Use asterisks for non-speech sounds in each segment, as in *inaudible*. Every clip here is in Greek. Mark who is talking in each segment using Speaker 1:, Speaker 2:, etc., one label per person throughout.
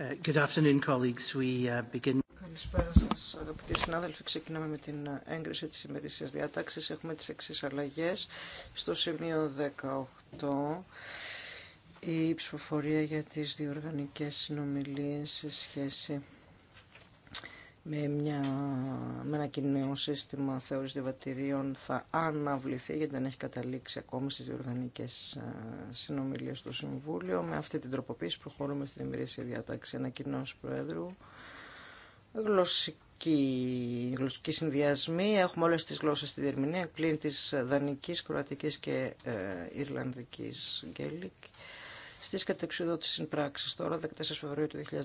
Speaker 1: Uh, good afternoon, colleagues. We uh, begin... Καλησπέρα σα, αγαπητοί συνάδελφοι. Ξεκινάμε με την ε, έγκριση τη ημερήσια διάταξη. Έχουμε τι εξή αλλαγέ. Στο σημείο 18, η ψηφοφορία για τι διοργανικέ συνομιλίε σε σχέση με, μια, με ένα κοινό σύστημα θεώρησης διαβατηρίων θα αναβληθεί γιατί δεν έχει καταλήξει ακόμα στις διοργανικές ε, συνομιλίες στο Συμβούλιο. Με αυτή την τροποποίηση προχωρούμε στην ημερήσια διάταξη κοινό Προέδρου. Γλωσσική, γλωσσική συνδυασμή. Έχουμε όλες τις γλώσσες στη διερμηνία πλην της δανικής, κροατικής και ε, ιρλανδικής Στι κατεξουδότησης συμπράξεις τώρα, 14 Φεβρουαρίου του 2019,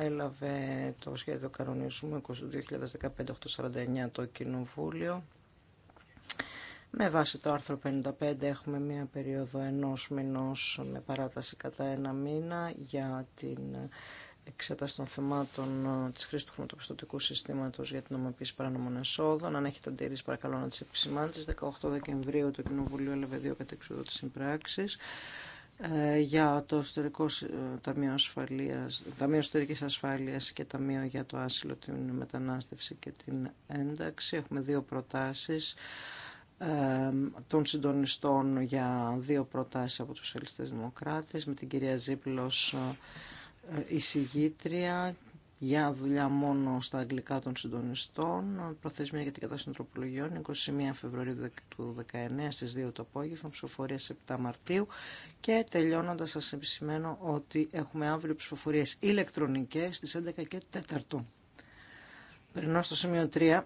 Speaker 1: έλαβε το σχέδιο κανονισμού 2015-849 το Κοινοβούλιο. Με βάση το άρθρο 55 έχουμε μία περίοδο ενός μηνός με παράταση κατά ένα μήνα για την εξέταση των θεμάτων ε, της χρήσης του χρηματοπιστωτικού συστήματος για την νομοποίηση παράνομων εσόδων. Αν έχετε αντιρρήσει παρακαλώ να τις επισημάνετε. 18 Δεκεμβρίου το Κοινοβουλίο έλαβε δύο κατεξουδότητες συμπράξεις ε, για το ιστορικό ε, ταμείο, ασφαλείας, ταμείο Ασφάλειας και Ταμείο για το Άσυλο, την Μετανάστευση και την Ένταξη. Έχουμε δύο προτάσεις ε, των συντονιστών για δύο προτάσεις από τους Σοσιαλιστές Δημοκράτες με την κυρία Ζήπλος εισηγήτρια για δουλειά μόνο στα αγγλικά των συντονιστών. Προθεσμία για την κατάσταση των τροπολογιών 21 Φεβρουαρίου του 2019 στι 2 το απόγευμα, ψηφοφορία 7 Μαρτίου και τελειώνοντας σα επισημαίνω ότι έχουμε αύριο ψηφοφορίε ηλεκτρονικέ στι 11 και 4. Περνώ στο σημείο 3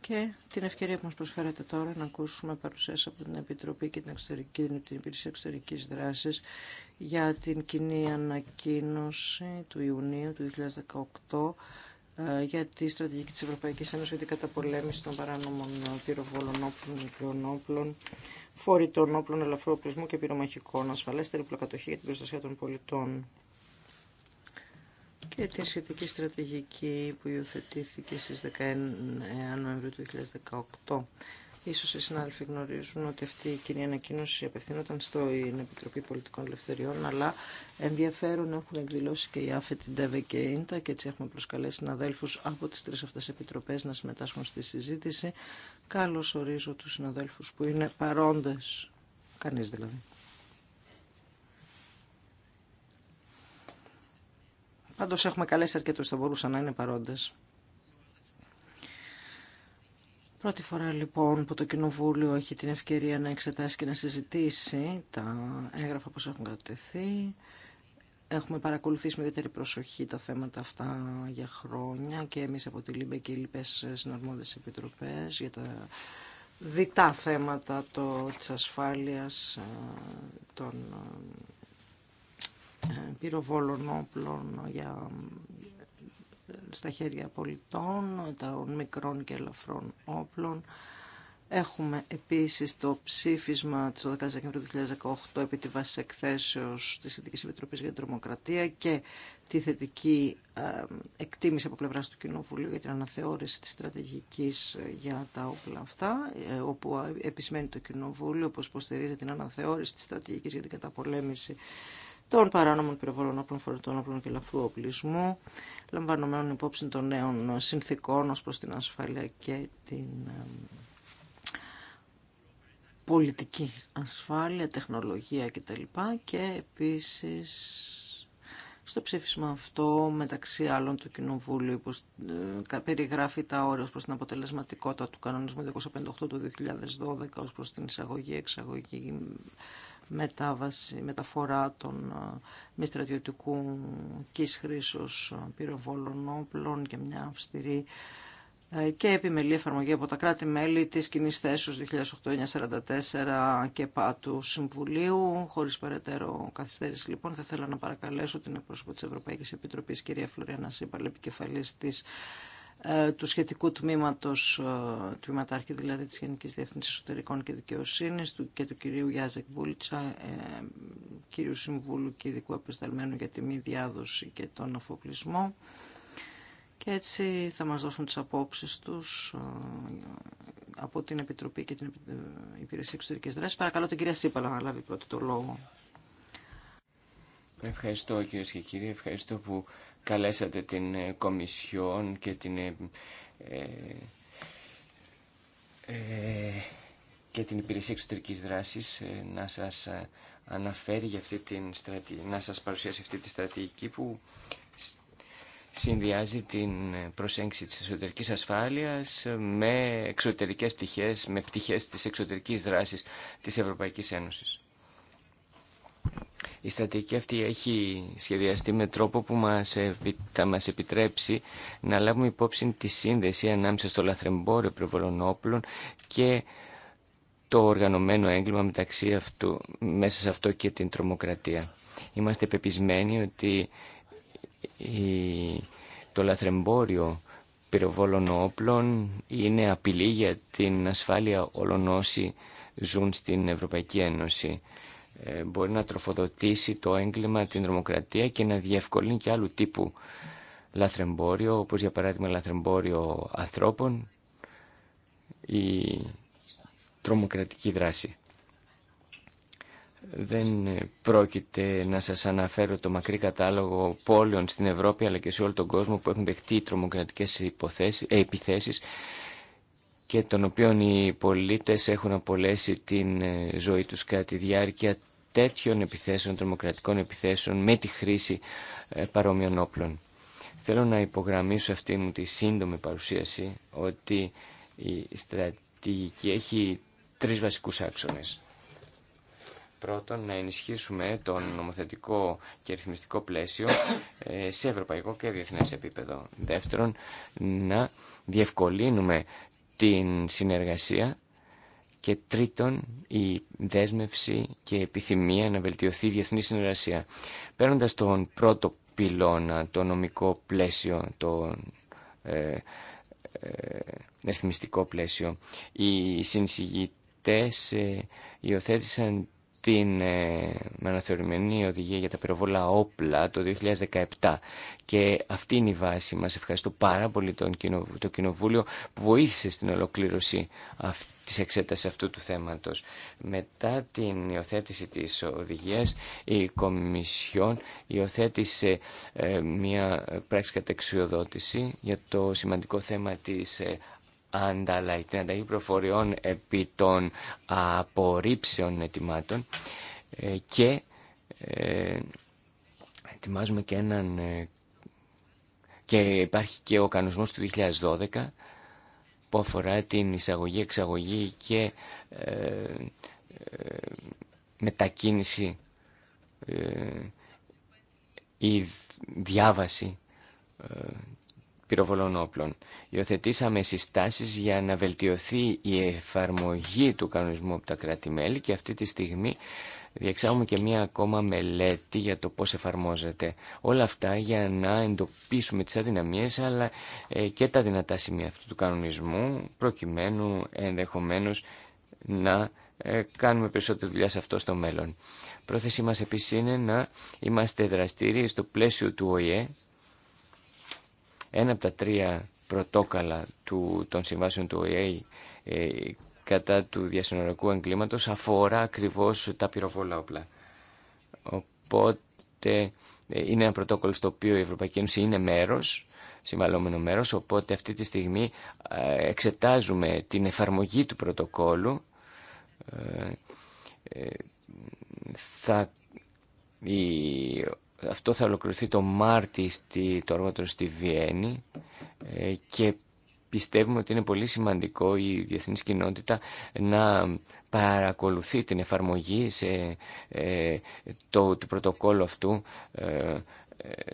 Speaker 1: και την ευκαιρία που μας προσφέρετε τώρα να ακούσουμε παρουσίαση από την Επιτροπή και την, την Υπηρεσία Εξωτερικής Δράσης για την κοινή ανακοίνωση του Ιουνίου του 2018 ε, για τη στρατηγική της Ευρωπαϊκής Ένωσης για την καταπολέμηση των παράνομων πυροβόλων όπλων, νεκρών όπλων, φορητών όπλων, ελαφρού οπλισμού και πυρομαχικών, ασφαλέστερη πλακατοχή για την προστασία των πολιτών και τη σχετική στρατηγική που υιοθετήθηκε στις 19 Νοεμβρίου του 2018. Ίσως οι συνάδελφοι γνωρίζουν ότι αυτή η κοινή ανακοίνωση απευθύνονταν στο Επιτροπή Πολιτικών Ελευθεριών, αλλά ενδιαφέρον έχουν εκδηλώσει και η ΑΦΕ, την ΤΕΒΕ και η ΙΝΤΑ και έτσι έχουμε προσκαλέσει συναδέλφου από τις τρεις αυτές επιτροπές να συμμετάσχουν στη συζήτηση. Καλώς ορίζω τους συναδέλφους που είναι παρόντες, κανείς δηλαδή. Πάντως έχουμε καλέσει αρκετούς, θα μπορούσαν να είναι παρόντες. Πρώτη φορά λοιπόν που το Κοινοβούλιο έχει την ευκαιρία να εξετάσει και να συζητήσει τα έγγραφα που έχουν κρατηθεί. Έχουμε παρακολουθήσει με ιδιαίτερη προσοχή τα θέματα αυτά για χρόνια και εμείς από τη ΛΥΜΠΕ και οι λοιπές συναρμόδες επιτροπές για τα διτά θέματα το, της ασφάλειας ε, των ε, πυροβόλων όπλων για στα χέρια πολιτών, των μικρών και ελαφρών όπλων. Έχουμε επίσης το ψήφισμα του 12 Δεκεμβρίου 2018 επί τη βάση εκθέσεως της Ειδικής Επιτροπής για την Τρομοκρατία και τη θετική ε, εκτίμηση από πλευράς του Κοινοβουλίου για την αναθεώρηση της στρατηγικής ε, για τα όπλα αυτά, ε, όπου επισημαίνει το Κοινοβούλιο πως υποστηρίζει την αναθεώρηση της στρατηγικής για την καταπολέμηση των παράνομων πυροβολών όπλων φορετών όπλων και λαφρού οπλισμού λαμβανομένων υπόψη των νέων συνθήκων ως προς την ασφάλεια και την ε, πολιτική ασφάλεια, τεχνολογία κτλ. Και επίσης στο ψήφισμα αυτό, μεταξύ άλλων του Κοινοβούλου, που ε, περιγράφει τα όρια ως προς την αποτελεσματικότητα του κανονισμού 258 του 2012 ως προς την εισαγωγή, εξαγωγή μετάβαση, μεταφορά των ε, μη στρατιωτικού κης χρήσεως ε, πυροβόλων όπλων και μια αυστηρή ε, και επιμελή εφαρμογή από τα κράτη-μέλη της κοινής θέσεως 2008-944 και πατου Συμβουλίου. Χωρίς περαιτέρω καθυστέρηση λοιπόν θα ήθελα να παρακαλέσω την εκπρόσωπο της Ευρωπαϊκής Επιτροπής κυρία Φλωριανά Σύπαλ επικεφαλής της ε, του σχετικού τμήματος, ε, τμήματάρχη δηλαδή της Γενικής Διεύθυνσης Εσωτερικών και Δικαιοσύνης του, και του κυρίου Γιάζεκ Μπούλτσα, ε, κύριου Συμβούλου και ειδικού απεσταλμένου για τη μη διάδοση και τον αφοπλισμό. Και έτσι θα μας δώσουν τις απόψεις τους από την Επιτροπή και την Υπηρεσία Εξωτερικής Δράσης. Παρακαλώ την κυρία Σίπαλα να λάβει πρώτη το λόγο.
Speaker 2: Ευχαριστώ κύριε και κύριοι, που καλέσατε την ε, Κομισιόν και την, ε, ε, και την Υπηρεσία Εξωτερικής Δράσης να σας αναφέρει για αυτή την στρατη... να σας παρουσιάσει αυτή τη στρατηγική που συνδυάζει την προσέγγιση της εσωτερικής ασφάλειας με εξωτερικές πτυχές, με πτυχές της εξωτερικής δράσης της Ευρωπαϊκής Ένωσης. Η στρατηγική αυτή έχει σχεδιαστεί με τρόπο που μας, θα μας επιτρέψει να λάβουμε υπόψη τη σύνδεση ανάμεσα στο λαθρεμπόριο προβολών όπλων και το οργανωμένο έγκλημα μεταξύ αυτού, μέσα σε αυτό και την τρομοκρατία. Είμαστε πεπισμένοι ότι το λαθρεμπόριο πυροβόλων όπλων είναι απειλή για την ασφάλεια όλων όσοι ζουν στην Ευρωπαϊκή Ένωση. Ε, μπορεί να τροφοδοτήσει το έγκλημα, την δρομοκρατία και να διευκολύνει και άλλου τύπου λαθρεμπόριο, όπως για παράδειγμα λαθρεμπόριο ανθρώπων ή τρομοκρατική δράση. Δεν πρόκειται να σας αναφέρω το μακρύ κατάλογο πόλεων στην Ευρώπη αλλά και σε όλο τον κόσμο που έχουν δεχτεί τρομοκρατικές υποθέσεις, ε, επιθέσεις και των οποίων οι πολίτες έχουν απολέσει την ε, ζωή τους κατά τη διάρκεια τέτοιων επιθέσεων, τρομοκρατικών επιθέσεων με τη χρήση ε, παρόμοιων όπλων. Θέλω να υπογραμμίσω αυτή μου τη σύντομη παρουσίαση ότι η στρατηγική έχει τρεις βασικούς άξονες. Πρώτον, να ενισχύσουμε τον νομοθετικό και ρυθμιστικό πλαίσιο ε, σε ευρωπαϊκό και διεθνές επίπεδο. Δεύτερον, να διευκολύνουμε την συνεργασία και τρίτον, η δέσμευση και επιθυμία να βελτιωθεί η διεθνή συνεργασία. Παίρνοντα τον πρώτο πυλώνα, το νομικό πλαίσιο, το ε, ε, πλαίσιο, οι συνεισηγητές ε, υιοθέτησαν την ε, αναθεωρημένη οδηγία για τα πυροβόλα όπλα το 2017 και αυτή είναι η βάση μας. Ευχαριστώ πάρα πολύ τον, το Κοινοβούλιο που βοήθησε στην ολοκλήρωση αυτή της εξέτασης αυτού του θέματος. Μετά την υιοθέτηση της οδηγίας, η Κομισιόν υιοθέτησε ε, μια πράξη κατεξιοδότηση για το σημαντικό θέμα της ε, ανταλλαγή, την προφοριών επί των απορρίψεων ετοιμάτων ε, και ετοιμάζουμε και έναν και υπάρχει και ο κανονισμός του 2012 που αφορά την εισαγωγή, εξαγωγή και ε, ε μετακίνηση ε, ή διάβαση ε, πυροβολών όπλων. Υιοθετήσαμε συστάσεις για να βελτιωθεί η εφαρμογή του κανονισμού από τα κράτη-μέλη και αυτή τη στιγμή διεξάγουμε και μία ακόμα μελέτη για το πώς εφαρμόζεται. Όλα αυτά για να εντοπίσουμε τις αδυναμίες αλλά ε, και τα δυνατά σημεία αυτού του κανονισμού προκειμένου ενδεχομένως να ε, κάνουμε περισσότερη δουλειά σε αυτό στο μέλλον. Πρόθεσή μας επίσης είναι να είμαστε δραστήριοι στο πλαίσιο του ΟΗΕ. Ένα από τα τρία πρωτόκαλα των συμβάσεων του ΟΗΕ ε, κατά του διασυνορικού εγκλήματος αφορά ακριβώς τα πυροβόλα όπλα. Οπότε ε, είναι ένα πρωτόκολλο στο οποίο η Ευρωπαϊκή Ένωση είναι μέρος, συμβαλόμενο μέρος, οπότε αυτή τη στιγμή ε, εξετάζουμε την εφαρμογή του πρωτοκόλλου. Ε, θα, αυτό θα ολοκληρωθεί το Μάρτι στη, το στη Βιέννη και πιστεύουμε ότι είναι πολύ σημαντικό η διεθνής κοινότητα να παρακολουθεί την εφαρμογή σε, ε, το, του πρωτοκόλλου αυτού ε, ε,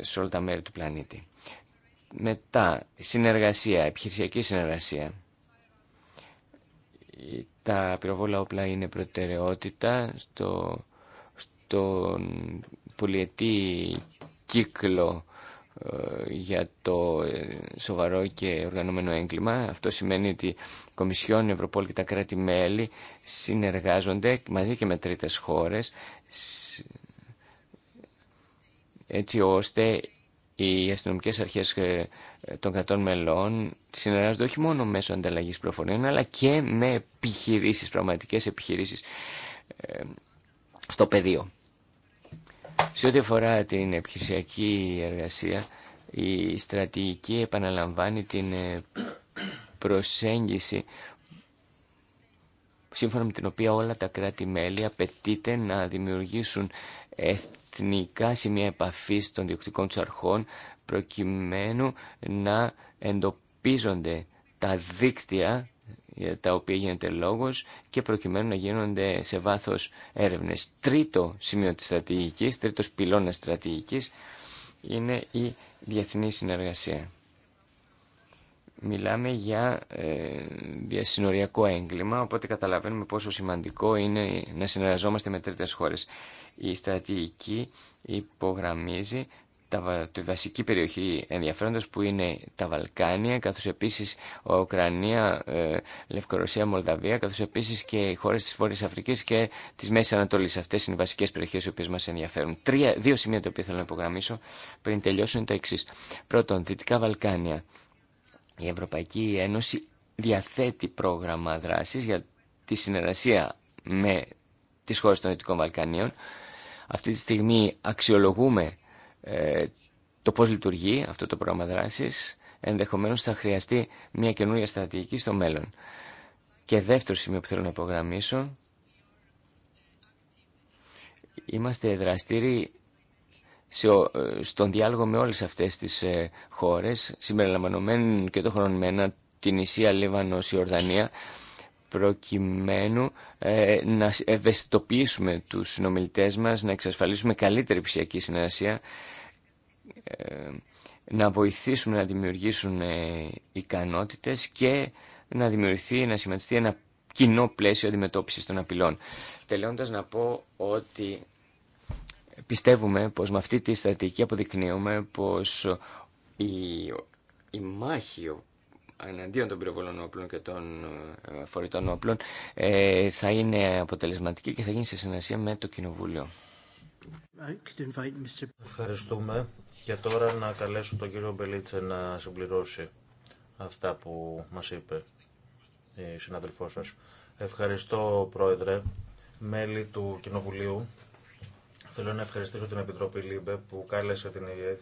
Speaker 2: σε όλα τα μέρη του πλανήτη. Μετά, συνεργασία, επιχειρησιακή συνεργασία. Τα πυροβόλα όπλα είναι προτεραιότητα στο, στον πολιετή κύκλο ε, για το ε, σοβαρό και οργανωμένο έγκλημα. Αυτό σημαίνει ότι η Κομισιόν, η Ευρωπόλ και τα κράτη-μέλη συνεργάζονται μαζί και με τρίτες χώρες έτσι ώστε οι αστυνομικέ αρχές ε, των κρατών μελών συνεργάζονται όχι μόνο μέσω ανταλλαγής προφορίων αλλά και με επιχειρήσεις, πραγματικές επιχειρήσεις στο πεδίο. Σε ό,τι αφορά την επιχειρησιακή εργασία, η στρατηγική επαναλαμβάνει την ε, προσέγγιση σύμφωνα με την οποία όλα τα κράτη-μέλη απαιτείται να δημιουργήσουν εθνικά σημεία επαφής των διοκτικών του αρχών προκειμένου να εντοπίζονται τα δίκτυα ε, τα οποία γίνεται λόγος και προκειμένου να γίνονται σε βάθος έρευνες. Τρίτο σημείο της στρατηγικής, τρίτος πυλώνας στρατηγικής είναι η διεθνή συνεργασία. Μιλάμε για ε, διασυνοριακό έγκλημα, οπότε καταλαβαίνουμε πόσο σημαντικό είναι να συνεργαζόμαστε με τρίτες χώρες. Η στρατηγική υπογραμμίζει τα, τη βασική περιοχή ενδιαφέροντος που είναι τα Βαλκάνια, καθώς επίσης Ουκρανία, ε, Λευκορωσία, Μολδαβία, καθώς επίσης και οι χώρες της Βόρειας Αφρικής και της Μέσης Ανατολής. Αυτές είναι οι βασικές περιοχές οι οποίες μας ενδιαφέρουν. Τρία, δύο σημεία τα οποία θέλω να υπογραμμίσω πριν τελειώσω είναι τα εξή. Πρώτον, Δυτικά Βαλκάνια. Η Ευρωπαϊκή Ένωση διαθέτει πρόγραμμα δράσης για τη συνεργασία με τις χώρες των Δυτικών Βαλκανίων. Αυτή τη στιγμή αξιολογούμε ε, το πώς λειτουργεί αυτό το πρόγραμμα δράσης, ενδεχομένως θα χρειαστεί μια καινούργια στρατηγική στο μέλλον. Και δεύτερο σημείο που θέλω να υπογραμμίσω, είμαστε δραστήριοι στον διάλογο με όλες αυτές τις ε, χώρες, συμπεριλαμβανομένων και το χρονομένα την Ισία, Λίβανος, Ιορδανία, προκειμένου ε, να ευαισθητοποιήσουμε τους συνομιλητές μας, να εξασφαλίσουμε καλύτερη ψηφιακή συνεργασία ε, να βοηθήσουν να δημιουργήσουν ε, ικανότητες και να δημιουργηθεί, να σχηματιστεί ένα κοινό πλαίσιο αντιμετώπιση των απειλών. Τελειώντας να πω ότι πιστεύουμε πως με αυτή τη στρατηγική αποδεικνύουμε πως η, η μάχη εναντίον των πυροβολών όπλων και των ε, φορητών όπλων θα είναι αποτελεσματική και θα γίνει σε συνεργασία με το Κοινοβούλιο.
Speaker 3: Ευχαριστούμε. Και τώρα να καλέσω τον κύριο Μπελίτσε να συμπληρώσει αυτά που μας είπε η συναδελφός σας. Ευχαριστώ, Πρόεδρε, μέλη του Κοινοβουλίου. Θέλω να ευχαριστήσω την Επιτροπή ΛΥΜΠΕ που κάλεσε την ΕΕ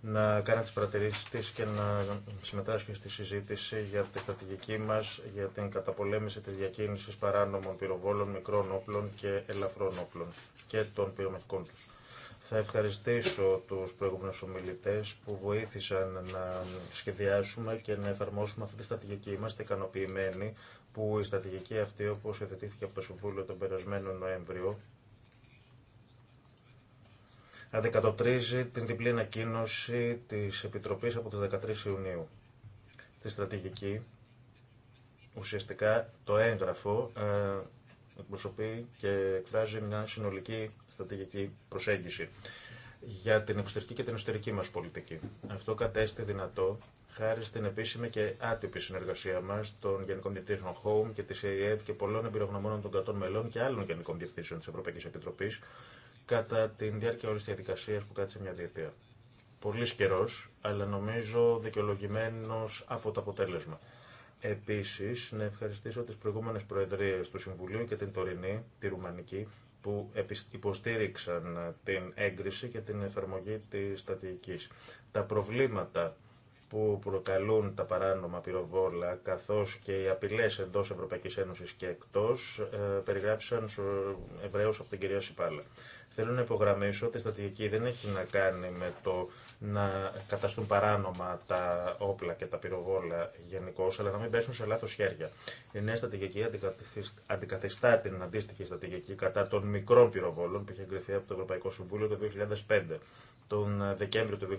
Speaker 3: να κάνει τις παρατηρήσεις της και να συμμετάσχει στη συζήτηση για τη στρατηγική μας για την καταπολέμηση της διακίνησης παράνομων πυροβόλων, μικρών όπλων και ελαφρών όπλων και των πυρομαχικών τους. Θα ευχαριστήσω τους προηγούμενους ομιλητές που βοήθησαν να σχεδιάσουμε και να εφαρμόσουμε αυτή τη στρατηγική. Είμαστε ικανοποιημένοι που η στρατηγική αυτή, όπως εθετήθηκε από το Συμβούλιο τον περασμένο Νοέμβριο, αντικατοπτρίζει την διπλή ανακοίνωση της Επιτροπής από τις 13 Ιουνίου. Τη στρατηγική, ουσιαστικά το έγγραφο, ε, εκπροσωπεί και εκφράζει μια συνολική στρατηγική προσέγγιση για την εξωτερική και την εσωτερική μας πολιτική. Αυτό κατέστη δυνατό χάρη στην επίσημη και άτυπη συνεργασία μας των Γενικών Διευθύνσεων Home και της ΕΕΔ και πολλών εμπειρογνωμών των κρατών μελών και άλλων Γενικών Διευθύνσεων της Ευρωπαϊκής Επιτροπής κατά τη διάρκεια όλης της διαδικασίας που κάτσε μια διετία. Πολύ καιρό, αλλά νομίζω δικαιολογημένο από το αποτέλεσμα. Επίσης, να ευχαριστήσω τι προηγούμενες προεδρίε του Συμβουλίου και την τωρινή, τη Ρουμανική, που υποστήριξαν την έγκριση και την εφαρμογή της στατικής. Τα προβλήματα που προκαλούν τα παράνομα πυροβόλα, καθώς και οι απειλές εντός Ευρωπαϊκής Ένωσης και εκτός, ε, περιγράφησαν ευρέως από την κυρία Σιπάλα. Θέλω να υπογραμμίσω ότι η στρατηγική δεν έχει να κάνει με το να καταστούν παράνομα τα όπλα και τα πυροβόλα γενικώ, αλλά να μην πέσουν σε λάθο χέρια. Η νέα στρατηγική αντικαθιστά την αντίστοιχη στρατηγική κατά των μικρών πυροβόλων που είχε εγκριθεί από το Ευρωπαϊκό Συμβούλιο το 2005. Τον Δεκέμβριο του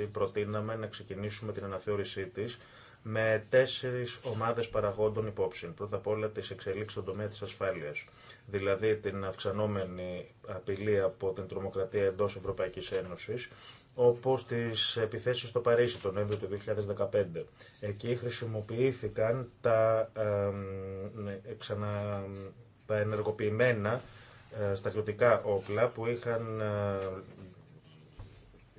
Speaker 3: 2016 προτείναμε να ξεκινήσουμε την αναθεώρησή της με τέσσερι ομάδε παραγόντων υπόψη. Πρώτα απ' όλα τι εξελίξει στον τομέα τη ασφάλεια. Δηλαδή την αυξανόμενη απειλή από την τρομοκρατία εντό Ευρωπαϊκή Ένωση, όπω τι επιθέσει στο Παρίσι τον Νοέμβριο του 2015. Εκεί χρησιμοποιήθηκαν τα, ε, τα ενεργοποιημένα ε, στρατιωτικά όπλα που είχαν ε,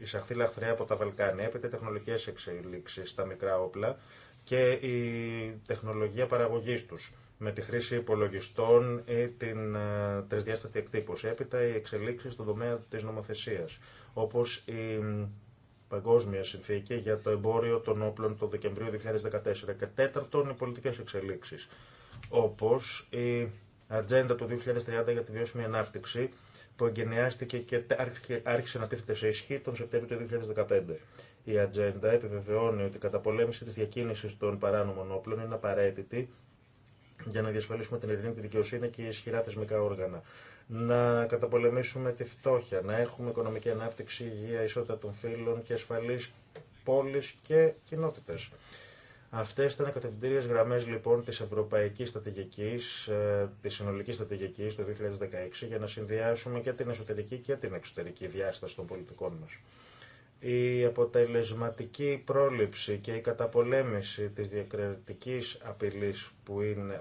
Speaker 3: εισαχθεί λαχθρέα από τα Βαλκάνια, έπειτα τεχνολογικέ εξελίξεις στα μικρά όπλα και η τεχνολογία παραγωγή του με τη χρήση υπολογιστών ή την ε, τρισδιάστατη εκτύπωση. Έπειτα οι εξελίξεις στον τομέα της νομοθεσίας, όπως η Παγκόσμια Συνθήκη για το εμπόριο των όπλων το Δεκεμβρίου 2014 και τέταρτον οι πολιτικές εξελίξεις, όπως η Ατζέντα του 2030 για τη βιώσιμη ανάπτυξη που εγκαινιάστηκε και άρχισε να τίθεται σε ισχύ τον Σεπτέμβριο του 2015. Η ατζέντα επιβεβαιώνει ότι η καταπολέμηση τη διακίνηση των παράνομων όπλων είναι απαραίτητη για να διασφαλίσουμε την ειρηνική δικαιοσύνη και ισχυρά θεσμικά όργανα. Να καταπολεμήσουμε τη φτώχεια, να έχουμε οικονομική ανάπτυξη, υγεία, ισότητα των φύλων και ασφαλή πόλη και κοινότητε. Αυτέ ήταν οι κατευθυντήριε γραμμέ λοιπόν τη Ευρωπαϊκή Στρατηγική, ε, τη Συνολική Στρατηγική του 2016, για να συνδυάσουμε και την εσωτερική και την εξωτερική διάσταση των πολιτικών μα. Η αποτελεσματική πρόληψη και η καταπολέμηση της διακριτική απειλής που,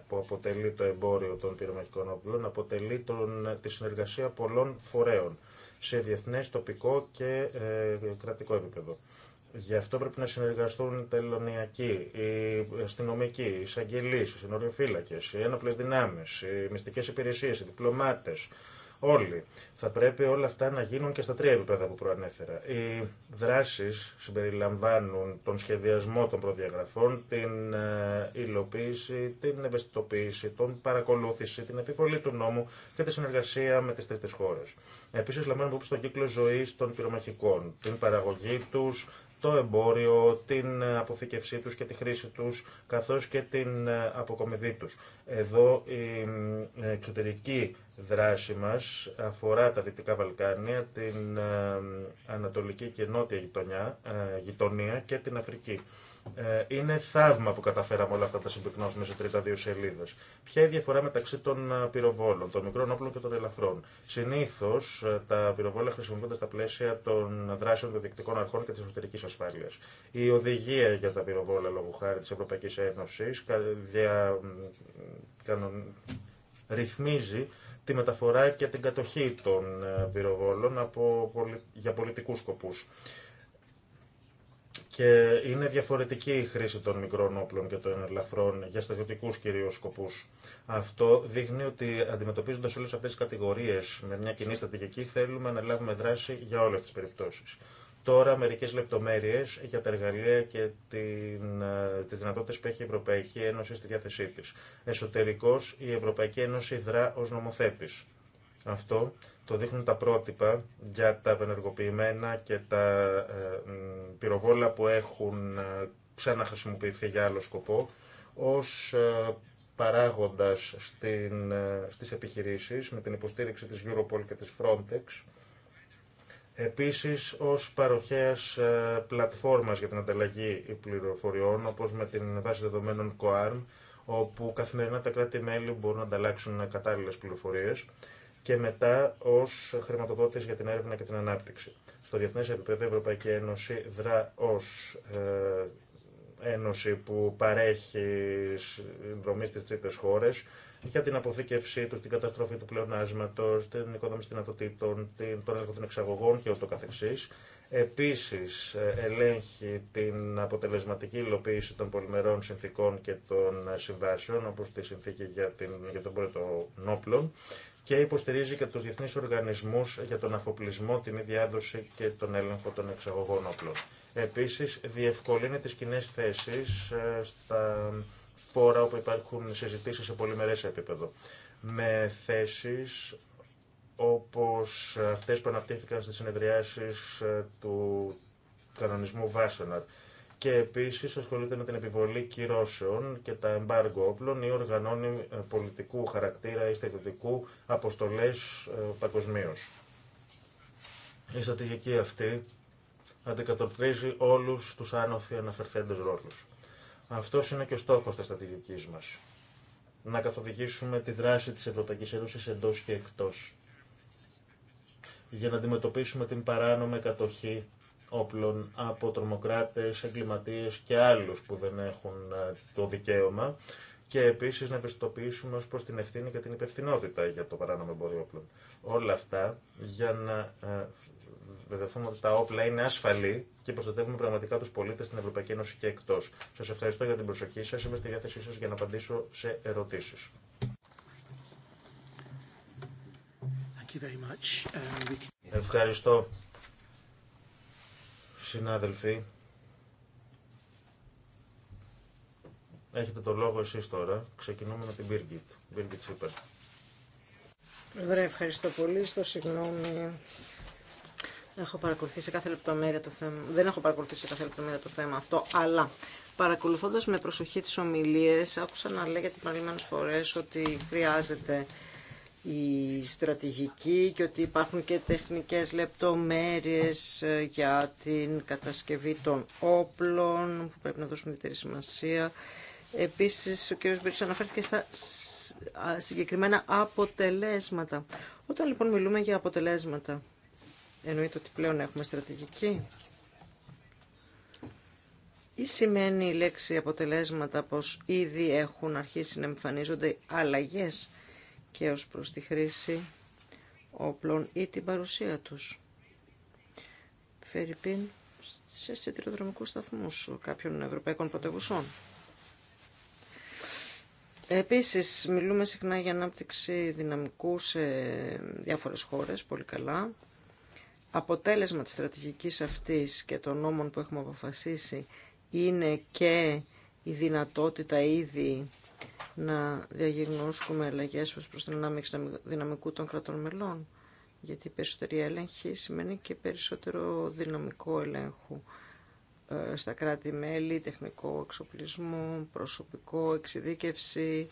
Speaker 3: που αποτελεί το εμπόριο των πυρομαχικών όπλων αποτελεί τον, τη συνεργασία πολλών φορέων σε διεθνέ, τοπικό και ε, κρατικό επίπεδο. Γι' αυτό πρέπει να συνεργαστούν οι τελωνιακοί, οι αστυνομικοί, οι εισαγγελεί, οι συνοριοφύλακε, οι ένοπλε δυνάμει, οι μυστικέ υπηρεσίε, οι διπλωμάτε. Όλοι. Θα πρέπει όλα αυτά να γίνουν και στα τρία επίπεδα που προανέφερα. Οι δράσει συμπεριλαμβάνουν τον σχεδιασμό των προδιαγραφών, την ε, υλοποίηση, την ευαισθητοποίηση, την παρακολούθηση, την επιβολή του νόμου και τη συνεργασία με τι τρίτε χώρε. Επίση, λαμβάνουμε υπόψη τον κύκλο ζωή των πυρομαχικών, την παραγωγή του, το εμπόριο, την αποθήκευσή τους και τη χρήση τους, καθώς και την ε, αποκομιδή τους. Εδώ η εξωτερική δράση μας αφορά τα Δυτικά Βαλκάνια, την ε, Ανατολική και Νότια γειτονιά, ε, γειτονία και την Αφρική. Ε, είναι θαύμα που καταφέραμε όλα αυτά τα συμπυκνώσουμε σε 32 σελίδε. Ποια είναι η διαφορά μεταξύ των ε, πυροβόλων, των μικρών όπλων και των ελαφρών. Συνήθω ε, τα πυροβόλα χρησιμοποιούνται στα πλαίσια των δράσεων των διεκτικών αρχών και τη εσωτερική ασφάλεια. Η οδηγία για τα πυροβόλα, λόγω χάρη τη Ευρωπαϊκή Ένωση, δια... κανον... ρυθμίζει τη μεταφορά και την κατοχή των πυροβόλων από... για πολιτικού σκοπού και είναι διαφορετική η χρήση των μικρών όπλων και των ελαφρών για στρατιωτικού κυρίω σκοπού. Αυτό δείχνει ότι αντιμετωπίζοντα όλε αυτέ τι κατηγορίε με μια κοινή στρατηγική, θέλουμε να λάβουμε δράση για όλε τι περιπτώσει. Τώρα μερικέ λεπτομέρειε για τα εργαλεία και ε, τι δυνατότητε που έχει η Ευρωπαϊκή Ένωση στη διάθεσή τη. Εσωτερικώ, η Ευρωπαϊκή Ένωση δρά ω νομοθέτης. Αυτό το δείχνουν τα πρότυπα για τα απενεργοποιημένα και τα ε, πυροβόλα που έχουν ε, ξαναχρησιμοποιηθεί για άλλο σκοπό ως ε, παράγοντας στην, στις επιχειρήσεις με την υποστήριξη της Europol και της Frontex. Επίσης, ως παροχέας πλατφόρμας για την ανταλλαγή πληροφοριών, όπως με την βάση δεδομένων COARM, όπου καθημερινά τα κράτη-μέλη μπορούν να ανταλλάξουν κατάλληλες πληροφορίες και μετά ω χρηματοδότης για την έρευνα και την ανάπτυξη. Στο Διεθνέ επίπεδο η Ευρωπαϊκή Ένωση δρά ω ε, ένωση που παρέχει δρομή στι τρίτε χώρε για την αποθήκευσή του, την καταστροφή του πλεονάσματο, την οικοδόμηση δυνατοτήτων, τον έλεγχο των εξαγωγών και ούτω καθεξής. Επίσης, ε, ελέγχει την αποτελεσματική υλοποίηση των πολυμερών συνθήκων και των συμβάσεων, όπως τη συνθήκη για, την, για τον πόλεμο των όπλων και υποστηρίζει και τους διεθνείς οργανισμούς για τον αφοπλισμό, τη μη διάδοση και τον έλεγχο των εξαγωγών όπλων. Επίσης, διευκολύνει τι κοινέ θέσει ε, στα φόρα όπου υπάρχουν συζητήσει σε πολυμερέ επίπεδο. Με θέσει όπως αυτές που αναπτύχθηκαν στις συνεδριάσεις ε, του κανονισμού Βάσεναρ και επίσης ασχολείται με την επιβολή κυρώσεων και τα εμπάργκο όπλων ή οργανώνει ε, πολιτικού χαρακτήρα ή στρατιωτικού αποστολές ε, παγκοσμίω. Η στρατηγική αυτή αντικατοπτρίζει όλους τους άνωθοι αναφερθέντες ρόλους. Αυτό είναι και ο στόχος της στρατηγικής μας. Να καθοδηγήσουμε τη δράση της Ευρωπαϊκής Ένωσης εντός και εκτός για να αντιμετωπίσουμε την παράνομη κατοχή όπλων από τρομοκράτες, εγκληματίες και άλλους που δεν έχουν ε, το δικαίωμα και επίσης να ευαισθητοποιήσουμε ως προς την ευθύνη και την υπευθυνότητα για το παράνομο εμπόριο όπλων. Όλα αυτά για να ε, βεβαιωθούμε ότι τα όπλα είναι ασφαλή και προστατεύουμε πραγματικά τους πολίτες στην Ευρωπαϊκή Ένωση και εκτό. Σα ευχαριστώ για την προσοχή σα. Είμαι στη διάθεσή σα για να απαντήσω σε ερωτήσει. Um, ευχαριστώ συνάδελφοι, έχετε το λόγο εσείς τώρα. Ξεκινούμε με την Birgit. Birgit Σίπερ.
Speaker 1: Βρε, ευχαριστώ πολύ. Στο συγγνώμη. Έχω παρακολουθήσει κάθε λεπτομέρεια το θέμα. Δεν έχω παρακολουθήσει κάθε λεπτομέρεια το θέμα αυτό, αλλά παρακολουθώντας με προσοχή τις ομιλίες, άκουσα να λέγεται παραλήμενες φορέ ότι χρειάζεται η στρατηγική και ότι υπάρχουν και τεχνικές λεπτομέρειες ε, για την κατασκευή των όπλων που πρέπει να δώσουν ιδιαίτερη σημασία. Επίσης, ο κ. Μπρίξ αναφέρθηκε στα συγκεκριμένα αποτελέσματα. Όταν λοιπόν μιλούμε για αποτελέσματα, εννοείται ότι πλέον έχουμε στρατηγική. Ή σημαίνει η λέξη αποτελέσματα πως ήδη έχουν αρχίσει να εμφανίζονται αλλαγές και ως προς τη χρήση όπλων ή την παρουσία τους. Φερρυπίν σε σιτηροδρομικούς σταθμούς κάποιων ευρωπαϊκών πρωτεύουσών. Επίσης, μιλούμε συχνά για ανάπτυξη δυναμικού σε διάφορες χώρες, πολύ καλά. Αποτέλεσμα της στρατηγικής αυτής και των νόμων που έχουμε αποφασίσει είναι και η δυνατότητα ήδη να διαγνώσουμε αλλαγέ προς προ την ανάμειξη δυναμικού των κρατών μελών. Γιατί περισσότερη έλεγχη σημαίνει και περισσότερο δυναμικό ελέγχου ε, στα κράτη-μέλη, τεχνικό εξοπλισμό, προσωπικό, εξειδίκευση.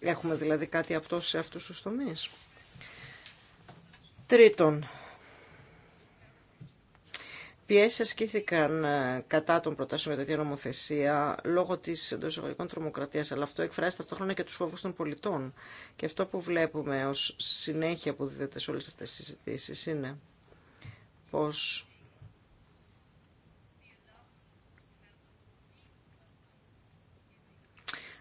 Speaker 1: Έχουμε δηλαδή κάτι απτό σε αυτούς τους τομείς. Τρίτον, Πιέσει ασκήθηκαν ε, κατά των προτάσεων για τέτοια νομοθεσία λόγω τη εντό εισαγωγικών τρομοκρατία, αλλά αυτό εκφράζει ταυτόχρονα και του φόβου των πολιτών. Και αυτό που βλέπουμε ω συνέχεια που δίδεται σε όλε αυτέ τι συζητήσει είναι πω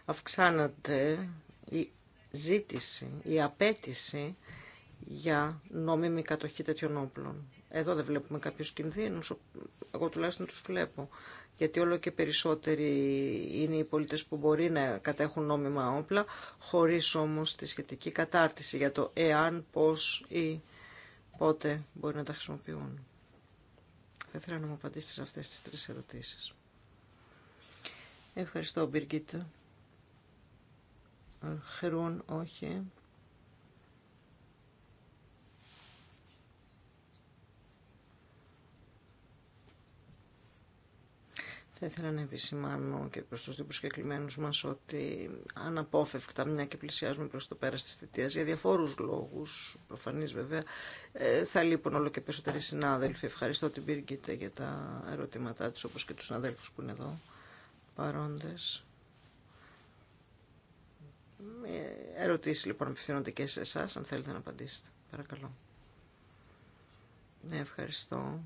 Speaker 1: αυξάνεται η ζήτηση, η απέτηση για νόμιμη κατοχή τέτοιων όπλων. Εδώ δεν βλέπουμε κάποιους κινδύνους, εγώ τουλάχιστον τους βλέπω. Γιατί όλο και περισσότεροι είναι οι πολίτες που μπορεί να κατέχουν νόμιμα όπλα, χωρίς όμως τη σχετική κατάρτιση για το εάν, πώς ή πότε μπορεί να τα χρησιμοποιούν. Θα ήθελα να μου απαντήσετε σε αυτές τις τρεις ερωτήσεις. Ευχαριστώ, Μπιργκίτ. Ε, Χερούν, όχι. Θα ήθελα να επισημάνω και προς τους δύο προσκεκλημένους μας ότι αναπόφευκτα, μια και πλησιάζουμε προς το πέρας της θητείας, για διαφόρους λόγους, προφανείς βέβαια, ε, θα λείπουν όλο και περισσότεροι συνάδελφοι. Ευχαριστώ την Πίργκητα για τα ερωτήματά της, όπως και τους συναδέλφους που είναι εδώ παρόντες. Ε, ερωτήσεις λοιπόν απευθύνονται και σε εσάς, αν θέλετε να απαντήσετε. Παρακαλώ. Ναι, ευχαριστώ.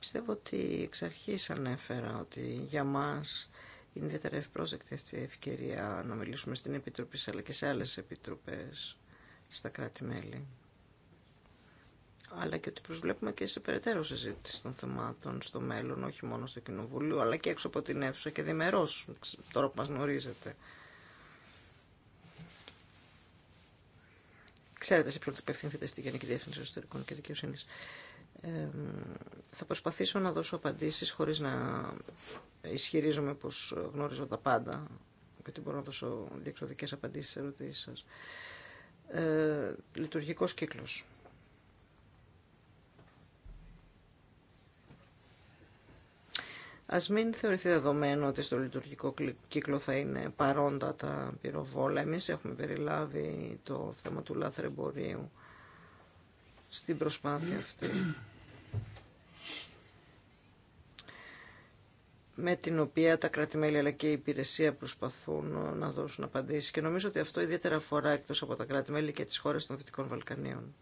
Speaker 1: Πιστεύω ότι εξ αρχής ανέφερα ότι για μας είναι ιδιαίτερα ευπρόσδεκτη αυτή η ευκαιρία να μιλήσουμε στην Επιτροπή αλλά και σε άλλες επιτροπές στα κράτη-μέλη. Αλλά και ότι προσβλέπουμε και σε περαιτέρω συζήτηση των θεμάτων στο μέλλον, όχι μόνο στο Κοινοβούλιο, αλλά και έξω από την αίθουσα και διμερώς, τώρα που μας γνωρίζετε. Ξέρετε σε ποιον θα απευθυνθείτε στη Γενική Διεύθυνση Εσωτερικών και Δικαιοσύνης θα προσπαθήσω να δώσω απαντήσεις χωρίς να ισχυρίζομαι πως γνωρίζω τα πάντα και ότι μπορώ να δώσω διεξοδικές απαντήσεις σε ερωτήσεις σας. Ε, λειτουργικός κύκλος. Ας μην θεωρηθεί δεδομένο ότι στο λειτουργικό κύκλο θα είναι παρόντα τα πυροβόλα. Εμείς έχουμε περιλάβει το θέμα του λάθρεμπορίου στην προσπάθεια αυτή. με την οποία τα κράτη-μέλη αλλά και η υπηρεσία προσπαθούν να δώσουν απαντήσεις. Και νομίζω ότι αυτό ιδιαίτερα αφορά εκτός από τα κράτη-μέλη και τις χώρες των Δυτικών Βαλκανίων.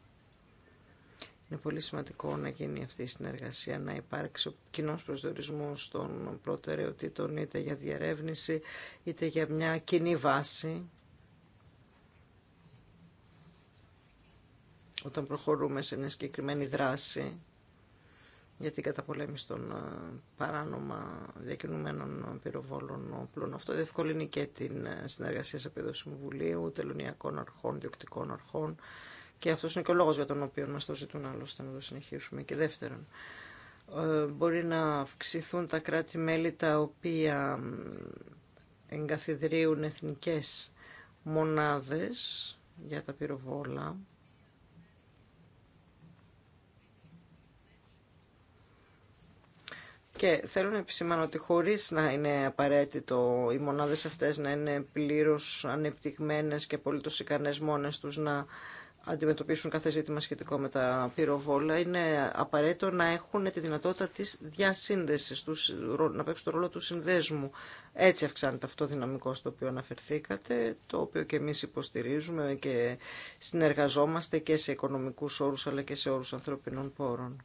Speaker 1: Είναι πολύ σημαντικό να γίνει αυτή η συνεργασία, να υπάρξει ο κοινό προσδιορισμό των προτεραιοτήτων είτε για διερεύνηση είτε για μια κοινή βάση. Όταν προχωρούμε σε μια συγκεκριμένη δράση για την καταπολέμηση των ε, παράνομα διακινουμένων ε, πυροβόλων όπλων. Αυτό διευκολύνει και την ε, συνεργασία σε επίπεδο Συμβουλίου, τελωνιακών αρχών, διοκτικών αρχών και αυτός είναι και ο λόγος για τον οποίο μας το ζητούν άλλωστε να το συνεχίσουμε. Και δεύτερον, μπορεί να αυξηθούν τα κράτη-μέλη τα οποία εγκαθιδρύουν εθνικές μονάδες για τα πυροβόλα Και θέλω να επισημάνω ότι χωρί να είναι απαραίτητο οι μονάδε αυτέ να είναι πλήρω ανεπτυγμένε και απολύτω ικανέ μόνε του να αντιμετωπίσουν κάθε ζήτημα σχετικό με τα πυροβόλα, είναι απαραίτητο να έχουν τη δυνατότητα τη διασύνδεση, να παίξουν το ρόλο του συνδέσμου. Έτσι αυξάνεται αυτό το δυναμικό στο οποίο αναφερθήκατε, το οποίο και εμεί υποστηρίζουμε και συνεργαζόμαστε και σε οικονομικού όρου, αλλά και σε όρου ανθρωπινών πόρων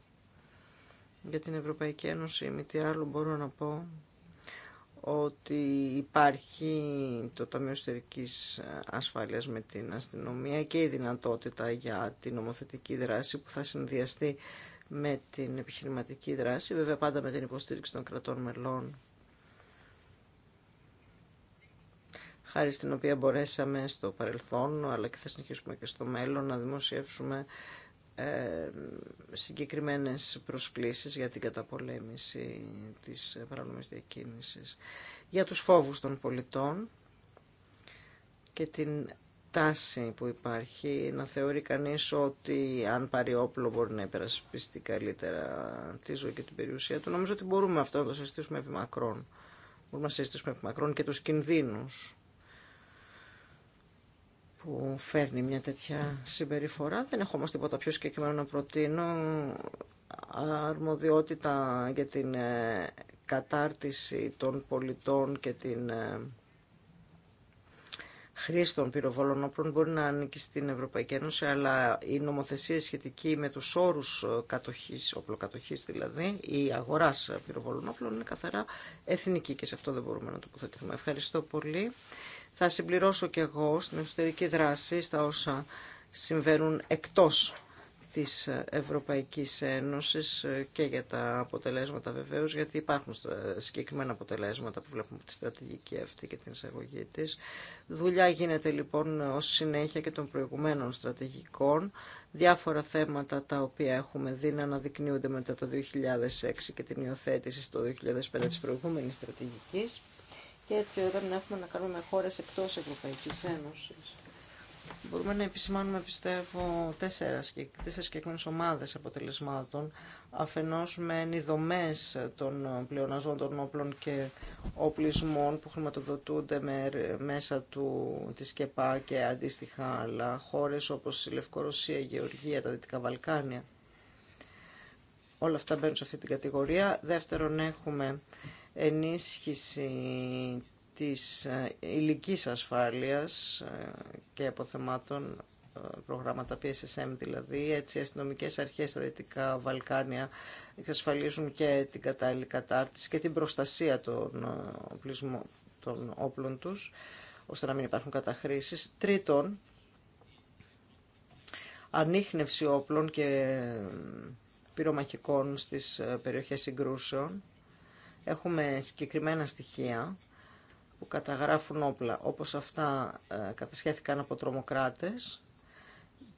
Speaker 1: για την Ευρωπαϊκή Ένωση, μη τι άλλο μπορώ να πω ότι υπάρχει το Ταμείο Εσωτερικής Ασφάλειας με την αστυνομία και η δυνατότητα για την νομοθετική δράση που θα συνδυαστεί με την επιχειρηματική δράση, βέβαια πάντα με την υποστήριξη των κρατών μελών, χάρη στην οποία μπορέσαμε στο παρελθόν, αλλά και θα συνεχίσουμε και στο μέλλον, να δημοσιεύσουμε ε, συγκεκριμένες προσκλήσεις για την καταπολέμηση της παράνομης διακίνησης, για τους φόβους των πολιτών και την τάση που υπάρχει να θεωρεί κανείς ότι αν πάρει όπλο μπορεί να υπερασπιστεί καλύτερα τη ζωή και την περιουσία του. Νομίζω ότι μπορούμε αυτό να το συστήσουμε επί μακρόν. Μπορούμε να συζητήσουμε επί μακρόν και τους κινδύνους που φέρνει μια τέτοια συμπεριφορά. Δεν έχω όμως τίποτα πιο συγκεκριμένο να προτείνω. Αρμοδιότητα για την ε, κατάρτιση των πολιτών και την ε, χρήση των πυροβόλων όπλων μπορεί να ανήκει στην Ευρωπαϊκή Ένωση, αλλά η νομοθεσία σχετική με τους όρους ε, κατοχής, οπλοκατοχής δηλαδή, ή αγοράς πυροβόλων όπλων είναι καθαρά εθνική και σε αυτό δεν μπορούμε να τοποθετηθούμε. Ευχαριστώ πολύ. Θα συμπληρώσω και εγώ στην εσωτερική δράση στα όσα συμβαίνουν εκτός της Ευρωπαϊκής Ένωσης και για τα αποτελέσματα βεβαίως, γιατί υπάρχουν συγκεκριμένα αποτελέσματα που βλέπουμε από τη στρατηγική αυτή και την εισαγωγή της. Δουλειά γίνεται λοιπόν ως συνέχεια και των προηγουμένων στρατηγικών. Διάφορα θέματα τα οποία έχουμε δει να αναδεικνύονται μετά το 2006 και την υιοθέτηση στο 2005 της προηγούμενης στρατηγικής. Και έτσι όταν έχουμε να κάνουμε χώρες εκτός Ευρωπαϊκής Ένωσης, μπορούμε να επισημάνουμε πιστεύω τέσσερα συγκεκριμένες ομάδες αποτελεσμάτων, αφενός με δομέ των πλεοναζών των όπλων και οπλισμών που χρηματοδοτούνται με, μέσα του, της ΚΕΠΑ και αντίστοιχα άλλα χώρες όπως η Λευκορωσία, η Γεωργία, τα Δυτικά Βαλκάνια. Όλα αυτά μπαίνουν σε αυτή την κατηγορία. Δεύτερον, έχουμε ενίσχυση της ηλικής ε, ασφάλειας ε, και αποθεμάτων ε, προγράμματα PSSM δηλαδή, έτσι οι αστυνομικέ αρχές στα Δυτικά Βαλκάνια εξασφαλίζουν και την κατάλληλη κατάρτιση και την προστασία των, των όπλων τους, ώστε να μην υπάρχουν καταχρήσεις. Τρίτον, ανείχνευση όπλων και πυρομαχικών στις περιοχές συγκρούσεων Έχουμε συγκεκριμένα στοιχεία που καταγράφουν όπλα, όπως αυτά ε, κατασχέθηκαν από τρομοκράτες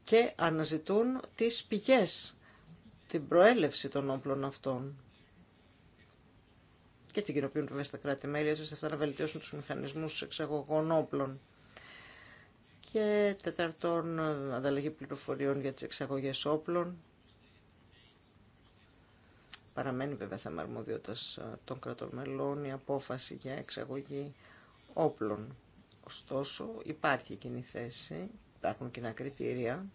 Speaker 1: και αναζητούν τις πηγές, την προέλευση των όπλων αυτών και την κοινοποιούν βέβαια στα κράτη-μέλη, έτσι ώστε αυτά να βελτιώσουν τους μηχανισμούς εξαγωγών όπλων. Και τέταρτον, ε, ανταλλαγή πληροφοριών για τις εξαγωγές όπλων Παραμένει βέβαια θέμα αρμοδιότητας ε, των κρατών μελών η απόφαση για εξαγωγή όπλων. Ωστόσο υπάρχει κοινή θέση, υπάρχουν κοινά κριτήρια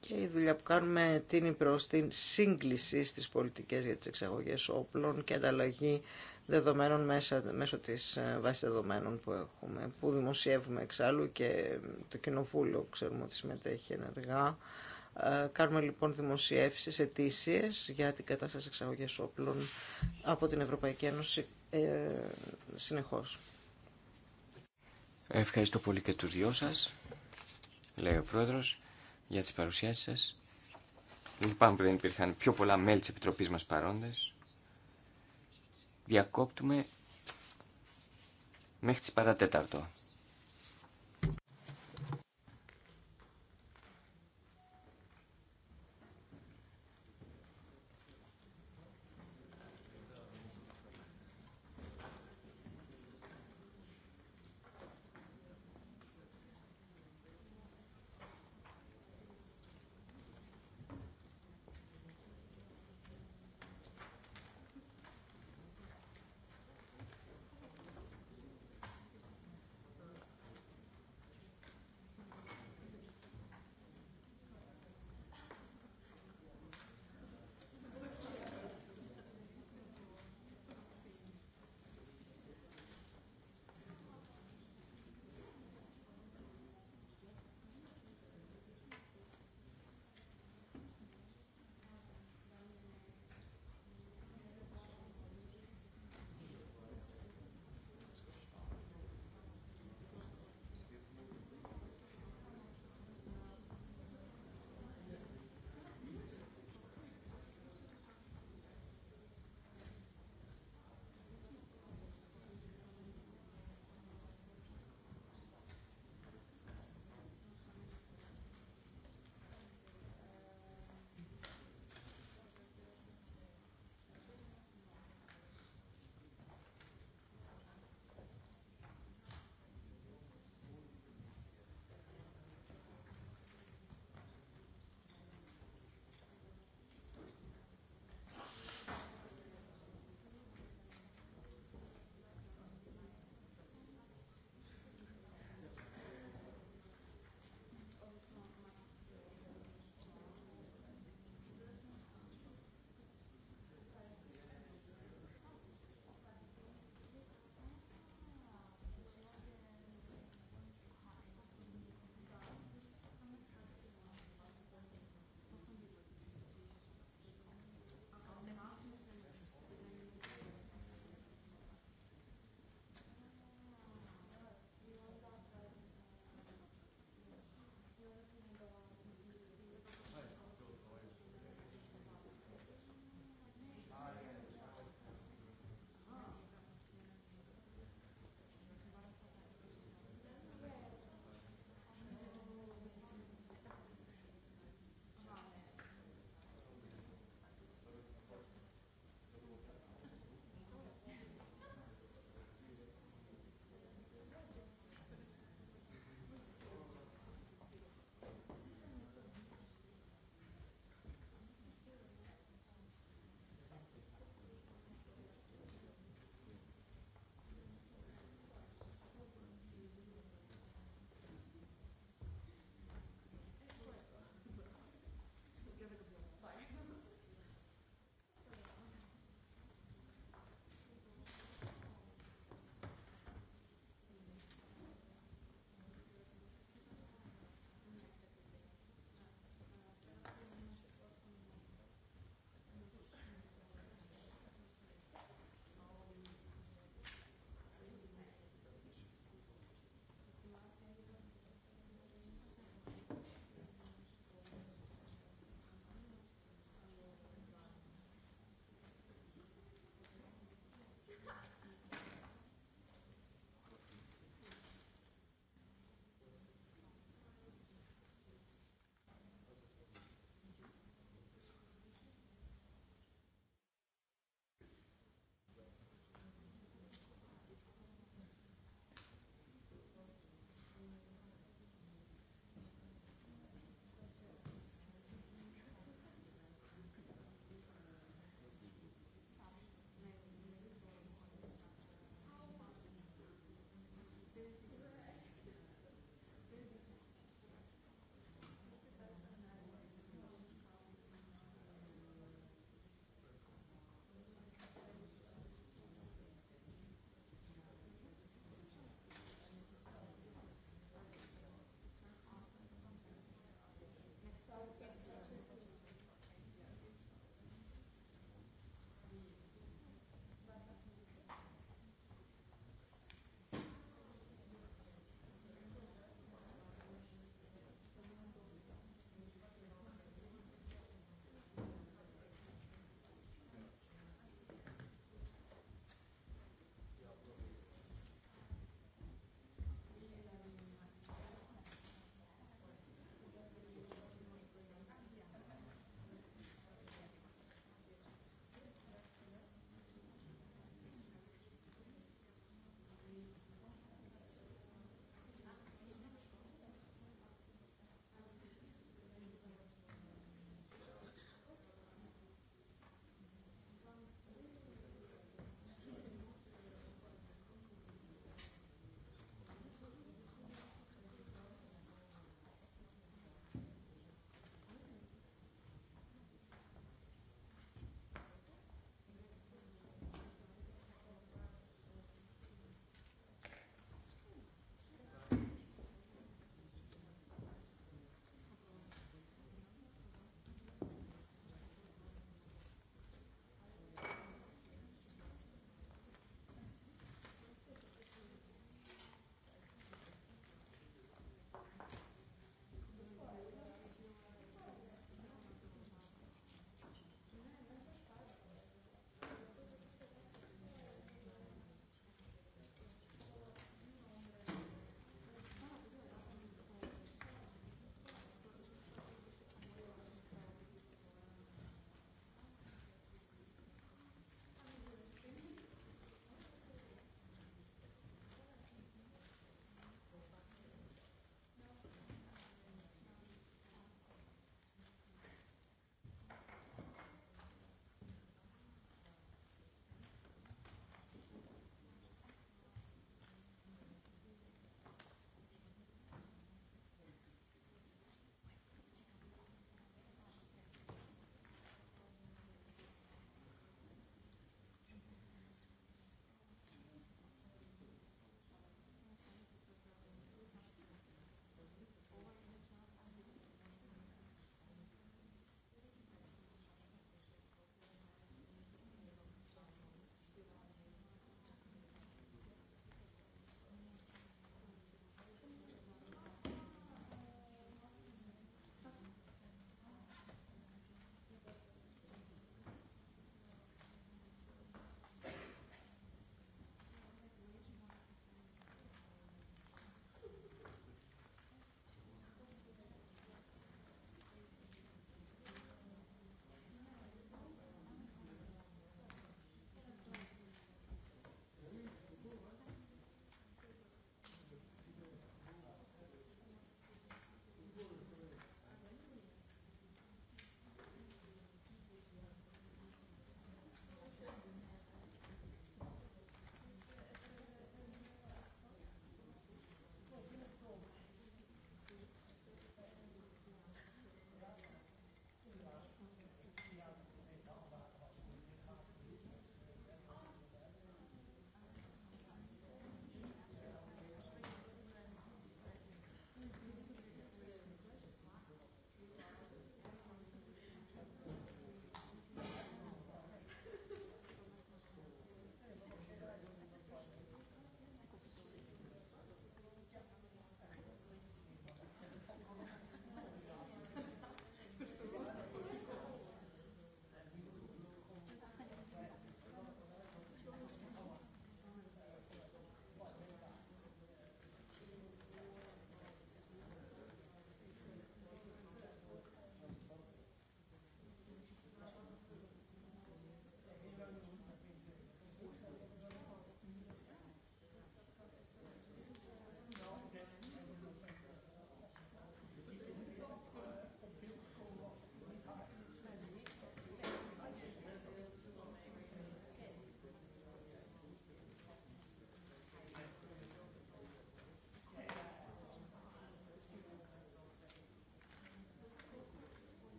Speaker 1: και η δουλειά που κάνουμε τίνει προς την σύγκληση στις πολιτικές για τις εξαγωγές όπλων και ανταλλαγή δεδομένων μέσα, μέσω της ε, βάση δεδομένων που έχουμε, που δημοσιεύουμε εξάλλου και το Κοινοβούλιο ξέρουμε ότι συμμετέχει ενεργά ε, κάνουμε λοιπόν δημοσιεύσεις ετήσιες για την κατάσταση εξαγωγής όπλων από την Ευρωπαϊκή Ένωση ε, συνεχώς.
Speaker 2: Ευχαριστώ πολύ και τους δυο σας, λέει ο Πρόεδρος, για τις παρουσιάσεις σας. Λυπάμαι που δεν υπήρχαν πιο πολλά μέλη της Επιτροπής μας παρόντες. Διακόπτουμε μέχρι τις παρατέταρτο.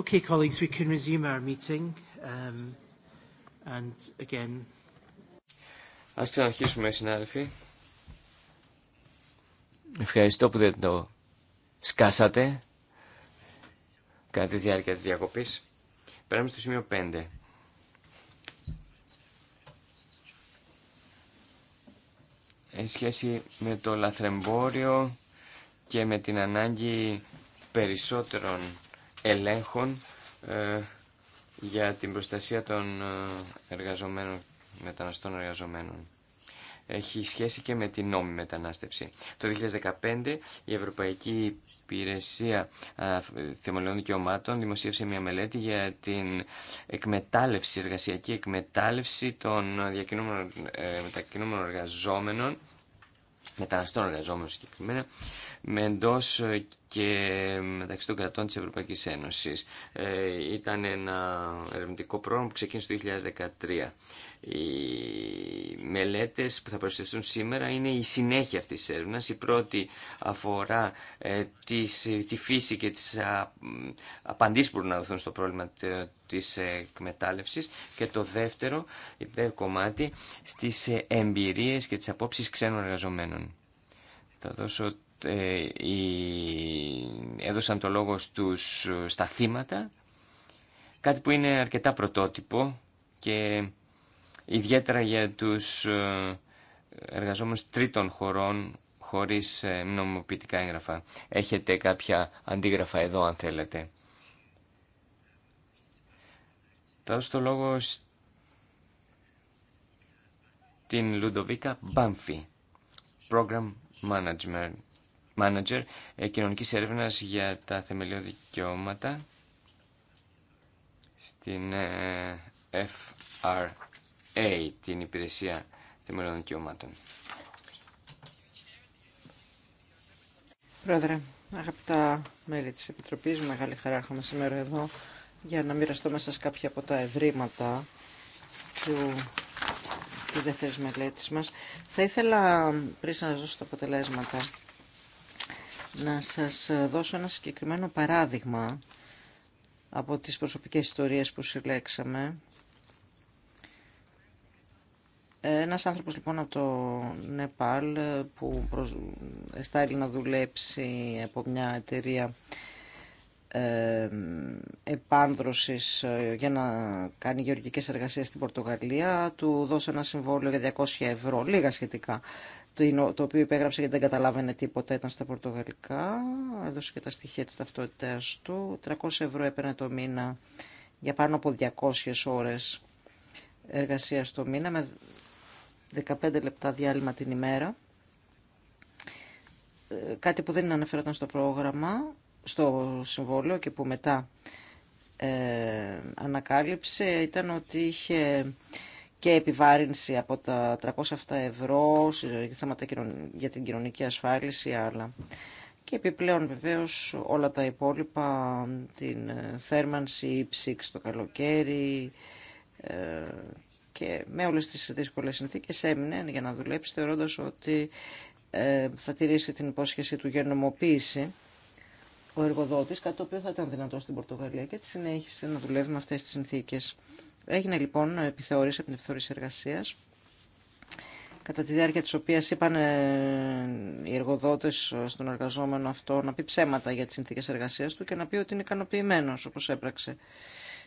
Speaker 1: Okay, colleagues, we can resume our meeting.
Speaker 2: Um, and Ας ξαναρχίσουμε, συνάδελφοι. Ευχαριστώ που δεν το σκάσατε κατά τη διάρκεια της διακοπής. Περάμε στο σημείο 5. Εν σχέση με το λαθρεμπόριο και με την ανάγκη περισσότερων ελέγχων ε, για την προστασία των ε, εργαζομένων, μεταναστών εργαζομένων. Έχει σχέση και με την νόμιμη μετανάστευση. Το 2015 η Ευρωπαϊκή Υπηρεσία ε, Θεμελιών Δικαιωμάτων δημοσίευσε μια μελέτη για την εκμετάλλευση, εργασιακή εκμετάλλευση των μετακινούμενων εργαζόμενων, μεταναστών εργαζόμενων συγκεκριμένα, με και μεταξύ των κρατών της Ευρωπαϊκής Ένωσης. Ε, ήταν ένα ερευνητικό πρόγραμμα που ξεκίνησε το 2013. Οι μελέτες που θα παρουσιαστούν σήμερα είναι η συνέχεια αυτής της έρευνας. Η πρώτη αφορά ε, τη φύση και τις α, απαντήσεις που μπορούν να δοθούν στο πρόβλημα της εκμετάλλευσης και το δεύτερο, δεύτερο κομμάτι στις εμπειρίες και τις απόψεις ξένων εργαζομένων. Θα δώσω ε, έδωσαν το λόγο στους, στα θύματα, κάτι που είναι αρκετά πρωτότυπο και ιδιαίτερα για τους ε, εργαζόμενους τρίτων χωρών χωρίς ε, νομοποιητικά έγγραφα. Έχετε κάποια αντίγραφα εδώ αν θέλετε. Θα δώσω το λόγο στην Λουντοβίκα Μπάμφη, Program Management manager ε, κοινωνικής έρευνας για τα θεμελιώδη δικαιώματα στην ε, FRA, την Υπηρεσία Θεμελιώδων Δικαιωμάτων.
Speaker 1: Πρόεδρε, αγαπητά μέλη της Επιτροπής, μεγάλη χαρά έρχομαι σήμερα εδώ για να μοιραστώ μέσα σας κάποια από τα ευρήματα του της δεύτερη μελέτη μας. Θα ήθελα πριν να δώσω τα αποτελέσματα να σας δώσω ένα συγκεκριμένο παράδειγμα από τις προσωπικές ιστορίες που συλλέξαμε. Ένας άνθρωπος λοιπόν από το Νεπάλ που προσ... να δουλέψει από μια εταιρεία ε, για να κάνει γεωργικές εργασίες στην Πορτογαλία του δώσε ένα συμβόλαιο για 200 ευρώ, λίγα σχετικά το οποίο υπέγραψε γιατί δεν καταλάβαινε τίποτα, ήταν στα πορτογαλικά, έδωσε και τα στοιχεία τη ταυτότητά του, 300 ευρώ έπαιρνε το μήνα για πάνω από 200 ώρες εργασίας το μήνα με 15 λεπτά διάλειμμα την ημέρα. Ε, κάτι που δεν αναφέρονταν στο πρόγραμμα, στο συμβόλαιο και που μετά ε, ανακάλυψε ήταν ότι είχε και επιβάρυνση από τα 307 ευρώ θέματα για την κοινωνική ασφάλιση άλλα. Και επιπλέον βεβαίως όλα τα υπόλοιπα, την ε, θέρμανση, ψήξη το καλοκαίρι ε, και με όλες τις δύσκολες συνθήκες έμεινε για να δουλέψει θεωρώντας ότι ε, θα τηρήσει την υπόσχεση του για νομοποίηση ο εργοδότης, κάτι το οποίο θα ήταν δυνατό στην Πορτογαλία και τη συνέχισε να δουλεύει με αυτές τις συνθήκες. Έγινε λοιπόν επιθεώρηση από την επιθεώρηση εργασία, κατά τη διάρκεια τη οποία είπαν ε, οι εργοδότες στον εργαζόμενο αυτό να πει ψέματα για τις συνθήκες εργασίας του και να πει ότι είναι ικανοποιημένο όπως έπραξε.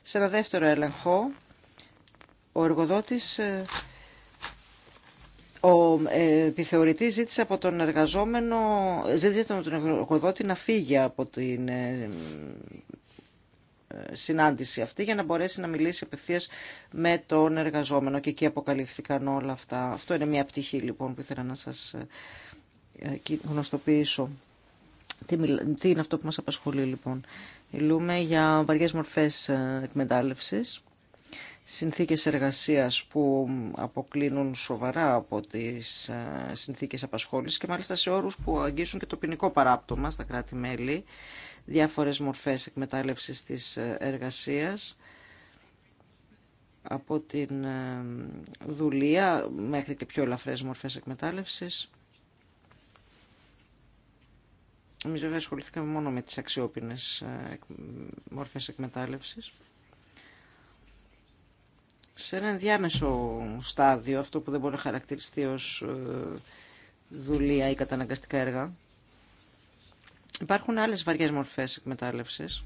Speaker 1: Σε ένα δεύτερο έλεγχο, ο εργοδότης ε, ο ε, επιθεωρητή ζήτησε από τον εργαζόμενο, ζήτησε από τον εργοδότη να φύγει από την ε, ε, συνάντηση αυτή για να μπορέσει να μιλήσει απευθεία με τον εργαζόμενο και εκεί αποκαλύφθηκαν όλα αυτά. Αυτό είναι μια πτυχή λοιπόν που ήθελα να σας γνωστοποιήσω. Τι είναι αυτό που μας απασχολεί λοιπόν. Μιλούμε για βαριές μορφές εκμετάλλευσης συνθήκες εργασίας που αποκλίνουν σοβαρά από τις ε, συνθήκες απασχόλησης και μάλιστα σε όρους που αγγίζουν και το ποινικό παράπτωμα στα κράτη-μέλη, διάφορες μορφές εκμετάλλευσης της ε, εργασίας από την ε, δουλεία μέχρι και πιο ελαφρές μορφές εκμετάλλευσης. Εμείς βέβαια ασχοληθήκαμε μόνο με τις αξιόπινες μορφές εκμετάλλευσης σε ένα διάμεσο στάδιο, αυτό που δεν μπορεί να χαρακτηριστεί ως ε, δουλεία ή καταναγκαστικά έργα. Υπάρχουν άλλες βαριές μορφές εκμετάλλευσης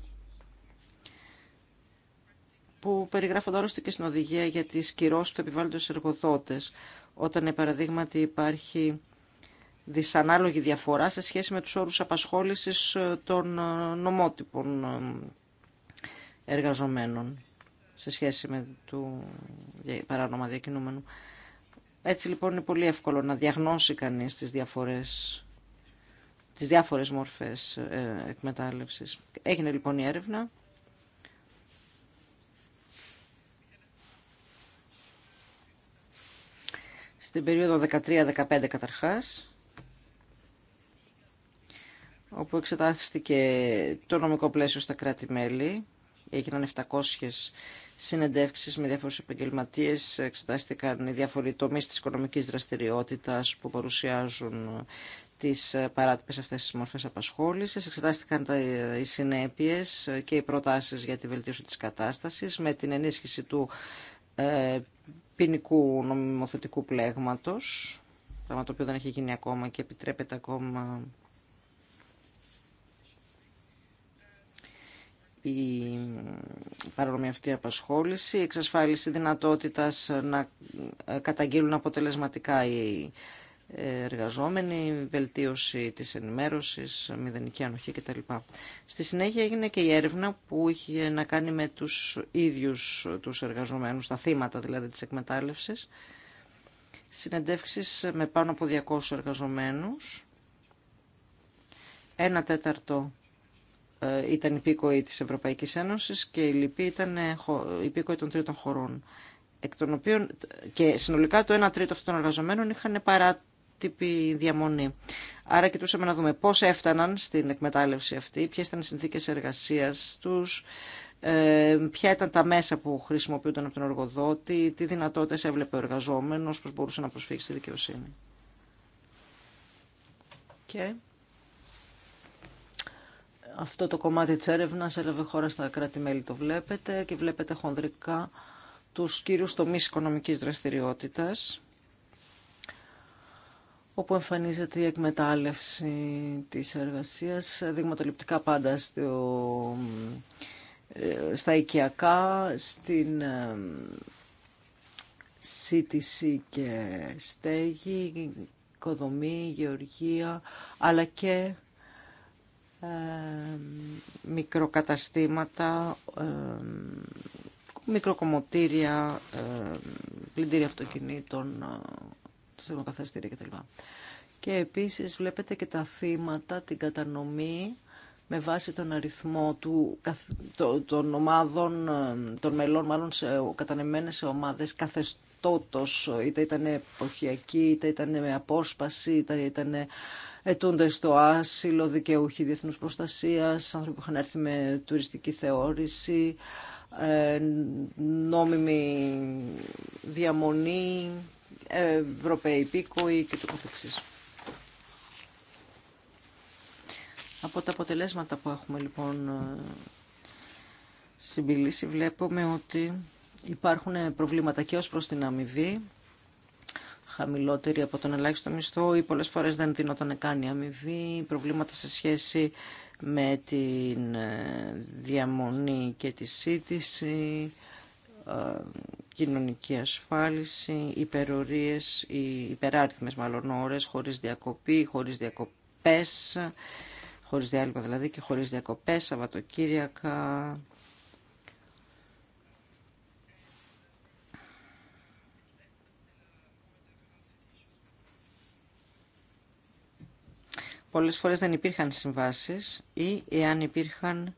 Speaker 1: που περιγράφονται άλλωστε και στην οδηγία για τις κυρώσεις του επιβάλλονται εργοδότες όταν, ε, παραδείγματι, υπάρχει δυσανάλογη διαφορά σε σχέση με τους όρους απασχόλησης ε, των νομότυπων εργαζομένων σε σχέση με το παράνομα διακινούμενου. Έτσι λοιπόν είναι πολύ εύκολο να διαγνώσει κανείς τις διαφορές τις διάφορες μορφές ε, εκμετάλλευσης. Έγινε λοιπόν η έρευνα. Στην περίοδο 13-15 καταρχάς, όπου εξετάστηκε το νομικό πλαίσιο στα κράτη-μέλη, έγιναν 700 συνεντεύξεις με διάφορους επαγγελματίε, εξετάστηκαν οι διάφοροι τομεί της οικονομικής δραστηριότητας που παρουσιάζουν τις παράτυπε αυτές τι μορφέ απασχόληση. Εξετάστηκαν οι συνέπειε και οι προτάσεις για τη βελτίωση της κατάστασης με την ενίσχυση του ε, ποινικού νομιμοθετικού πλέγματο. πράγμα το οποίο δεν έχει γίνει ακόμα και επιτρέπεται ακόμα η παρονομιαυτή απασχόληση, η εξασφάλιση δυνατότητας να ε, καταγγείλουν αποτελεσματικά οι ε, εργαζόμενοι, η βελτίωση της ενημέρωσης, μηδενική ανοχή κτλ. Στη συνέχεια έγινε και η έρευνα που είχε να κάνει με τους ίδιους τους εργαζομένους, τα θύματα δηλαδή της εκμετάλλευσης, συνεντεύξεις με πάνω από 200 εργαζομένους, ένα τέταρτο ε, ήταν υπήκοοι της Ευρωπαϊκής Ένωσης και η ΛΥΠΗ ήταν ε, υπήκοοι των τρίτων χωρών. Εκ των οποίων και συνολικά το 1 τρίτο αυτών των εργαζομένων είχαν παράτυπη διαμονή. Άρα κοιτούσαμε να δούμε πώς έφταναν στην εκμετάλλευση αυτή, ποιες ήταν οι συνθήκες εργασίας τους, ε, ποια ήταν τα μέσα που χρησιμοποιούνταν από τον εργοδότη, τι δυνατότητες έβλεπε ο εργαζόμενος, πώς μπορούσε να προσφύγει στη δικαιοσύνη αυτό το κομμάτι της έρευνας έλαβε χώρα στα κράτη-μέλη, το βλέπετε, και βλέπετε χονδρικά τους κύριους τομείς οικονομικής δραστηριότητας, όπου εμφανίζεται η εκμετάλλευση της εργασίας, δειγματοληπτικά πάντα στο, ε, στα οικιακά, στην ε, σύτηση και στέγη, οικοδομή, γεωργία, αλλά και ε, μικροκαταστήματα, ε, μικροκομωτήρια ε, πλυντήρια αυτοκινήτων, στεγνοκαθαστήρια κτλ. Και επίσης βλέπετε και τα θύματα, την κατανομή με βάση τον αριθμό του, των ομάδων, των μελών μάλλον σε, κατανεμένες σε ομάδες καθεστώτος, είτε ήταν εποχιακή, είτε ήταν με απόσπαση, είτε ήταν ετούνται στο άσυλο, δικαιούχοι διεθνούς προστασίας, άνθρωποι που είχαν έρθει με τουριστική θεώρηση, ε, νόμιμη διαμονή, Ευρωπαίοι υπήκοοι και το καθεξής. Από τα αποτελέσματα που έχουμε λοιπόν ε, συμπηλήσει βλέπουμε ότι υπάρχουν προβλήματα και ως προς την αμοιβή χαμηλότερη από τον ελάχιστο μισθό ή πολλές φορές δεν δίνονταν να κάνει αμοιβή, προβλήματα σε σχέση με την ε, διαμονή και τη σύντηση, ε, κοινωνική ασφάλιση, υπερορίες, υπεράριθμες μάλλον ώρες, χωρίς διακοπή, χωρίς διακοπές, χωρίς διάλειμμα δηλαδή και χωρίς διακοπές, Σαββατοκύριακα, Πολλές φορές δεν υπήρχαν συμβάσεις ή εάν υπήρχαν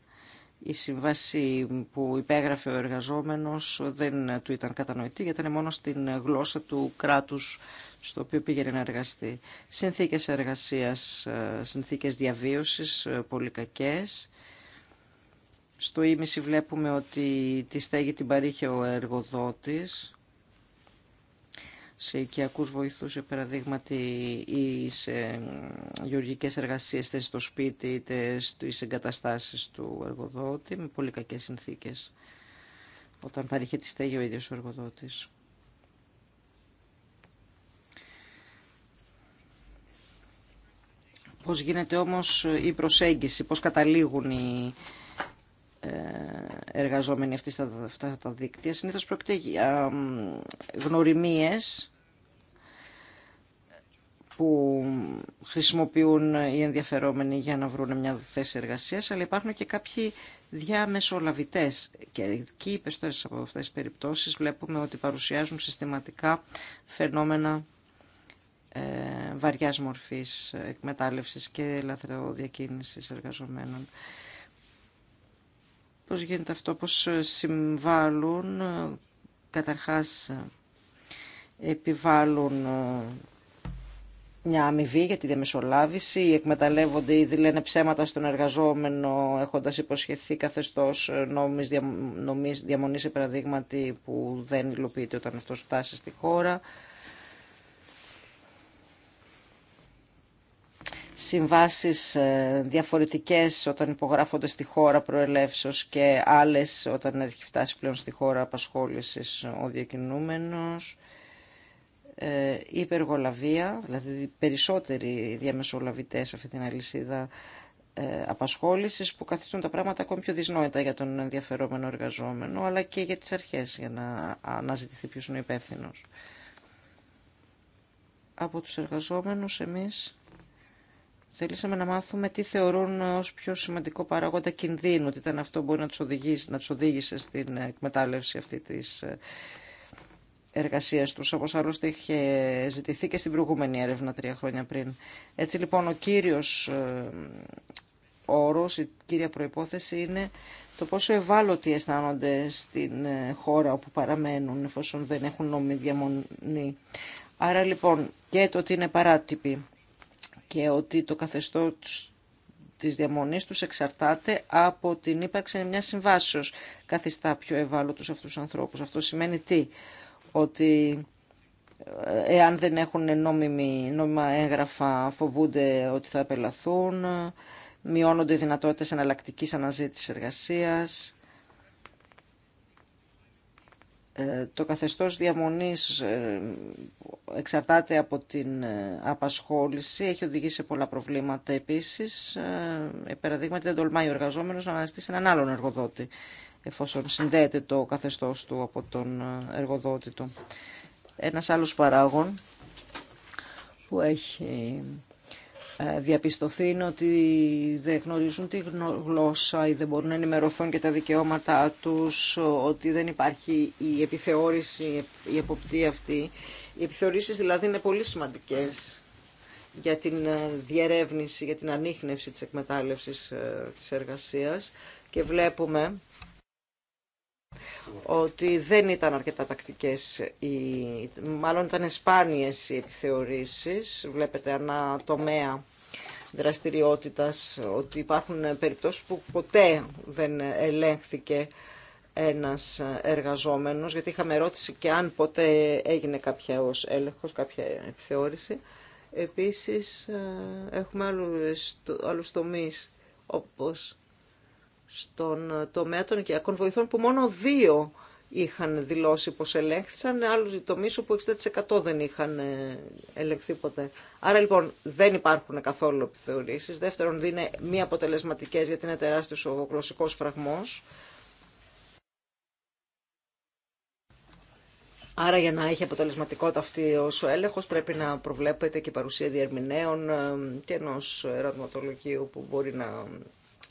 Speaker 1: η συμβάση που υπέγραφε ο εργαζόμενος δεν του ήταν κατανοητή γιατί ήταν μόνο στην γλώσσα του κράτους στο οποίο πήγαινε να εργαστεί. Συνθήκες εργασίας, συνθήκες διαβίωσης πολύ κακές. Στο ίμιση βλέπουμε ότι τη στέγη την παρήχε ο εργοδότης σε οικιακούς βοηθούς, για παραδείγματι, ή σε γεωργικές εργασίες, είτε στο σπίτι, είτε στις εγκαταστάσεις του εργοδότη, με πολύ κακές συνθήκες, όταν παρήχε τη στέγη ο ίδιος ο εργοδότης. Πώς γίνεται όμως η προσέγγιση, πώς καταλήγουν οι ε, εργαζόμενοι αυτή στα, τα δίκτυα. Συνήθως πρόκειται για γνωριμίες που χρησιμοποιούν οι ενδιαφερόμενοι για να βρουν μια θέση εργασίας, αλλά υπάρχουν και κάποιοι διαμεσολαβητές. Και εκεί από αυτές τις περιπτώσεις βλέπουμε ότι παρουσιάζουν συστηματικά φαινόμενα ε, βαριάς μορφής εκμετάλλευσης και λαθροδιακίνησης εργαζομένων. Πώς γίνεται αυτό, πώς συμβάλλουν, ε, καταρχάς ε, επιβάλλουν ε, μια αμοιβή για τη διαμεσολάβηση, εκμεταλλεύονται ή λένε ψέματα στον εργαζόμενο έχοντας υποσχεθεί καθεστώς νόμις, διαμονής, διαμονής σε παραδείγματι που δεν υλοποιείται όταν αυτός φτάσει στη χώρα. συμβάσεις ε, διαφορετικές όταν υπογράφονται στη χώρα προελεύσεως και άλλες όταν έχει φτάσει πλέον στη χώρα απασχόλησης ο διακινούμενος, ε, υπεργολαβία, δηλαδή περισσότεροι διαμεσολαβητές αυτή την αλυσίδα ε, απασχόλησης που καθιστούν τα πράγματα ακόμη πιο δυσνόητα για τον ενδιαφερόμενο εργαζόμενο αλλά και για τις αρχές για να αναζητηθεί ποιος είναι ο υπεύθυνο. Από τους εργαζόμενους εμείς Θέλησαμε να μάθουμε τι θεωρούν ω πιο σημαντικό παράγοντα κινδύνου, ότι ήταν αυτό που μπορεί να του να οδήγησε στην εκμετάλλευση αυτή τη ε, εργασία του, όπω άλλωστε είχε ζητηθεί και στην προηγούμενη έρευνα τρία χρόνια πριν. Έτσι λοιπόν ο κύριο ε, όρο η κύρια προπόθεση είναι το πόσο ευάλωτοι αισθάνονται στην ε, χώρα όπου παραμένουν εφόσον δεν έχουν νόμιμη διαμονή. Άρα λοιπόν και το ότι είναι παράτυποι και ότι το καθεστώ της διαμονής τους εξαρτάται από την ύπαρξη μιας συμβάσεως καθιστά πιο ευάλωτους αυτούς τους ανθρώπους. Αυτό σημαίνει τι, ότι ε, εάν δεν έχουν νόμιμη, νόμιμα έγγραφα φοβούνται ότι θα απελαθούν, μειώνονται οι δυνατότητες εναλλακτικής αναζήτησης εργασίας, ε, το καθεστώς διαμονής ε, εξαρτάται από την ε, απασχόληση, έχει οδηγήσει σε πολλά προβλήματα επίσης. Ε, παραδείγματι δεν τολμάει ο εργαζόμενος να αναζητήσει έναν άλλον εργοδότη, εφόσον συνδέεται το καθεστώς του από τον εργοδότη του. Ένας άλλος παράγων που έχει ε, διαπιστωθεί ότι δεν γνωρίζουν τη γλώσσα ή δεν μπορούν να ενημερωθούν και τα δικαιώματά τους, ότι δεν υπάρχει η επιθεώρηση, η εποπτεία αυτή. Οι επιθεωρήσεις δηλαδή είναι πολύ σημαντικές για την ε, διερεύνηση, για την ανείχνευση της εκμετάλλευσης ε, της εργασίας και βλέπουμε ότι δεν ήταν αρκετά τακτικές, μάλλον ήταν σπάνιες οι επιθεωρήσεις, βλέπετε ανά τομέα δραστηριότητας, ότι υπάρχουν περιπτώσεις που ποτέ δεν ελέγχθηκε ένας εργαζόμενος, γιατί είχαμε ερώτηση και αν ποτέ έγινε κάποια ως έλεγχος, κάποια επιθεώρηση. Επίσης, ε, έχουμε άλλους, άλλους τομείς, όπως στον τομέα των οικιακών βοηθών που μόνο δύο είχαν δηλώσει πως ελέγχθησαν, άλλους τομείς όπου 60% δεν είχαν ε, ελεγχθεί ποτέ. Άρα λοιπόν δεν υπάρχουν καθόλου επιθεωρήσεις. Δεύτερον, δεν είναι μη αποτελεσματικές γιατί είναι τεράστιος ο γλωσσικός φραγμός. Άρα για να έχει αποτελεσματικότητα αυτή ο έλεγχος πρέπει να προβλέπεται και παρουσία διερμηνέων ε, και ενό ερωτηματολογίου που μπορεί να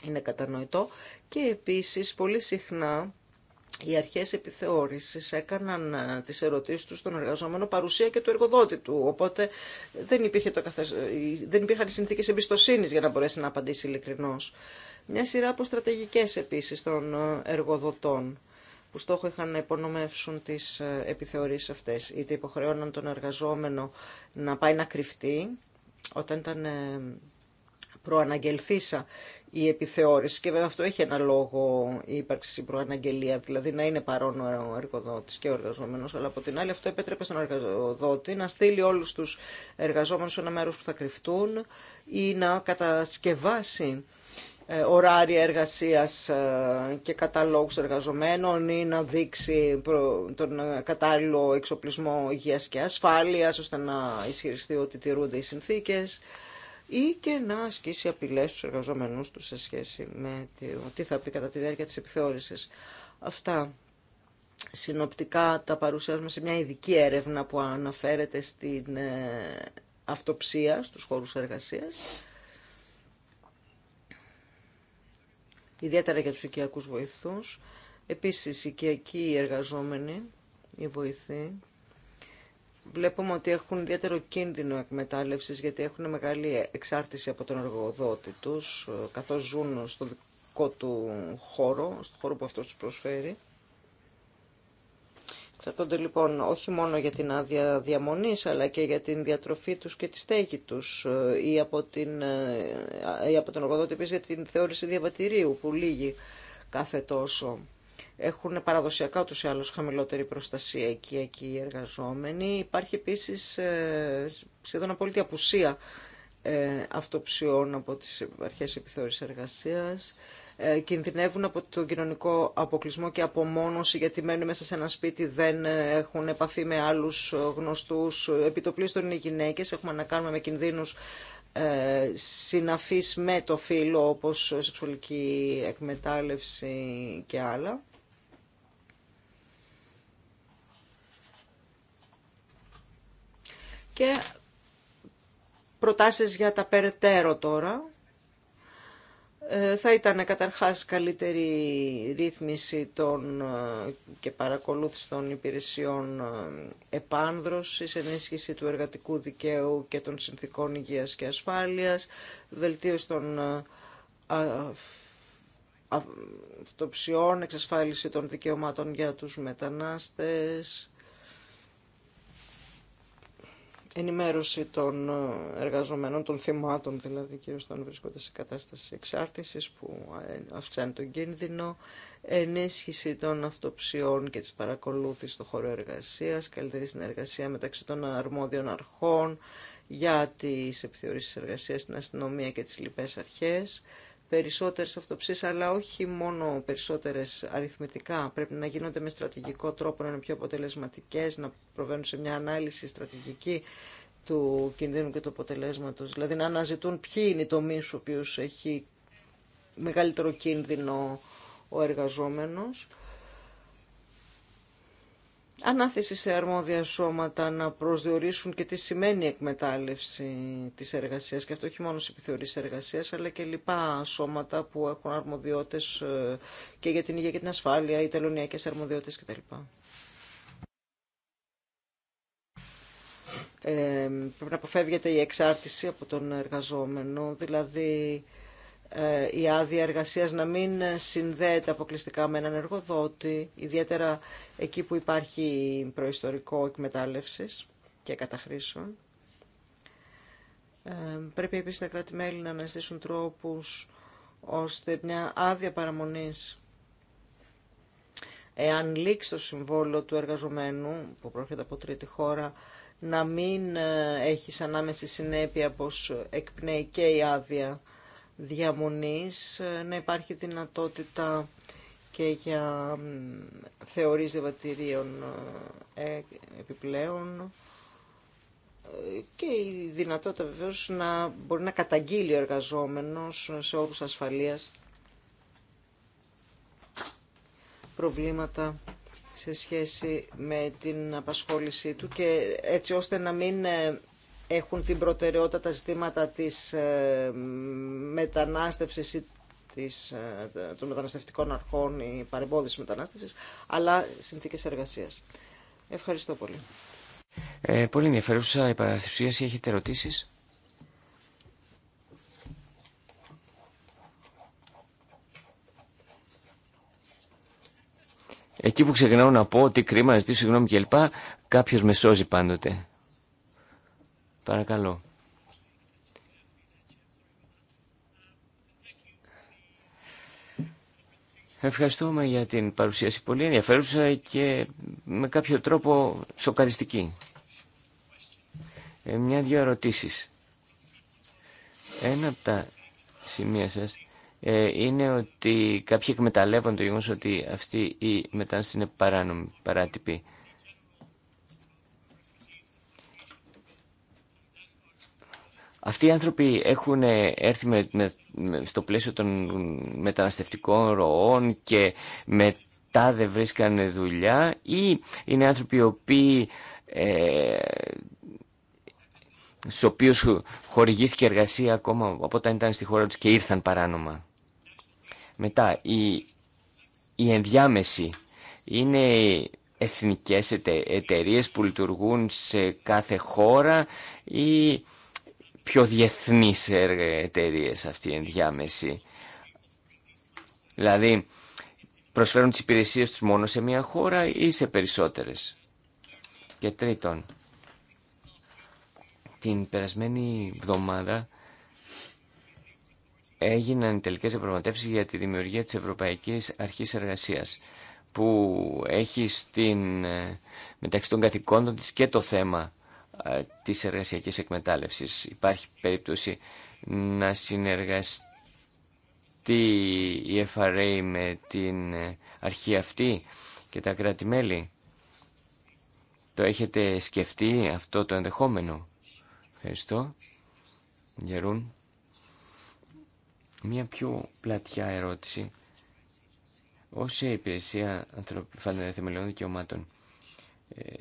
Speaker 1: είναι κατανοητό και επίσης πολύ συχνά οι αρχές επιθεώρησης έκαναν ε, τις ερωτήσεις τους στον εργαζόμενο παρουσία και του εργοδότη του. Οπότε δεν, υπήρχε το ε, δεν υπήρχαν οι συνθήκες εμπιστοσύνης για να μπορέσει να απαντήσει ειλικρινώς. Μια σειρά από στρατηγικές επίσης των ε, εργοδοτών που στόχο είχαν να υπονομεύσουν τις επιθεωρήσεις αυτές. Είτε υποχρεώναν τον εργαζόμενο να πάει να κρυφτεί όταν ήταν προαναγγελθήσα η επιθεώρηση. Και βέβαια αυτό έχει ένα λόγο η ύπαρξη, η προαναγγελία, δηλαδή να είναι παρόν ο εργοδότη και ο εργαζόμενο. Αλλά από την άλλη, αυτό επέτρεπε στον εργοδότη να στείλει όλου του εργαζόμενου σε ένα μέρο που θα κρυφτούν ή να κατασκευάσει ε, ωράρια εργασίας ε, και καταλόγους εργαζομένων ή να δείξει τον ε, κατάλληλο εξοπλισμό υγείας και ασφάλειας ώστε να ισχυριστεί ότι τηρούνται οι συνθήκες ή και να ασκήσει απειλέ στους εργαζομένους του σε σχέση με τι θα πει κατά τη διάρκεια τη επιθεώρησης. Αυτά συνοπτικά τα παρουσιάζουμε σε μια ειδική έρευνα που αναφέρεται στην ε, αυτοψία στους χώρους εργασίας. Ιδιαίτερα για τους οικιακούς βοηθούς. Επίσης, οικιακοί εργαζόμενοι, οι βοηθοί, βλέπουμε ότι έχουν ιδιαίτερο κίνδυνο εκμετάλλευσης γιατί έχουν μεγάλη εξάρτηση από τον εργοδότη τους ε, καθώς ζουν στο δικό του χώρο, στο χώρο που αυτός του προσφέρει. Εξαρτώνται λοιπόν όχι μόνο για την άδεια διαμονής αλλά και για την διατροφή τους και τη στέγη τους ε, ή από, την, ε, ή από τον εργοδότη επίσης για την θεώρηση διαβατηρίου που λύγει κάθε τόσο έχουν παραδοσιακά ούτως ή άλλως χαμηλότερη προστασία εκεί οι εργαζόμενοι. Υπάρχει επίσης ε, σχεδόν απόλυτη απουσία ε, αυτοψιών από τις αρχές επιθεώρησης εργασίας. Ε, κινδυνεύουν από τον κοινωνικό αποκλεισμό και απομόνωση γιατί μένουν μέσα σε ένα σπίτι, δεν έχουν επαφή με άλλους γνωστούς. Επιτοπλίστων είναι γυναίκες, έχουμε να κάνουμε με κινδύνους συναφής με το φύλλο όπως σεξουαλική εκμετάλλευση και άλλα. και προτάσεις για τα περαιτέρω τώρα. Ε, θα ήταν καταρχάς καλύτερη ρύθμιση των ε, και παρακολούθηση των υπηρεσιών ε, επάνδρωσης, ενίσχυση του εργατικού δικαίου και των συνθήκων υγείας και ασφάλειας, βελτίωση των αυτοψιών, εξασφάλιση των δικαιωμάτων για τους μετανάστες, ενημέρωση των ε, εργαζομένων, των θυμάτων δηλαδή, κυρίως όταν βρίσκονται σε κατάσταση εξάρτησης που ε, αυξάνει τον κίνδυνο, ενίσχυση των αυτοψιών και της παρακολούθησης στο χώρο εργασίας, καλύτερη συνεργασία μεταξύ των αρμόδιων αρχών για τις επιθεωρήσεις εργασίας στην αστυνομία και τις λοιπές αρχές, περισσότερες αυτοψίες, αλλά όχι μόνο περισσότερες αριθμητικά. Πρέπει να γίνονται με στρατηγικό τρόπο, να είναι πιο αποτελεσματικές, να προβαίνουν σε μια ανάλυση στρατηγική του κινδύνου και του αποτελέσματος. Δηλαδή να αναζητούν ποιοι είναι οι τομέι ο έχει μεγαλύτερο κίνδυνο ο εργαζόμενος ανάθεση σε αρμόδια σώματα να προσδιορίσουν και τι σημαίνει εκμετάλλευση της εργασίας και αυτό όχι μόνο σε επιθεωρήσεις εργασίας αλλά και λοιπά σώματα που έχουν αρμοδιότητες ε, και για την υγεία και την ασφάλεια ή τελωνιακές αρμοδιότητες κτλ. Ε, πρέπει να αποφεύγεται η εξάρτηση από τον εργαζόμενο, δηλαδή ε, η άδεια εργασίας να μην συνδέεται αποκλειστικά με έναν εργοδότη, ιδιαίτερα εκεί που υπάρχει προϊστορικό εκμετάλλευσης και καταχρήσεων. Ε, πρέπει επίσης τα κράτη-μέλη να αναζητήσουν τρόπους ώστε μια άδεια παραμονής εάν λήξει το συμβόλο του εργαζομένου που πρόκειται από τρίτη χώρα να μην ε, έχει σαν άμεση συνέπεια πως εκπνέει και η άδεια διαμονής, ε, να υπάρχει δυνατότητα και για θεωρείς διαβατηρίων ε, ε, επιπλέον και η δυνατότητα βεβαίως να μπορεί να καταγγείλει ο εργαζόμενος σε όρους ασφαλείας προβλήματα σε σχέση με την απασχόλησή του και έτσι ώστε να μην έχουν την προτεραιότητα τα ζητήματα της ε, μετανάστευσης ή της, ε, των μεταναστευτικών αρχών ή παρεμπόδισης μετανάστευσης, αλλά συνθήκες εργασίας. Ευχαριστώ πολύ.
Speaker 2: Ε, πολύ ενδιαφέρουσα η παραθυσίαση. Έχετε ερωτήσεις. Εκεί που ξεχνάω να πω ότι κρίμα, ζητήσω συγγνώμη κλπ. Κάποιος με σώζει πάντοτε. Παρακαλώ. Ευχαριστούμε για την παρουσίαση. Πολύ ενδιαφέρουσα και με κάποιο τρόπο σοκαριστική. Ε, Μια-δυο ερωτήσεις. Ένα από τα σημεία σας ε, είναι ότι κάποιοι εκμεταλλεύονται το γεγονός ότι αυτή η μετάσταση είναι παράνομη, παράτυπη. Αυτοί οι άνθρωποι έχουν ε, έρθει με, στο πλαίσιο των μεταναστευτικών ροών και μετά δεν βρίσκανε δουλειά ή είναι άνθρωποι οι οποίοι, ε, στους χορηγήθηκε εργασία ακόμα από όταν ήταν στη χώρα τους και ήρθαν παράνομα. Μετά, η, η ενδιάμεση είναι εθνικές εταιρείες που λειτουργούν σε κάθε χώρα ή πιο διεθνείς ε, εταιρείε αυτή η ενδιάμεση. Δηλαδή, προσφέρουν τις υπηρεσίες τους μόνο σε μια χώρα ή σε περισσότερες. Και τρίτον, την περασμένη εβδομάδα έγιναν τελικές διαπραγματεύσεις για τη δημιουργία της Ευρωπαϊκής Αρχής Εργασίας που έχει στην, ε, μεταξύ των καθηκόντων της και το θέμα ε, της εργασιακής εκμετάλλευσης. Υπάρχει περίπτωση να συνεργαστεί η FRA με την ε, αρχή αυτή και τα κράτη-μέλη. Το έχετε σκεφτεί αυτό το ενδεχόμενο. Ευχαριστώ. Γερούν. Μια πιο πλατιά ερώτηση. Ως η υπηρεσία ανθρωπιφάντων θεμελιών δικαιωμάτων, ε,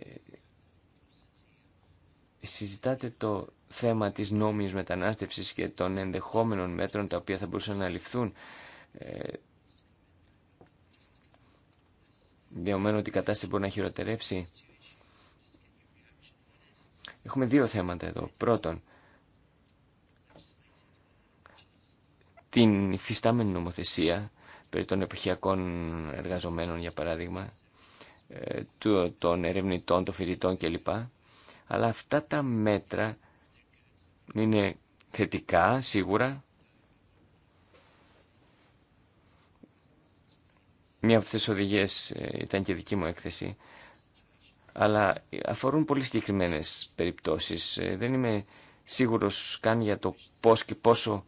Speaker 2: συζητάτε το θέμα της νόμιμης μετανάστευσης και των ενδεχόμενων μέτρων τα οποία θα μπορούσαν να ληφθούν. Ε, ότι η κατάσταση μπορεί να χειροτερεύσει. Έχουμε δύο θέματα εδώ. Πρώτον, την υφιστάμενη νομοθεσία περί των εποχιακών εργαζομένων, για παράδειγμα, ε, των ερευνητών, των φοιτητών κλπ αλλά αυτά τα μέτρα είναι θετικά σίγουρα. Μία από αυτές τις οδηγίες ε, ήταν και δική μου έκθεση, αλλά αφορούν πολύ συγκεκριμένε περιπτώσεις. Ε, δεν είμαι σίγουρος καν για το πώς και πόσο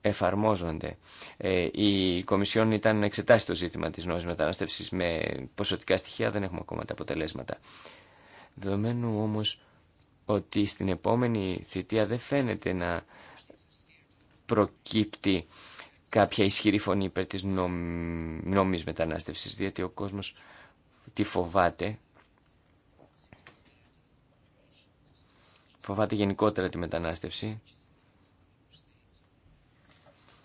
Speaker 2: εφαρμόζονται. Ε, η Κομισιόν ήταν να εξετάσει το ζήτημα της νόμιμης μετανάστευσης με ποσοτικά στοιχεία, δεν έχουμε ακόμα τα αποτελέσματα. Δεδομένου όμως ότι στην επόμενη θητεία δεν φαίνεται να προκύπτει κάποια ισχυρή φωνή υπέρ της νομ... νόμιμης μετανάστευσης, διότι ο κόσμος τη φοβάται. Φοβάται γενικότερα τη μετανάστευση.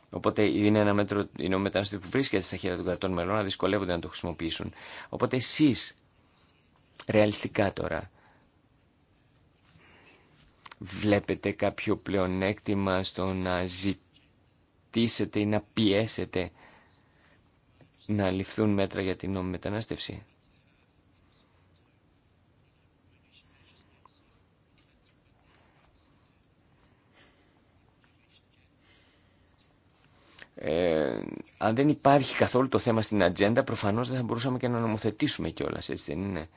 Speaker 2: Οπότε είναι ένα μέτρο, είναι ο μετανάστευση που βρίσκεται στα χέρια των κρατών μελών να δυσκολεύονται να το χρησιμοποιήσουν. Οπότε εσείς Ρεαλιστικά τώρα. Βλέπετε κάποιο πλεονέκτημα στο να ζητήσετε ή να πιέσετε να ληφθούν μέτρα για την νόμιμη μετανάστευση. Ε, αν δεν υπάρχει καθόλου το θέμα στην ατζέντα, προφανώς δεν θα μπορούσαμε και να νομοθετήσουμε κιόλας, έτσι δεν είναι.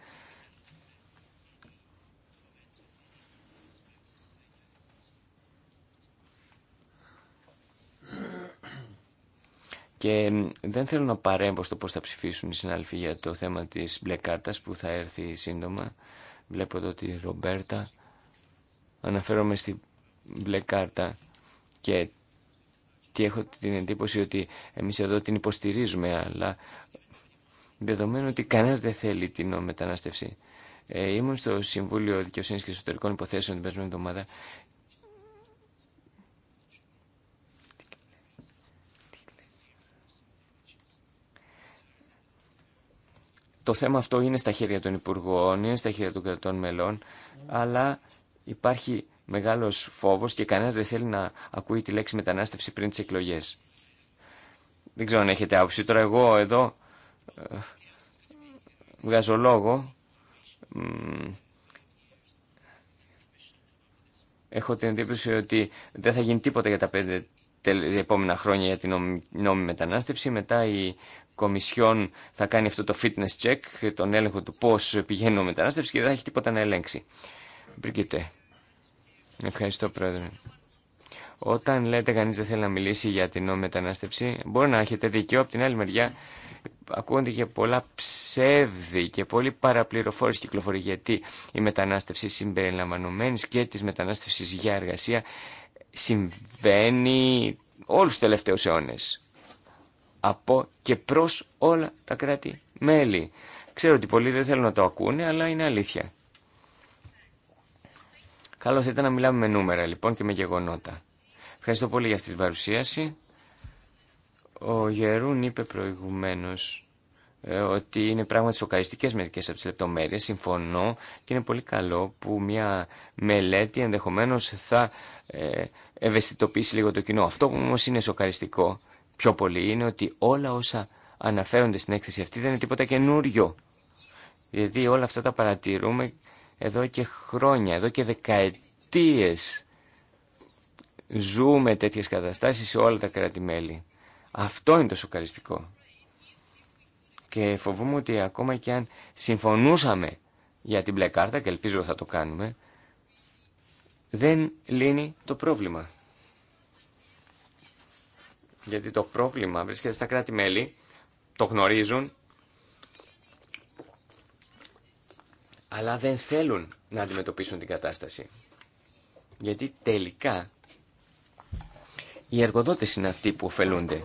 Speaker 2: Και δεν θέλω να παρέμβω στο πώς θα ψηφίσουν οι συνάλφοι για το θέμα της μπλε κάρτας που θα έρθει σύντομα. Βλέπω εδώ τη Ρομπέρτα. Αναφέρομαι στη μπλε κάρτα και τι έχω την εντύπωση ότι εμείς εδώ την υποστηρίζουμε, αλλά δεδομένου ότι κανένας δεν θέλει την μετανάστευση. Ε, ήμουν στο Συμβούλιο Δικαιοσύνη και Εσωτερικών Υποθέσεων την περσμένη εβδομάδα το θέμα αυτό είναι στα χέρια των Υπουργών, είναι στα χέρια των κρατών μελών, αλλά υπάρχει μεγάλος φόβος και κανένας δεν θέλει να ακούει τη λέξη μετανάστευση πριν τις εκλογές. Δεν ξέρω αν έχετε άποψη. Τώρα εγώ εδώ ε, βγάζω λόγο. Έχω την εντύπωση ότι δεν θα γίνει τίποτα για τα πέντε επόμενα χρόνια για την νόμιμη μετανάστευση. Μετά η Κομισιόν θα κάνει αυτό το fitness check, τον έλεγχο του πώ πηγαίνει ο μετανάστευση και δεν θα έχει τίποτα να ελέγξει. Μπρικετέ. Ευχαριστώ πρόεδρε. Όταν λέτε κανεί δεν θέλει να μιλήσει για την νόμη μετανάστευση, μπορεί να έχετε δίκιο. Από την άλλη μεριά ακούγονται και πολλά ψεύδη και πολύ παραπληροφόρηση κυκλοφορεί γιατί η μετανάστευση συμπεριλαμβάνωμένη και τη μετανάστευση για εργασία συμβαίνει όλου του τελευταίους αιώνε από και προς όλα τα κράτη-μέλη. Ξέρω ότι πολλοί δεν θέλουν να το ακούνε, αλλά είναι αλήθεια. Καλό θα ήταν να μιλάμε με νούμερα λοιπόν και με γεγονότα. Ευχαριστώ πολύ για αυτή την παρουσίαση. Ο Γερούν είπε προηγουμένως ε, ότι είναι πράγματι σοκαριστικέ μερικέ από τι λεπτομέρειε. συμφωνώ και είναι πολύ καλό που μια μελέτη ενδεχομένω θα ε, ευαισθητοποιήσει λίγο το κοινό. Αυτό που όμω είναι σοκαριστικό πιο πολύ είναι ότι όλα όσα αναφέρονται στην έκθεση αυτή δεν είναι τίποτα καινούριο. Γιατί όλα αυτά τα παρατηρούμε εδώ και χρόνια, εδώ και δεκαετίες ζούμε τέτοιες καταστάσεις σε όλα τα κράτη-μέλη. Αυτό είναι το σοκαριστικό. Και φοβούμαι ότι ακόμα και αν συμφωνούσαμε για την μπλε κάρτα, και ελπίζω θα το κάνουμε, δεν λύνει το πρόβλημα γιατί το πρόβλημα βρίσκεται στα κράτη-μέλη, το γνωρίζουν, αλλά δεν θέλουν να αντιμετωπίσουν την κατάσταση. Γιατί τελικά οι εργοδότες είναι αυτοί που ωφελούνται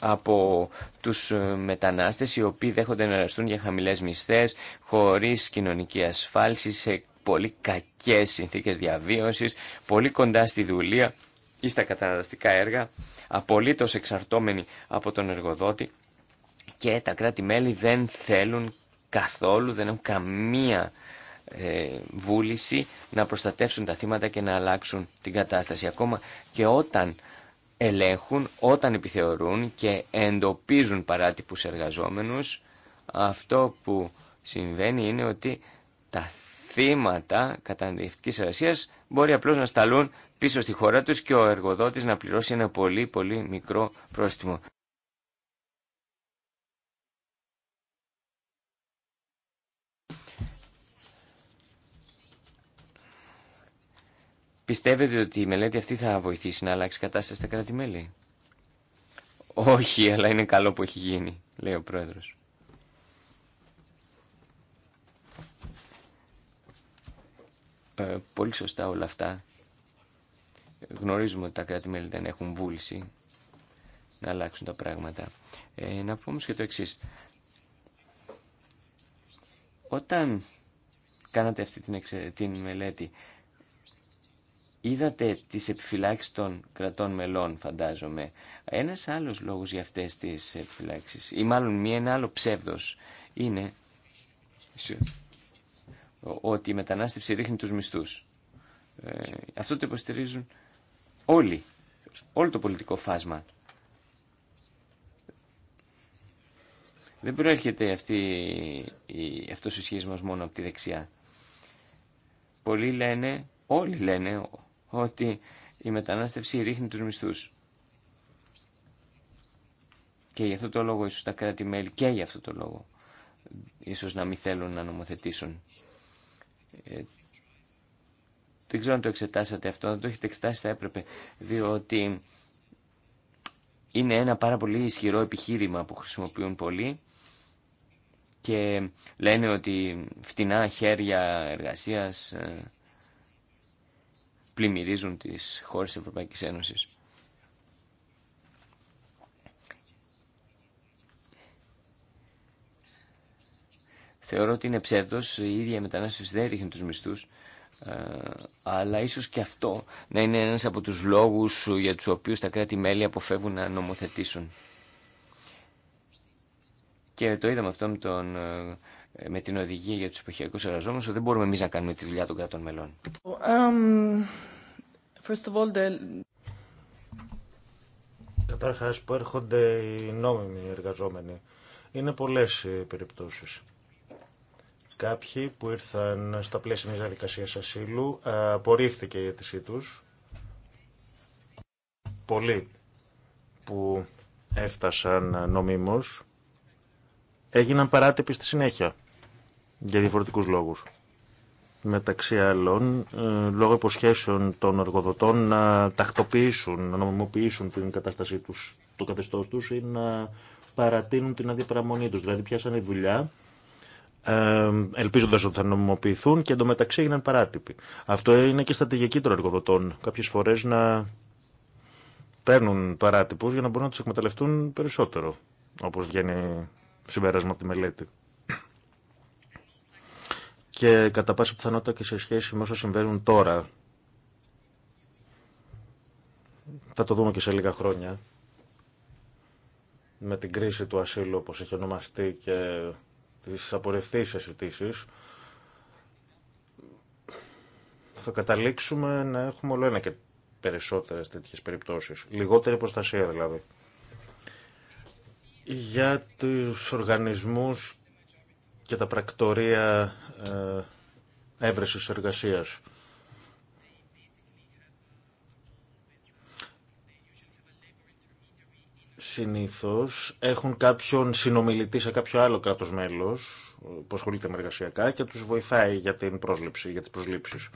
Speaker 2: από τους ε, μετανάστες οι οποίοι δέχονται να εργαστούν για χαμηλές μισθές, χωρίς κοινωνική ασφάλιση, σε πολύ κακές συνθήκες διαβίωσης, πολύ κοντά στη δουλεία ή στα καταναλωτικά έργα, απολύτως εξαρτώμενοι από τον εργοδότη και τα κράτη-μέλη δεν θέλουν καθόλου, δεν έχουν καμία ε, βούληση να προστατεύσουν τα θύματα και να αλλάξουν την κατάσταση. Ακόμα και όταν ελέγχουν, όταν επιθεωρούν και εντοπίζουν παράτυπους εργαζόμενους, αυτό που συμβαίνει είναι ότι τα θύματα καταναλωτικής εργασίας μπορεί απλώς να σταλούν πίσω στη χώρα τους και ο εργοδότης να πληρώσει ένα πολύ πολύ μικρό πρόστιμο. Πιστεύετε ότι η μελέτη αυτή θα βοηθήσει να αλλάξει κατάσταση στα κράτη-μέλη. Όχι, αλλά είναι καλό που έχει γίνει, λέει ο πρόεδρος. Ε, πολύ σωστά όλα αυτά. Γνωρίζουμε ότι τα κράτη-μέλη δεν έχουν βούληση να αλλάξουν τα πράγματα. Ε, να πω και το εξής. Όταν κάνατε αυτή την, την μελέτη, είδατε τις επιφυλάξεις των κρατών μελών, φαντάζομαι. Ένας άλλος λόγος για αυτές τις επιφυλάξεις, ή μάλλον μία, ένα άλλο ψεύδος, είναι ότι η μετανάστευση ρίχνει τους μισθούς. Ε, αυτό το υποστηρίζουν όλοι, όλο το πολιτικό φάσμα. Δεν προέρχεται αυτή, η, αυτός ο σχέσμος μόνο από τη δεξιά. Πολλοί λένε, όλοι λένε ότι η μετανάστευση ρίχνει τους μισθούς. Και γι' αυτό το λόγο ίσως τα κράτη-μέλη και γι' αυτό το λόγο ίσως να μην θέλουν να νομοθετήσουν ε, δεν ξέρω αν το εξετάσατε αυτό, αν το έχετε εξετάσει θα έπρεπε, διότι είναι ένα πάρα πολύ ισχυρό επιχείρημα που χρησιμοποιούν πολλοί και λένε ότι φτηνά χέρια εργασίας ε, πλημμυρίζουν τις χώρες της Ευρωπαϊκής Ένωσης. Θεωρώ ότι είναι ψεύδο. η ίδια η μετανάστευση δεν ρίχνει τους μισθούς, ε, αλλά ίσως και αυτό να είναι ένας από τους λόγους για τους οποίους τα κράτη-μέλη αποφεύγουν να νομοθετήσουν. Και το είδαμε αυτό με, τον, ε, με την οδηγία για τους εποχιακούς εργαζόμενους, ότι δεν μπορούμε εμείς να κάνουμε τη δουλειά των κρατών μελών. Um, first of all, the...
Speaker 3: που έρχονται οι νόμιμοι εργαζόμενοι. Είναι πολλές οι περιπτώσεις. Κάποιοι που ήρθαν στα πλαίσια μιας διαδικασίας ασύλου ε, απορρίφθηκε η αίτησή τους. Πολλοί που έφτασαν νομίμως έγιναν παράτυποι στη συνέχεια για διαφορετικούς λόγους. Μεταξύ άλλων, ε, λόγω υποσχέσεων των εργοδοτών να τακτοποιήσουν, να νομιμοποιήσουν την κατάστασή τους, το καθεστώς τους ή να παρατείνουν την αντιπραμονή τους. Δηλαδή πιάσανε δουλειά Ελπίζοντα ότι θα νομιμοποιηθούν και εντωμεταξύ έγιναν παράτυποι. Αυτό είναι και στρατηγική των εργοδοτών. Κάποιες φορές να παίρνουν παράτυπους για να μπορούν να του εκμεταλλευτούν περισσότερο, όπω βγαίνει συμπέρασμα από τη μελέτη. Και κατά πάσα πιθανότητα και σε σχέση με όσα συμβαίνουν τώρα, θα το δούμε και σε λίγα χρόνια, με την κρίση του ασύλου, όπως έχει ονομαστεί και τις απορρευτήσεις αιτήσει, θα καταλήξουμε να έχουμε όλο ένα και περισσότερες τέτοιες περιπτώσεις. Λιγότερη προστασία δηλαδή. Για τους οργανισμούς και τα πρακτορία ε, έβρεσης εργασίας. συνήθως έχουν κάποιον συνομιλητή σε κάποιο άλλο κράτος μέλος ε, που ασχολείται με εργασιακά και τους βοηθάει για την πρόσληψη, για τις προσλήψεις.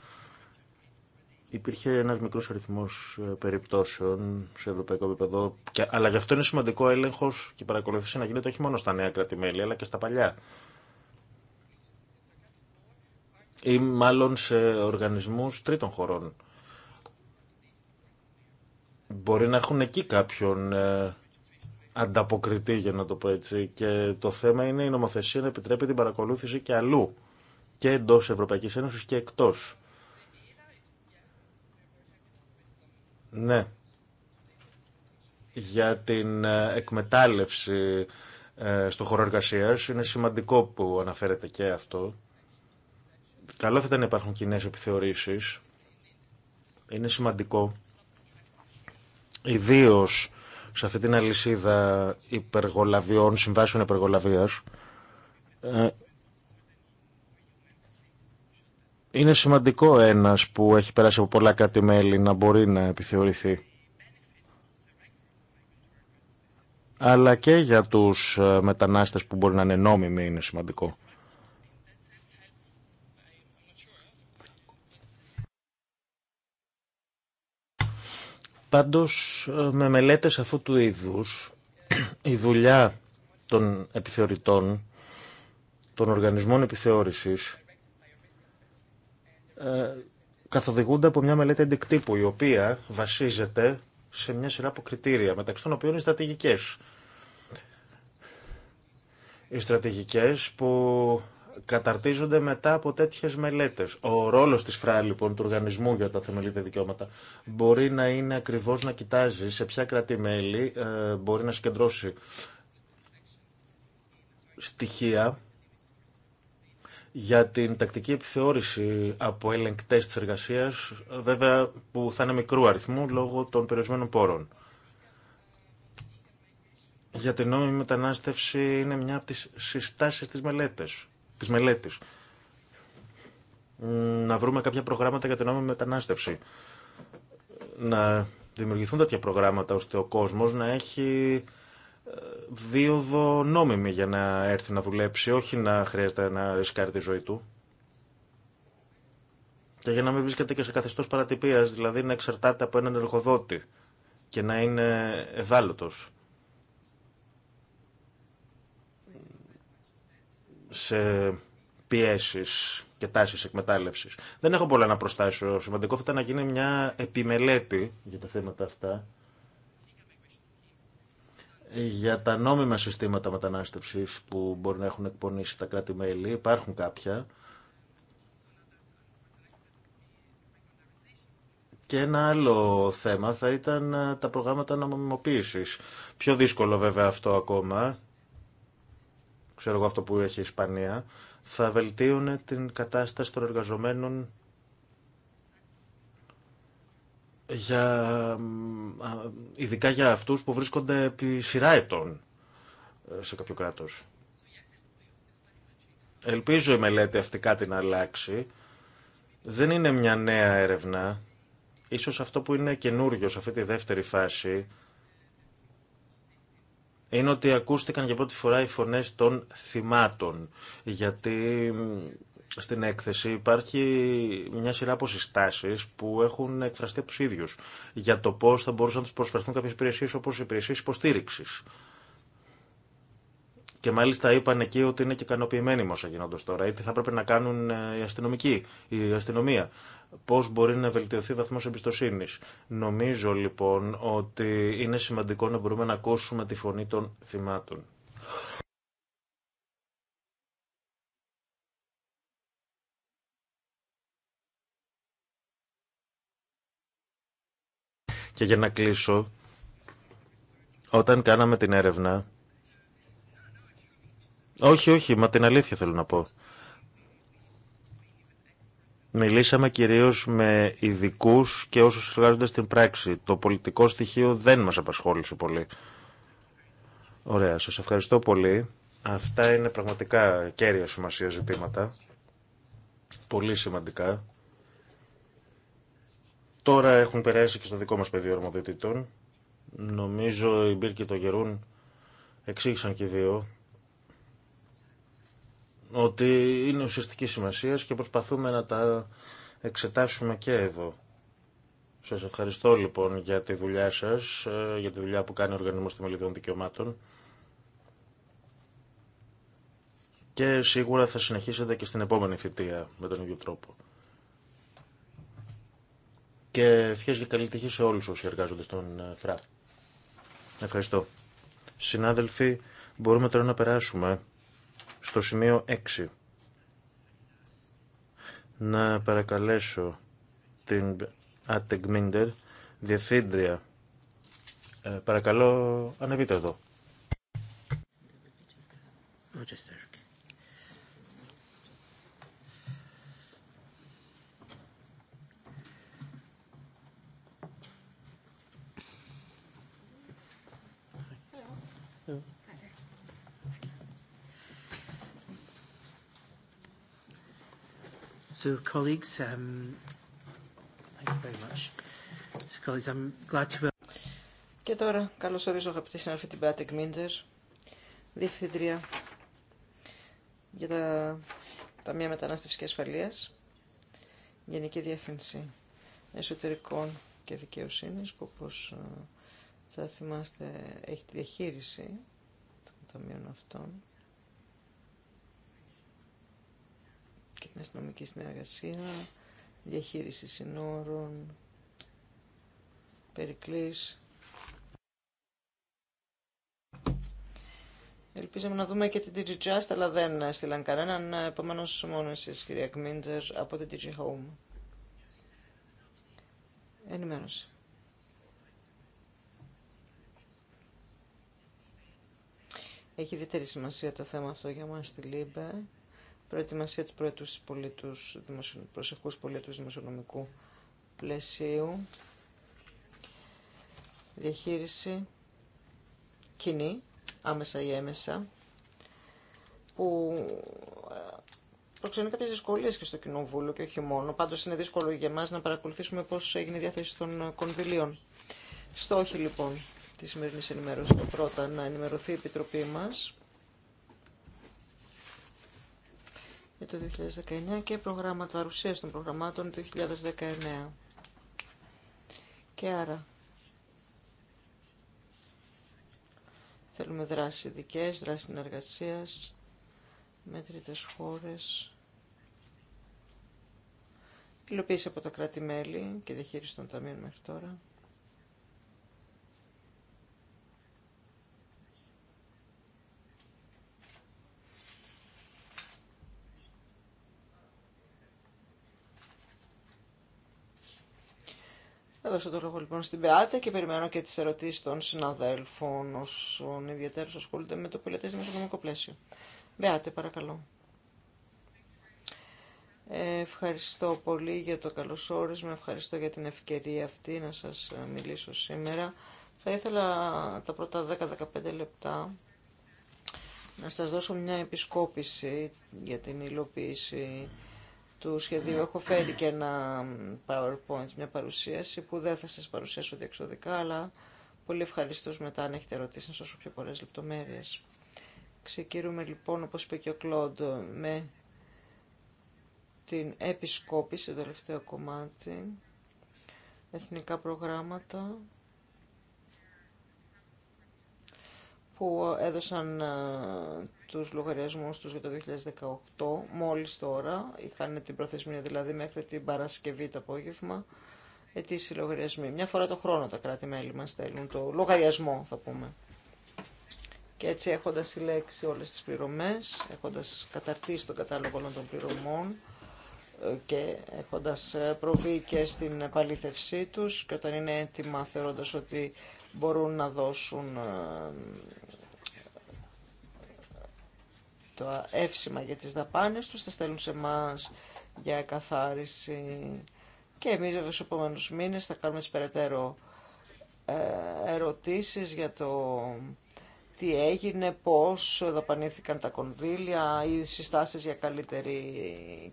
Speaker 3: Υπήρχε ένας μικρός αριθμό ε, περιπτώσεων σε ευρωπαϊκό επίπεδο, αλλά γι' αυτό είναι σημαντικό έλεγχο και παρακολουθήση να γίνεται όχι μόνο στα νέα κράτη-μέλη, αλλά και στα παλιά. Ή μάλλον σε οργανισμού τρίτων χωρών. Μπορεί να έχουν εκεί κάποιον ε, ανταποκριτή, για να το πω έτσι. Και το θέμα είναι η νομοθεσία να επιτρέπει την παρακολούθηση και αλλού. Και εντό Ευρωπαϊκή Ένωση και εκτό. Ναι. Για την ε, εκμετάλλευση ε, στο χώρο εργασία είναι σημαντικό που αναφέρεται και αυτό. Καλό θα ήταν να υπάρχουν κοινέ επιθεωρήσεις Είναι σημαντικό. Ιδίω σε αυτή την αλυσίδα υπεργολαβιών, συμβάσεων υπεργολαβίας, ε, είναι σημαντικό ένας που έχει περάσει από κάτι κράτη-μέλη να μπορεί να επιθεωρηθεί. Αλλά και για τους ε, μετανάστες που μπορεί να είναι νόμιμοι είναι σημαντικό. Πάντως ε, με μελέτες αυτού του είδους *clears throat* η δουλειά των επιθεωρητών, των οργανισμών επιθεώρησης ε, καθοδηγούνται από μια μελέτη εντεκτύπου η οποία βασίζεται σε μια σειρά από κριτήρια μεταξύ των οποίων είναι στρατηγικές. Οι στρατηγικές που καταρτίζονται μετά από τέτοιε μελέτε. Ο ρόλο τη ΦΡΑ, λοιπόν, του Οργανισμού για τα Θεμελίδια Δικαιώματα, μπορεί να είναι ακριβώ να κοιτάζει σε ποια κράτη-μέλη ε, μπορεί να συγκεντρώσει στοιχεία για την τακτική επιθεώρηση από ελεγκτέ τη εργασία, βέβαια που θα είναι μικρού αριθμού λόγω των περιορισμένων πόρων. Για την νόμιμη μετανάστευση είναι μια από τις συστάσεις της μελέτες. Τη μελέτη. Να βρούμε κάποια προγράμματα για την νόμιμη μετανάστευση. Να δημιουργηθούν τέτοια προγράμματα ώστε ο κόσμο να έχει ε, δίωδο νόμιμη για να έρθει να δουλέψει, όχι να χρειάζεται να ρισκάρει τη ζωή του. Και για να μην βρίσκεται και σε καθεστώς παρατυπίας, δηλαδή να εξαρτάται από έναν εργοδότη και να είναι ευάλωτος σε πιέσει και τάσει εκμετάλλευση. Δεν έχω πολλά να προστάσω. Σημαντικό θα ήταν να γίνει μια επιμελέτη για τα θέματα αυτά. Για τα νόμιμα συστήματα μετανάστευση που μπορεί να έχουν εκπονήσει τα κράτη-μέλη, υπάρχουν κάποια. Και ένα άλλο θέμα θα ήταν ε, τα προγράμματα νομιμοποίησης. Πιο δύσκολο βέβαια αυτό ακόμα, ξέρω εγώ αυτό που έχει η Ισπανία, θα βελτίωνε την κατάσταση των εργαζομένων για, ειδικά για αυτούς που βρίσκονται επί σειρά ετών ε, σε κάποιο κράτος. Ελπίζω η μελέτη αυτή κάτι να αλλάξει. Δεν είναι μια νέα έρευνα. Ίσως αυτό που είναι καινούριο σε αυτή τη δεύτερη φάση είναι ότι ακούστηκαν για πρώτη φορά οι φωνές των θυμάτων. Γιατί στην έκθεση υπάρχει μια σειρά από συστάσεις που έχουν εκφραστεί από τους ίδιους για το πώς θα μπορούσαν να τους προσφερθούν κάποιες υπηρεσίες όπως οι υπηρεσίες υποστήριξης και μάλιστα είπαν εκεί ότι είναι και ικανοποιημένοι με όσα γίνονται τώρα, ή τι θα πρέπει να κάνουν οι ε, αστυνομικοί, η αστυνομία. Πώ μπορεί να βελτιωθεί ο βαθμό εμπιστοσύνη. Νομίζω λοιπόν ότι είναι σημαντικό να μπορούμε να ακούσουμε τη φωνή των θυμάτων. Και για να κλείσω, όταν κάναμε την έρευνα, όχι, όχι, μα την αλήθεια θέλω να πω. Μιλήσαμε κυρίως με ειδικού και όσους εργάζονται στην πράξη. Το πολιτικό στοιχείο δεν μας απασχόλησε πολύ. Ωραία, σας ευχαριστώ πολύ. Αυτά είναι πραγματικά κέρια σημασία ζητήματα. Πολύ σημαντικά. Τώρα έχουν περάσει και στο δικό μας πεδίο αρμοδιοτήτων. Νομίζω η Μπίρ και το Γερούν εξήγησαν και δύο ότι είναι ουσιαστική σημασία και προσπαθούμε να τα εξετάσουμε και εδώ. Σας ευχαριστώ λοιπόν για τη δουλειά σας, ε, για τη δουλειά που κάνει ο Οργανισμός Μελιδιών Δικαιωμάτων και σίγουρα θα συνεχίσετε και στην επόμενη θητεία με τον ίδιο τρόπο. Και ευχές και καλή τυχή σε όλους όσοι εργάζονται στον ε, ΦΡΑ. Ευχαριστώ. Συνάδελφοι, μπορούμε τώρα να περάσουμε στο σημείο 6. Να παρακαλέσω την Ατεγμίντερ, διευθύντρια. Ε, παρακαλώ, ανεβείτε εδώ.
Speaker 1: to colleagues, um, thank you very much. So, colleagues, I'm glad to... Και τώρα, καλώς ορίζω αγαπητή συνάδελφη την Πάτεκ Μίντερ, διευθύντρια για τα Ταμεία Μετανάστευση και Ασφαλείας, Γενική Διεύθυνση Εσωτερικών και Δικαιοσύνης, που όπως ε, θα θυμάστε έχει τη διαχείριση των ταμείων αυτών. και την αστυνομική συνεργασία, διαχείριση συνόρων, περικλής. Ελπίζαμε να δούμε και την DigiJust, αλλά δεν στείλαν κανέναν, Επομένω μόνο εσείς κυρία Κμίντζερ από την DigiHome. Ενημέρωση. Έχει ιδιαίτερη σημασία το θέμα αυτό για μας στη Λίμπε προετοιμασία του πρώτου προσεχού προσεχούς δημοσιονομικού πλαισίου, διαχείριση κοινή, άμεσα ή έμεσα, που ε, προξενεί κάποιε δυσκολίε και στο Κοινοβούλιο και όχι μόνο. Πάντως είναι δύσκολο για εμά να παρακολουθήσουμε πώς έγινε η διάθεση των κονδυλίων. Στόχοι λοιπόν τη σημερινή ενημέρωση πρώτα, να ενημερωθεί η Επιτροπή μας το 2019 και προγράμματα των προγραμμάτων του 2019. Και άρα θέλουμε δράσει ειδικέ, δράση συνεργασία με τρίτες χώρες, υλοποίηση από τα κράτη-μέλη και διαχείριση των ταμείων μέχρι τώρα. Θα δώσω το λόγο λοιπόν στην Πεάτα και περιμένω και τι ερωτήσει των συναδέλφων όσων ιδιαίτερω ασχολούνται με το το δημοσιονομικό πλαίσιο. Μπεάτε, παρακαλώ. Ευχαριστώ πολύ για το καλωσόρισμα, ευχαριστώ για την ευκαιρία αυτή να σας μιλήσω σήμερα. Θα ήθελα τα πρώτα 10-15 λεπτά να σας δώσω μια επισκόπηση για την υλοποίηση του σχεδίου έχω φέρει και ένα PowerPoint, μια παρουσίαση που δεν θα σας παρουσιάσω διεξοδικά, αλλά πολύ ευχαριστώ μετά αν έχετε ερωτήσει να σώσω πιο πολλές λεπτομέρειες. Ξεκινούμε λοιπόν, όπως είπε και ο Κλόντ, με την επισκόπηση, το τελευταίο κομμάτι, εθνικά προγράμματα, που έδωσαν ε, τους λογαριασμούς τους για το 2018 μόλις τώρα, είχαν την προθεσμία δηλαδή μέχρι την Παρασκευή το απόγευμα, ετήσιοι λογαριασμοί. Μια φορά το χρόνο τα κράτη-μέλη μας στέλνουν το λογαριασμό θα πούμε. Και έτσι έχοντας συλλέξει όλες τις πληρωμές, έχοντας καταρτήσει τον κατάλογο όλων των πληρωμών ε, και έχοντας ε, προβεί και στην επαλήθευσή τους και όταν είναι έτοιμα θεωρώντας ότι μπορούν να δώσουν ε, το εύσημα για τις δαπάνες τους, τα στέλνουν σε εμά για καθάριση και εμείς βέβαια στους επόμενους μήνες θα κάνουμε τις περαιτέρω ε, ερωτήσεις για το τι έγινε, πώς δαπανήθηκαν τα κονδύλια ή συστάσεις για καλύτερη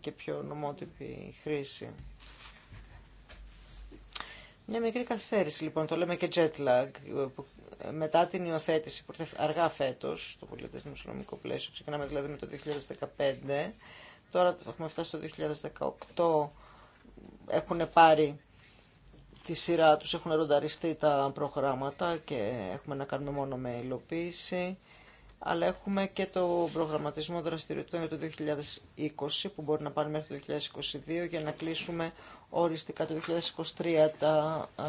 Speaker 1: και πιο νομότυπη χρήση. Μια μικρή καθυστέρηση λοιπόν, το λέμε και jet lag, ε, μετά την υιοθέτηση που αργά φέτο, το πολιτισμό οικονομικό πλαίσιο, ξεκινάμε δηλαδή με το 2015, τώρα έχουμε φτάσει στο 2018, έχουν πάρει τη σειρά τους, έχουν ρονταριστεί τα προγράμματα και έχουμε να κάνουμε μόνο με υλοποίηση αλλά έχουμε και το προγραμματισμό δραστηριοτήτων για το 2020 που μπορεί να πάρει μέχρι το 2022 για να κλείσουμε οριστικά το 2023 τα ε,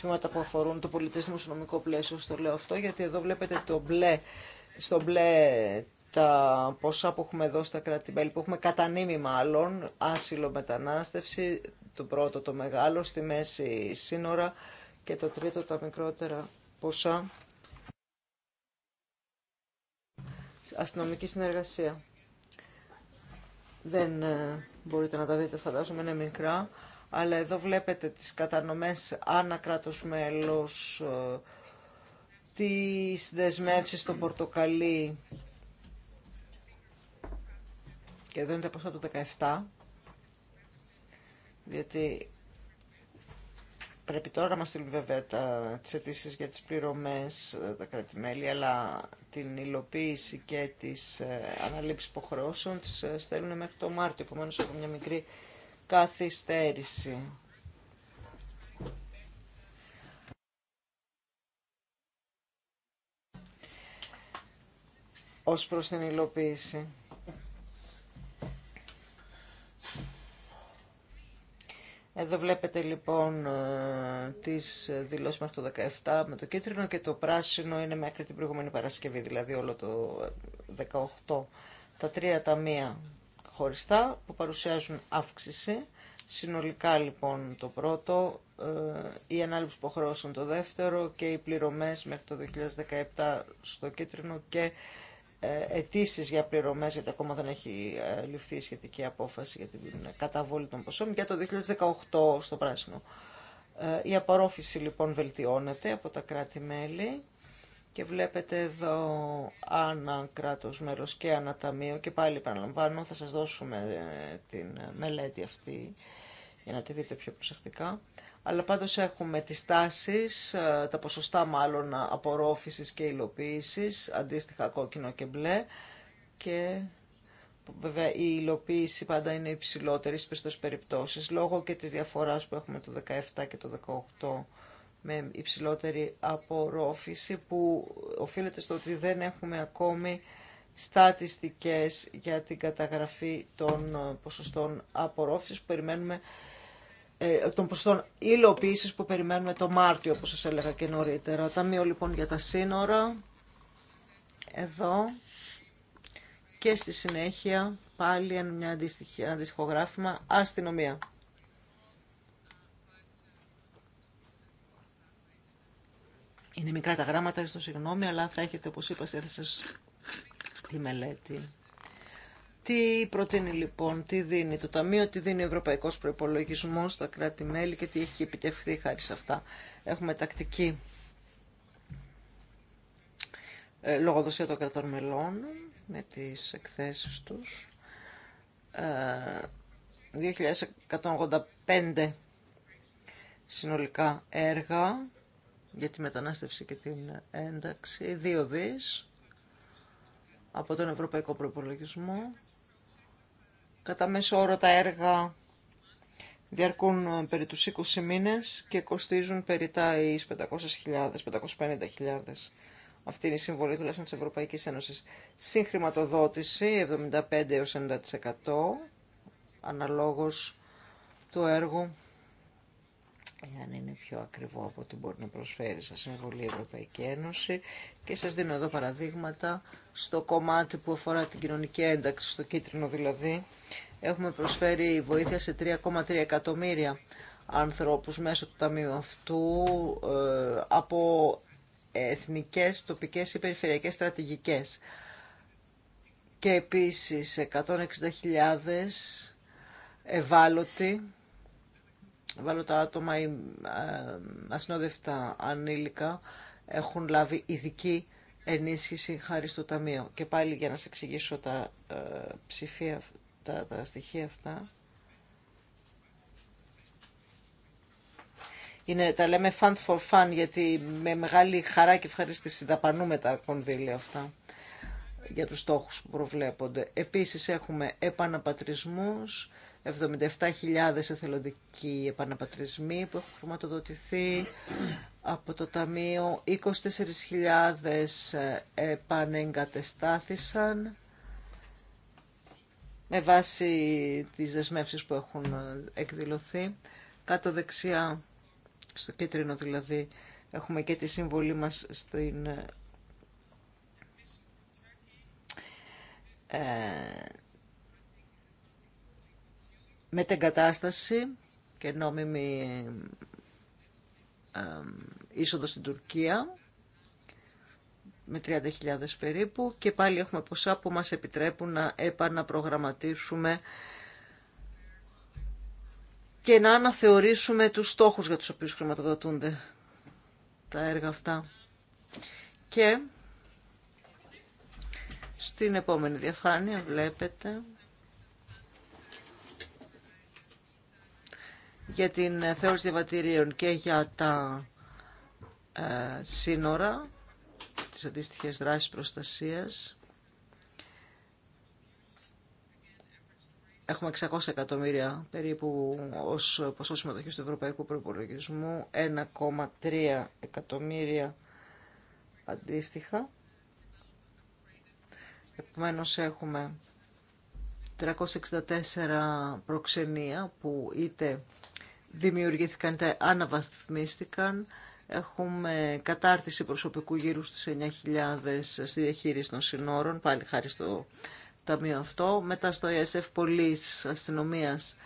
Speaker 1: τμήματα που αφορούν το το νομικό πλαίσιο. Στο λέω αυτό γιατί εδώ βλέπετε το μπλε, στο μπλε τα ποσά που έχουμε εδώ στα κράτη-μέλη, που έχουμε κατανήμη μάλλον, άσυλο μετανάστευση, το πρώτο το μεγάλο, στη μέση σύνορα και το τρίτο τα μικρότερα ποσά αστυνομική συνεργασία. Δεν ε, μπορείτε να τα δείτε, φαντάζομαι είναι μικρά, αλλά εδώ βλέπετε τις κατανομές ανά κράτος μέλος, ε, τις δεσμεύσεις στο πορτοκαλί και εδώ είναι τα ποσά του 17 διότι Πρέπει τώρα να μας στείλουν βέβαια τα, τις αιτήσει για τις πληρωμές ε, τα κρατημέλη, αλλά την υλοποίηση και τις ε, αναλήψεις υποχρεώσεων τις ε, στέλνουν μέχρι το Μάρτιο, επομένως έχουμε μια μικρή καθυστέρηση. Ως προς την υλοποίηση. Εδώ βλέπετε λοιπόν ε, τις δηλώσεις μέχρι το 17 με το κίτρινο και το πράσινο είναι μέχρι την προηγούμενη Παρασκευή, δηλαδή όλο το 18. Τα τρία ταμεία χωριστά που παρουσιάζουν αύξηση. Συνολικά λοιπόν το πρώτο, η ε, ανάληψη υποχρεώσεων το δεύτερο και οι πληρωμές μέχρι το 2017 στο κίτρινο και ε, αιτήσει για πληρωμέ, γιατί ακόμα δεν έχει ε, ληφθεί η σχετική απόφαση για την καταβόλη των ποσών, για το 2018 στο πράσινο. Ε, η απορρόφηση λοιπόν βελτιώνεται από τα κράτη-μέλη και βλέπετε εδώ ανά κράτος μέλος και αναταμείο και πάλι επαναλαμβάνω θα σας δώσουμε την μελέτη αυτή για να τη δείτε πιο προσεκτικά αλλά πάντως έχουμε τις τάσεις, ε, τα ποσοστά μάλλον απορρόφησης και υλοποίησης, αντίστοιχα κόκκινο και μπλε και βέβαια η υλοποίηση πάντα είναι υψηλότερη στις περιπτώσεις λόγω και της διαφοράς που έχουμε το 17 και το 18 με υψηλότερη απορρόφηση που οφείλεται στο ότι δεν έχουμε ακόμη στατιστικές για την καταγραφή των ε, ποσοστών απορρόφησης που περιμένουμε ε, των ποσοστών υλοποίηση που περιμένουμε το Μάρτιο, όπως σας έλεγα και νωρίτερα. Ταμείο λοιπόν για τα σύνορα, εδώ και στη συνέχεια πάλι μια ένα αντίστοιχο γράφημα, αστυνομία. Είναι μικρά τα γράμματα, στο συγγνώμη, αλλά θα έχετε, όπως είπα, στη θέση σας τη μελέτη. Τι προτείνει λοιπόν, τι δίνει το Ταμείο, τι δίνει ο Ευρωπαϊκός Προϋπολογισμός στα κράτη-μέλη και τι έχει επιτευχθεί χάρη σε αυτά. Έχουμε τακτική ε, λογοδοσία των κρατών μελών με τις εκθέσεις τους. Ε, 2.185 συνολικά έργα για τη μετανάστευση και την ένταξη, Δύο δις από τον Ευρωπαϊκό Προϋπολογισμό. Κατά μέσο όρο τα έργα διαρκούν ε, περί τους 20 μήνες και κοστίζουν περί τα 500.000, 550.000. Αυτή είναι η συμβολή τουλάχιστον της Ευρωπαϊκής Ένωσης. Συγχρηματοδότηση 75 έως 90% αναλόγως του έργου. να είναι πιο ακριβό από ό,τι μπορεί να προσφέρει σας συμβολή η Ευρωπαϊκή Ένωση. Και σας δίνω εδώ παραδείγματα στο κομμάτι που αφορά την κοινωνική ένταξη, στο κίτρινο δηλαδή, έχουμε προσφέρει βοήθεια σε 3,3 εκατομμύρια ανθρώπους μέσω του Ταμείου αυτού ε, από εθνικές, τοπικές ή περιφερειακές στρατηγικές. Και επίσης 160.000 ευάλωτοι, ευάλωτα άτομα ή ε, ασυνόδευτα ανήλικα έχουν λάβει ειδική ενίσχυση χάρη στο Ταμείο. Και πάλι για να σας εξηγήσω τα, ε, ψηφία, τα, τα στοιχεία αυτά. Είναι, τα λέμε fund for fun γιατί με μεγάλη χαρά και ευχαρίστηση δαπανούμε τα κονδύλια αυτά για τους στόχους που προβλέπονται. Επίσης έχουμε επαναπατρισμούς, 77.000 εθελοντικοί επαναπατρισμοί που έχουν χρηματοδοτηθεί, από το Ταμείο 24.000 ε, επανεγκατεστάθησαν με βάση τις δεσμεύσεις που έχουν ε, εκδηλωθεί. Κάτω δεξιά, στο κίτρινο δηλαδή, έχουμε και τη συμβολή μας στην ε, ε μετεγκατάσταση και νόμιμη είσοδο στην Τουρκία με 30.000 περίπου και πάλι έχουμε ποσά που μας επιτρέπουν να επαναπρογραμματίσουμε και να αναθεωρήσουμε τους στόχους για τους οποίους χρηματοδοτούνται τα έργα αυτά. Και στην επόμενη διαφάνεια βλέπετε για την ε, θεώρηση διαβατηρίων και για τα ε, σύνορα, τις αντίστοιχες δράσης προστασίας. Έχουμε 600 εκατομμύρια περίπου ως ποσό συμμετοχής του Ευρωπαϊκού Προπολογισμού, 1,3 εκατομμύρια αντίστοιχα. Επομένως έχουμε 364 προξενία που είτε δημιουργήθηκαν, τα αναβαθμίστηκαν. Έχουμε κατάρτιση προσωπικού γύρου στις 9.000 στη διαχείριση των συνόρων, πάλι χάρη στο ταμείο αυτό. Μετά στο ESF Πολύς Αστυνομίας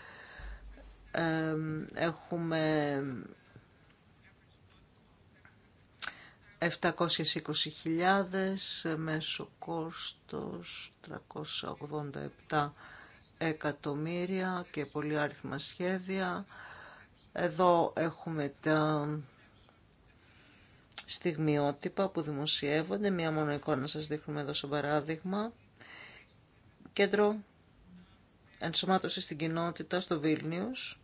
Speaker 1: έχουμε 720.000, μέσο κόστος 387 εκατομμύρια και πολύ άριθμα σχέδια. Εδώ έχουμε τα στιγμιότυπα που δημοσιεύονται. Μία μόνο εικόνα σας δείχνουμε εδώ σαν παράδειγμα. Κέντρο ενσωμάτωση στην κοινότητα στο Βίλνιους,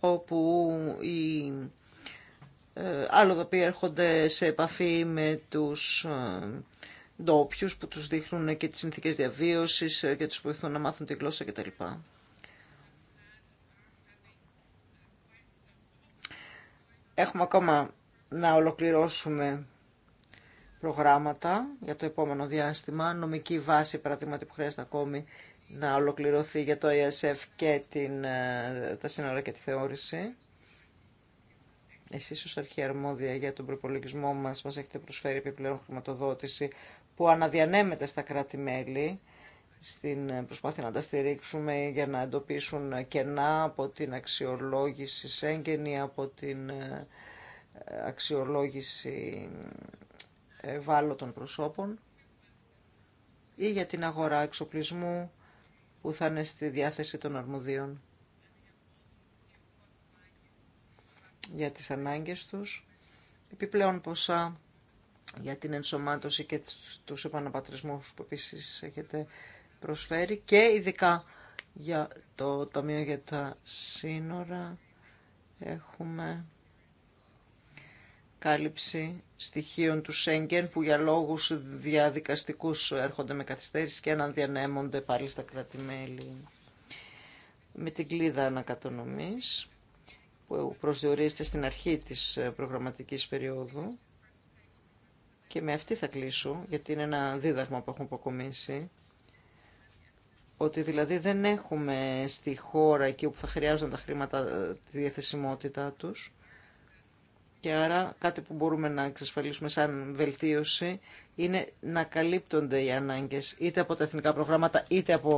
Speaker 1: όπου οι ε, άλλοδοποί έρχονται σε επαφή με τους ε, ντόπιου που τους δείχνουν και τις συνθήκες διαβίωσης ε, και τους βοηθούν να μάθουν τη γλώσσα κτλ. Έχουμε ακόμα να ολοκληρώσουμε προγράμματα για το επόμενο διάστημα. Νομική βάση, παραδείγματι, που χρειάζεται ακόμη να ολοκληρωθεί για το ESF και την, ε, τα σύνορα και τη θεώρηση. Εσείς ως αρχή αρμόδια για τον προπολογισμό μας μας έχετε προσφέρει επιπλέον χρηματοδότηση που αναδιανέμεται στα κράτη-μέλη στην προσπάθεια να τα στηρίξουμε για να εντοπίσουν κενά από την αξιολόγηση σέγγενη, από την ε, αξιολόγηση ευάλωτων προσώπων ή για την αγορά εξοπλισμού που θα είναι στη διάθεση των αρμοδίων για τις ανάγκες τους. Επιπλέον ποσά για την ενσωμάτωση και τους επαναπατρισμούς που επίσης έχετε προσφέρει και ειδικά για το Ταμείο για τα Σύνορα έχουμε κάλυψη στοιχείων του Σέγγεν που για λόγους διαδικαστικούς έρχονται με καθυστέρηση και αναδιανέμονται πάλι στα κρατη με την κλίδα ανακατονομής που προσδιορίζεται στην αρχή της προγραμματικής περίοδου και με αυτή θα κλείσω γιατί είναι ένα δίδαγμα που έχουμε αποκομίσει ότι δηλαδή δεν έχουμε στη χώρα εκεί όπου θα χρειάζονται τα χρήματα ε, τη διαθεσιμότητά τους και άρα κάτι που μπορούμε να εξασφαλίσουμε σαν βελτίωση είναι να καλύπτονται οι ανάγκες είτε από τα εθνικά προγράμματα είτε από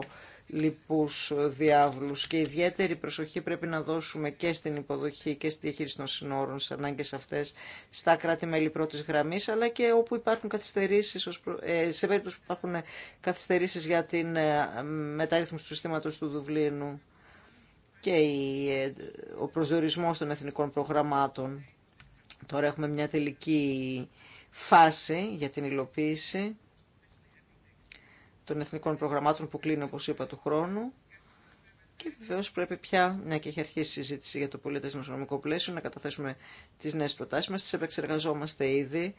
Speaker 1: λοιπούς διάβλους και ιδιαίτερη προσοχή πρέπει να δώσουμε και στην υποδοχή και στη διαχείριση των συνόρων στις ανάγκες αυτές στα κράτη-μέλη πρώτης γραμμής αλλά και όπου υπάρχουν καθυστερήσεις ε, σε περίπτωση που υπάρχουν καθυστερήσεις για την ε, μεταρρύθμιση του συστήματος του Δουβλίνου και ε, ο προσδιορισμός των εθνικών προγραμμάτων. Τώρα έχουμε μια τελική φάση για την υλοποίηση των εθνικών προγραμμάτων που κλείνει, όπως είπα, του χρόνου. Και βεβαίω πρέπει πια, μια και έχει αρχίσει η συζήτηση για το πολίτε νοσονομικό πλαίσιο, να καταθέσουμε τι νέε προτάσει μα. Τι επεξεργαζόμαστε ήδη.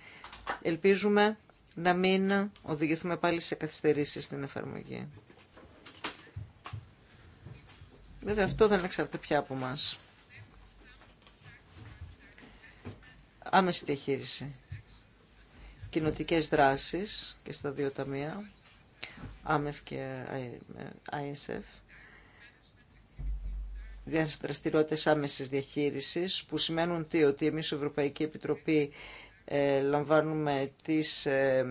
Speaker 1: Ελπίζουμε να μην οδηγηθούμε πάλι σε καθυστερήσει στην εφαρμογή. Βέβαια αυτό δεν εξαρτάται πια από εμά. Άμεση διαχείριση. Κοινοτικέ δράσεις και στα δύο ταμεία. ΆΜΕΦ και ΑΕΣΕΦ δραστηριότητε άμεσης διαχείρισης που σημαίνουν τι, ότι εμείς η Ευρωπαϊκή Επιτροπή ε, λαμβάνουμε τις ε,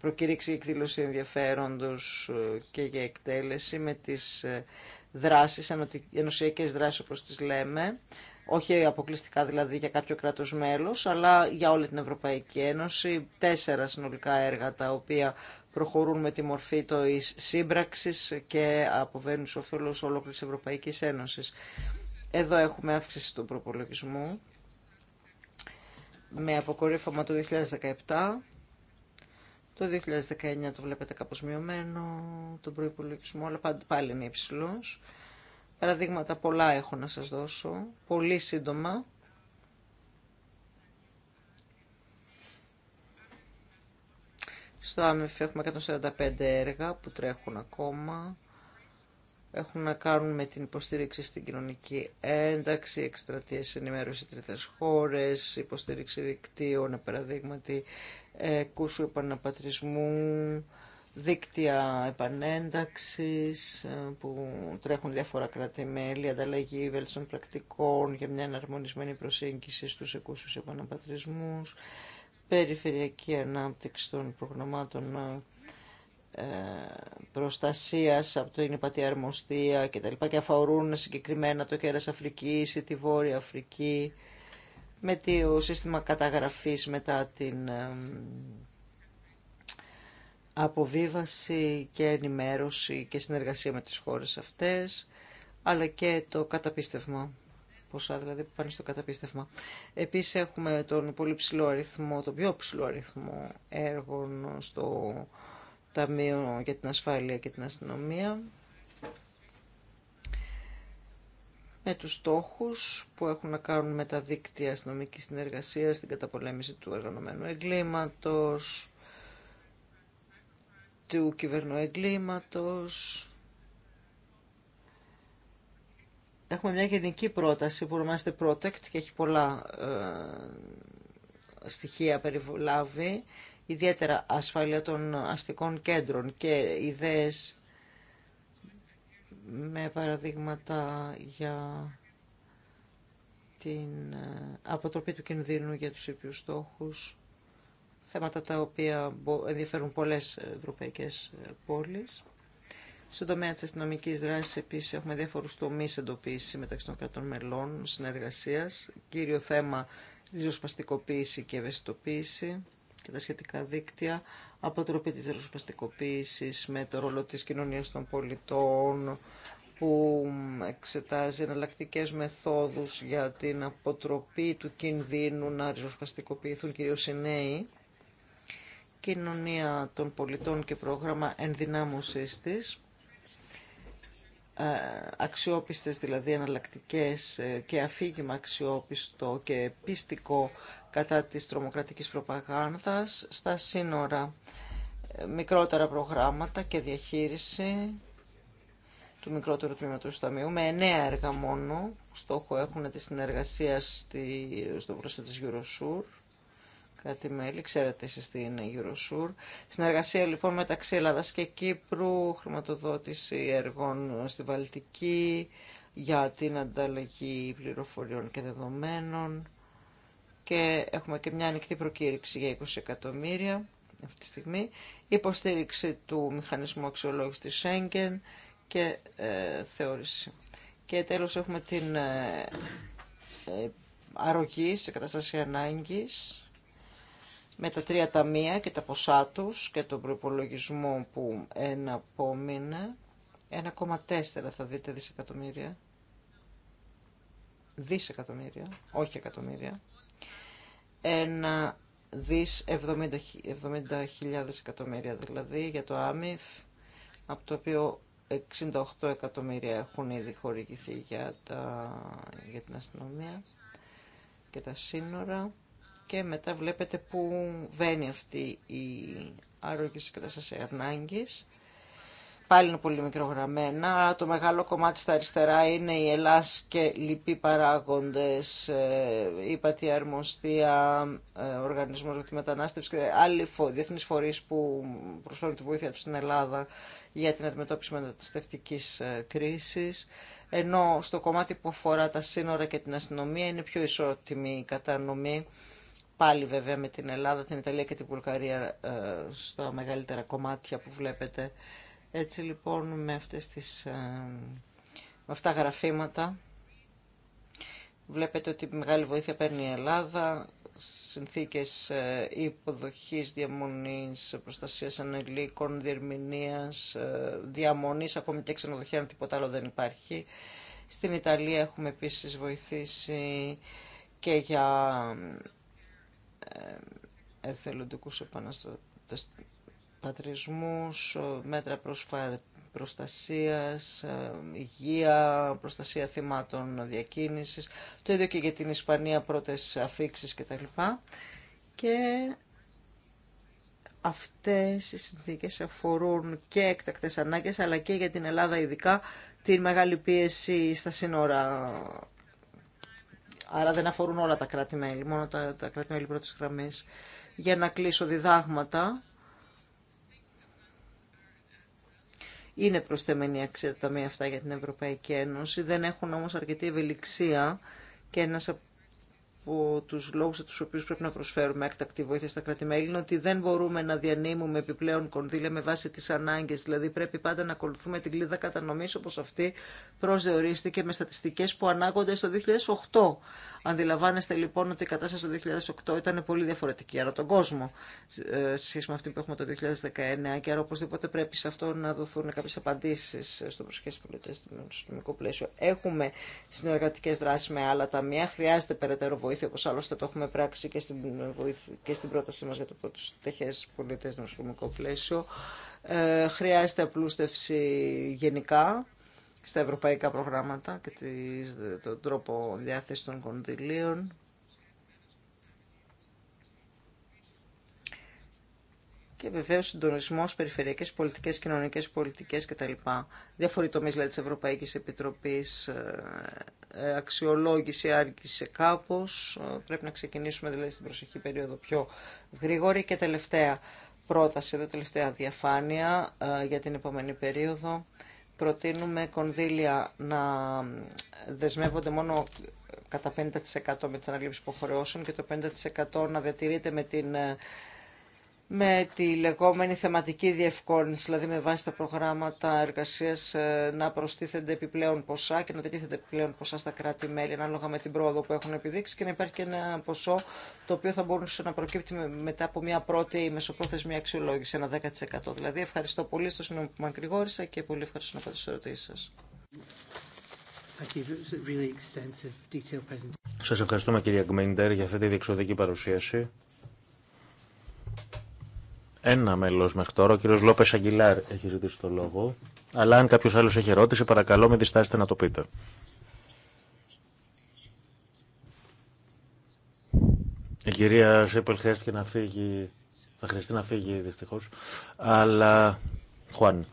Speaker 1: προκήρυξη εκδήλωση ενδιαφέροντος ε, και για εκτέλεση με τις ε, δράσεις, ενωσιακές δράσεις όπως τις λέμε όχι αποκλειστικά δηλαδή για κάποιο κράτος μέλος, αλλά για όλη την Ευρωπαϊκή Ένωση, τέσσερα συνολικά έργα τα οποία προχωρούν με τη μορφή το σύμπραξης και αποβαίνουν σε όφελος ολόκληρης Ευρωπαϊκής Ένωσης. Εδώ έχουμε αύξηση του προπολογισμού με αποκορύφωμα το 2017. Το 2019 το βλέπετε κάπως μειωμένο, τον προπολογισμό, αλλά πάλι είναι υψηλός. Παραδείγματα πολλά έχω να σας δώσω, πολύ σύντομα. Στο ΑΜΕΦ έχουμε 145 έργα που τρέχουν ακόμα. Έχουν να κάνουν με την υποστήριξη στην κοινωνική ένταξη, εκστρατείε ενημέρωση τρίτες τρίτε χώρε, υποστήριξη δικτύων, παραδείγματι, ε, κούσου επαναπατρισμού, δίκτυα επανένταξης ε, που τρέχουν διάφορα κράτη-μέλη, ανταλλαγή βέλτιστων πρακτικών για μια εναρμονισμένη προσέγγιση στους εκούσους επαναπατρισμούς, περιφερειακή ανάπτυξη των προγραμμάτων ε, προστασίας από το υπατή Αρμοστία και τα λοιπά και αφορούν συγκεκριμένα το κέρας Αφρική ή τη Βόρεια Αφρική με το σύστημα καταγραφής μετά την ε, αποβίβαση και ενημέρωση και συνεργασία με τις χώρες αυτές, αλλά και το καταπίστευμα. Ποσά δηλαδή που πάνε στο καταπίστευμα. Επίσης έχουμε τον πολύ ψηλό αριθμό, τον πιο ψηλό αριθμό έργων στο Ταμείο για την Ασφάλεια και την Αστυνομία. με τους στόχους που έχουν να κάνουν με τα δίκτυα αστυνομικής συνεργασίας, την καταπολέμηση του εργανομένου εγκλήματος, του κυβερνοεγκλήματος. Έχουμε μια γενική πρόταση που ονομάζεται Protect και έχει πολλά ε, στοιχεία περιβολάβει, ιδιαίτερα ασφάλεια των αστικών κέντρων και ιδέες με παραδείγματα για την ε, αποτροπή του κινδύνου για τους ήπιους στόχους θέματα τα οποία ενδιαφέρουν πολλές ευρωπαϊκές πόλεις. Στον τομέα της αστυνομική δράση επίση έχουμε διάφορους τομείς εντοπίσει μεταξύ των κρατών μελών συνεργασίας. Κύριο θέμα ριζοσπαστικοποίηση και ευαισθητοποίηση και τα σχετικά δίκτυα. Αποτροπή της ριζοσπαστικοποίησης με το ρόλο της κοινωνίας των πολιτών που εξετάζει εναλλακτικέ μεθόδους για την αποτροπή του κινδύνου να ριζοσπαστικοποιηθούν κυρίως οι νέοι κοινωνία των πολιτών και πρόγραμμα ενδυνάμωσης της, ε, αξιόπιστες δηλαδή εναλλακτικέ ε, και αφήγημα αξιόπιστο και πίστικο κατά της τρομοκρατικής προπαγάνδας στα σύνορα ε, μικρότερα προγράμματα και διαχείριση του μικρότερου τμήματος του Ταμείου με εννέα έργα μόνο στόχο έχουν τη συνεργασία στο πλαίσιο της Eurosur μελη ξέρετε εσείς τι είναι Eurosur. Συνεργασία λοιπόν μεταξύ Ελλάδας και Κύπρου, χρηματοδότηση έργων στη Βαλτική, για την ανταλλαγή πληροφοριών και δεδομένων και έχουμε και μια ανοιχτή προκήρυξη για 20 εκατομμύρια αυτή τη στιγμή, υποστήριξη του μηχανισμού αξιολόγησης της Schengen και ε, θεώρηση. Και τέλος έχουμε την ε, ε αρρωγή σε κατάσταση ανάγκης με τα τρία ταμεία και τα ποσά τους και τον προπολογισμό που ένα 1,4 θα δείτε δισεκατομμύρια, δισεκατομμύρια, όχι εκατομμύρια, ένα δις 70.000 εκατομμύρια δηλαδή για το ΆΜΙΦ, από το οποίο 68 εκατομμύρια έχουν ήδη χορηγηθεί για, τα, για την αστυνομία και τα σύνορα και μετά βλέπετε που βαίνει αυτή η άρρωγη συγκράταση ανάγκης. Πάλι είναι πολύ μικρογραμμένα. Το μεγάλο κομμάτι στα αριστερά είναι η Ελλάς και λοιποί παράγοντες, η ε, Πατία Αρμοστία, ε, Οργανισμός για τη Μετανάστευση και άλλοι διεθνείς φορείς που προσφέρουν τη βοήθεια τους στην Ελλάδα για την αντιμετώπιση μεταναστευτικής ε, κρίσης. Ενώ στο κομμάτι που αφορά τα σύνορα και την αστυνομία είναι πιο ισότιμη η κατανομή πάλι βέβαια με την Ελλάδα, την Ιταλία και την Βουλγαρία ε, στα μεγαλύτερα κομμάτια που βλέπετε. Έτσι λοιπόν με, αυτές τις, ε, με αυτά γραφήματα βλέπετε ότι μεγάλη βοήθεια παίρνει η Ελλάδα, συνθήκες ε, υποδοχής, διαμονής, προστασίας ανελίκων, διερμηνίας, διαμονής, ακόμη και ξενοδοχεία, τίποτα άλλο δεν υπάρχει. Στην Ιταλία έχουμε επίσης βοηθήσει και για ε, εθελοντικούς επαναστατρισμούς, ε, μέτρα προστασίας, ε, υγεία, προστασία θυμάτων διακίνησης, το ίδιο και για την Ισπανία πρώτες αφήξεις κτλ. Και αυτές οι συνθήκες αφορούν και έκτακτες ανάγκες αλλά και για την Ελλάδα ειδικά την μεγάλη πίεση στα σύνορα Άρα δεν αφορούν όλα τα κράτη-μέλη, μόνο τα, τα κράτη-μέλη πρώτης γραμμής. Για να κλείσω διδάγματα, είναι προσθεμένη αξία τα ταμεία αυτά για την Ευρωπαϊκή Ένωση, δεν έχουν όμως αρκετή ευελιξία και ένας από που τους λόγου του τους οποίους πρέπει να προσφέρουμε έκτακτη βοήθεια στα κράτη-μέλη είναι ότι δεν μπορούμε να διανύμουμε επιπλέον κονδύλια με βάση τι ανάγκε. Δηλαδή πρέπει πάντα να ακολουθούμε την κλίδα κατανομή, όπω αυτή προσδιορίστηκε με στατιστικέ που ανάγονται στο 2008. Αντιλαμβάνεστε λοιπόν ότι η κατάσταση το 2008 ήταν πολύ διαφορετική άρα τον κόσμο ε, σε σχέση με αυτή που έχουμε το 2019 και άρα οπωσδήποτε πρέπει σε αυτό να δοθούν κάποιε απαντήσει ε, στο προσχέσιο πολιτέ στο πλαίσιο. Έχουμε συνεργατικέ δράσει με άλλα ταμεία, χρειάζεται περαιτέρω βοήθεια όπω άλλωστε το έχουμε πράξει και στην, και στην πρότασή μα για το πρώτο τεχές πολιτές στο πλαίσιο. Ε, χρειάζεται απλούστευση γενικά στα ευρωπαϊκά προγράμματα και τον τρόπο διάθεση των κονδυλίων. Και βεβαίω συντονισμό, περιφερειακέ πολιτικέ, κοινωνικέ πολιτικέ κτλ. Διάφοροι τομεί δηλαδή, τη Ευρωπαϊκή Επιτροπή, ε, ε, αξιολόγηση άργησε κάπω. Ε, πρέπει να ξεκινήσουμε δηλαδή στην προσεχή περίοδο πιο γρήγορη. Και τελευταία πρόταση, εδώ τελευταία διαφάνεια για την επόμενη περίοδο προτείνουμε κονδύλια να δεσμεύονται μόνο κατά 50% με τις που υποχρεώσεων και το 50% να διατηρείται με την ε, με τη λεγόμενη θεματική διευκόλυνση, δηλαδή με βάση τα προγράμματα εργασίας ε, να προστίθενται επιπλέον ποσά και να διατίθενται επιπλέον ποσά στα κράτη-μέλη ανάλογα με την πρόοδο που έχουν επιδείξει και να υπάρχει και ένα ποσό το οποίο θα μπορούσε να προκύπτει μετά από μια πρώτη ή μεσοπρόθεσμη αξιολόγηση, ένα 10%. Δηλαδή ευχαριστώ πολύ στο σύνολο που μακρηγόρησα και πολύ ευχαριστώ να πάτε στις ερωτήσεις σας.
Speaker 3: Σας ευχαριστούμε κυρία Γκμέντερ για αυτή τη διεξοδική παρουσίαση. Ένα μέλο μέχρι τώρα, ο κύριο Λόπε Αγγιλάρ έχει ζητήσει το λόγο, αλλά αν κάποιος άλλος έχει ερώτηση, παρακαλώ μην διστάσετε να το πείτε. Η κυρία Σέπελ χρειάστηκε να φύγει,
Speaker 2: θα χρειαστεί να φύγει δυστυχώ. αλλά Χουάν.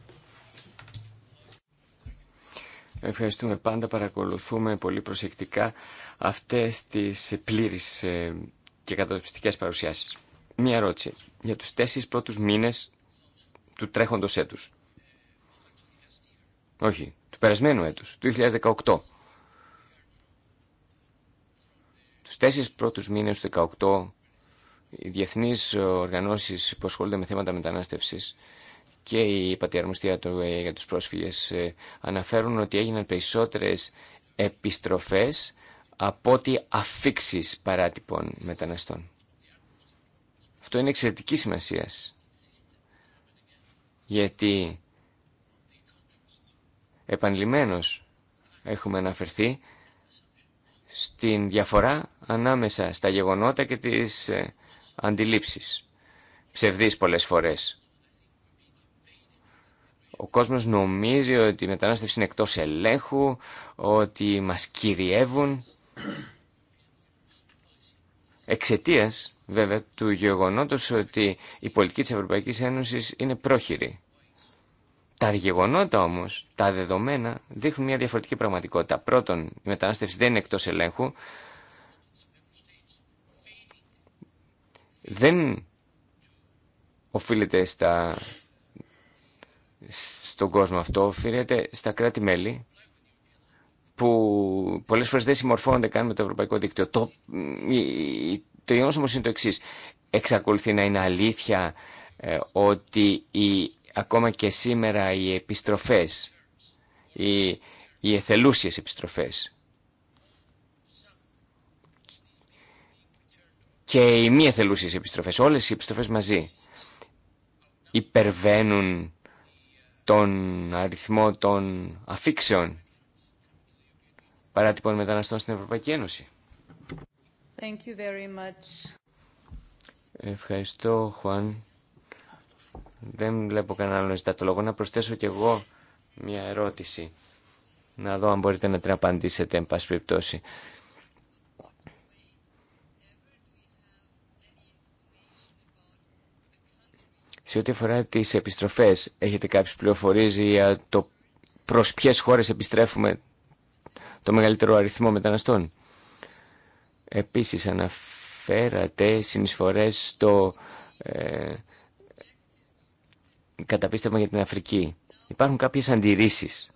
Speaker 2: Ευχαριστούμε πάντα, παρακολουθούμε πολύ προσεκτικά αυτές τις πλήρεις ε, και καταπιστικές παρουσιάσεις. Μία ερώτηση για τους τέσσερις πρώτους μήνες του τρέχοντος έτους. Όχι, του περασμένου έτους, του 2018. Τους τέσσερις πρώτους μήνες του 2018 οι διεθνείς οργανώσεις που ασχολούνται με θέματα μετανάστευσης και η πατιαρμοστία του για τους πρόσφυγες ε, αναφέρουν ότι έγιναν περισσότερες επιστροφές από ότι αφήξεις παράτυπων μεταναστών. Αυτό είναι εξαιρετική σημασία. Γιατί επανειλημμένως έχουμε αναφερθεί στην διαφορά ανάμεσα στα γεγονότα και τις ε, αντιλήψεις. Ψευδείς πολλές φορές. Ο κόσμος νομίζει ότι η μετανάστευση είναι εκτός ελέγχου, ότι μας κυριεύουν εξαιτίας βέβαια του γεγονότος ότι η πολιτική της Ευρωπαϊκής Ένωσης είναι πρόχειρη. Τα γεγονότα όμως, τα δεδομένα, δείχνουν μια διαφορετική πραγματικότητα. Πρώτον, η μετανάστευση δεν είναι εκτός ελέγχου. Δεν οφείλεται στα... στον κόσμο αυτό, οφείλεται στα κράτη-μέλη που πολλές φορές δεν συμμορφώνονται καν με το ευρωπαϊκό δίκτυο. Το γεγονό όμω είναι το εξή. Εξακολουθεί να είναι αλήθεια ε, ότι η, ακόμα και σήμερα οι επιστροφές, οι, οι εθελούσιες επιστροφές και οι μη εθελούσιες επιστροφές, όλες οι επιστροφές μαζί υπερβαίνουν τον αριθμό των αφήξεων παράτυπων μεταναστών στην Ευρωπαϊκή Ένωση. Ευχαριστώ, Χουάν. Δεν βλέπω κανέναν άλλο το λόγο. Να προσθέσω κι εγώ μια ερώτηση. Να δω αν μπορείτε να την απαντήσετε, εν πάση περιπτώσει. Σε ό,τι αφορά τις επιστροφές, έχετε κάποιες πληροφορίες για το προς ποιες χώρες επιστρέφουμε το μεγαλύτερο αριθμό μεταναστών. Επίσης αναφέρατε συνεισφορές στο ε, καταπίστευμα για την Αφρική. Υπάρχουν κάποιες αντιρρήσεις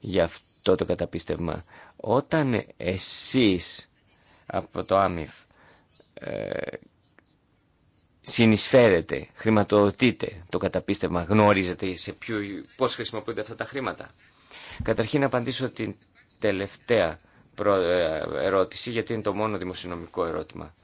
Speaker 2: για αυτό το καταπίστευμα. Όταν εσείς από το Άμιφ ε, συνεισφέρετε, χρηματοδοτείτε το καταπίστευμα, γνωρίζετε σε ποιο, πώς χρησιμοποιούνται αυτά τα χρήματα. Καταρχήν να απαντήσω την τελευταία ε, ερώτηση, γιατί είναι το μόνο δημοσιονομικό ερώτημα.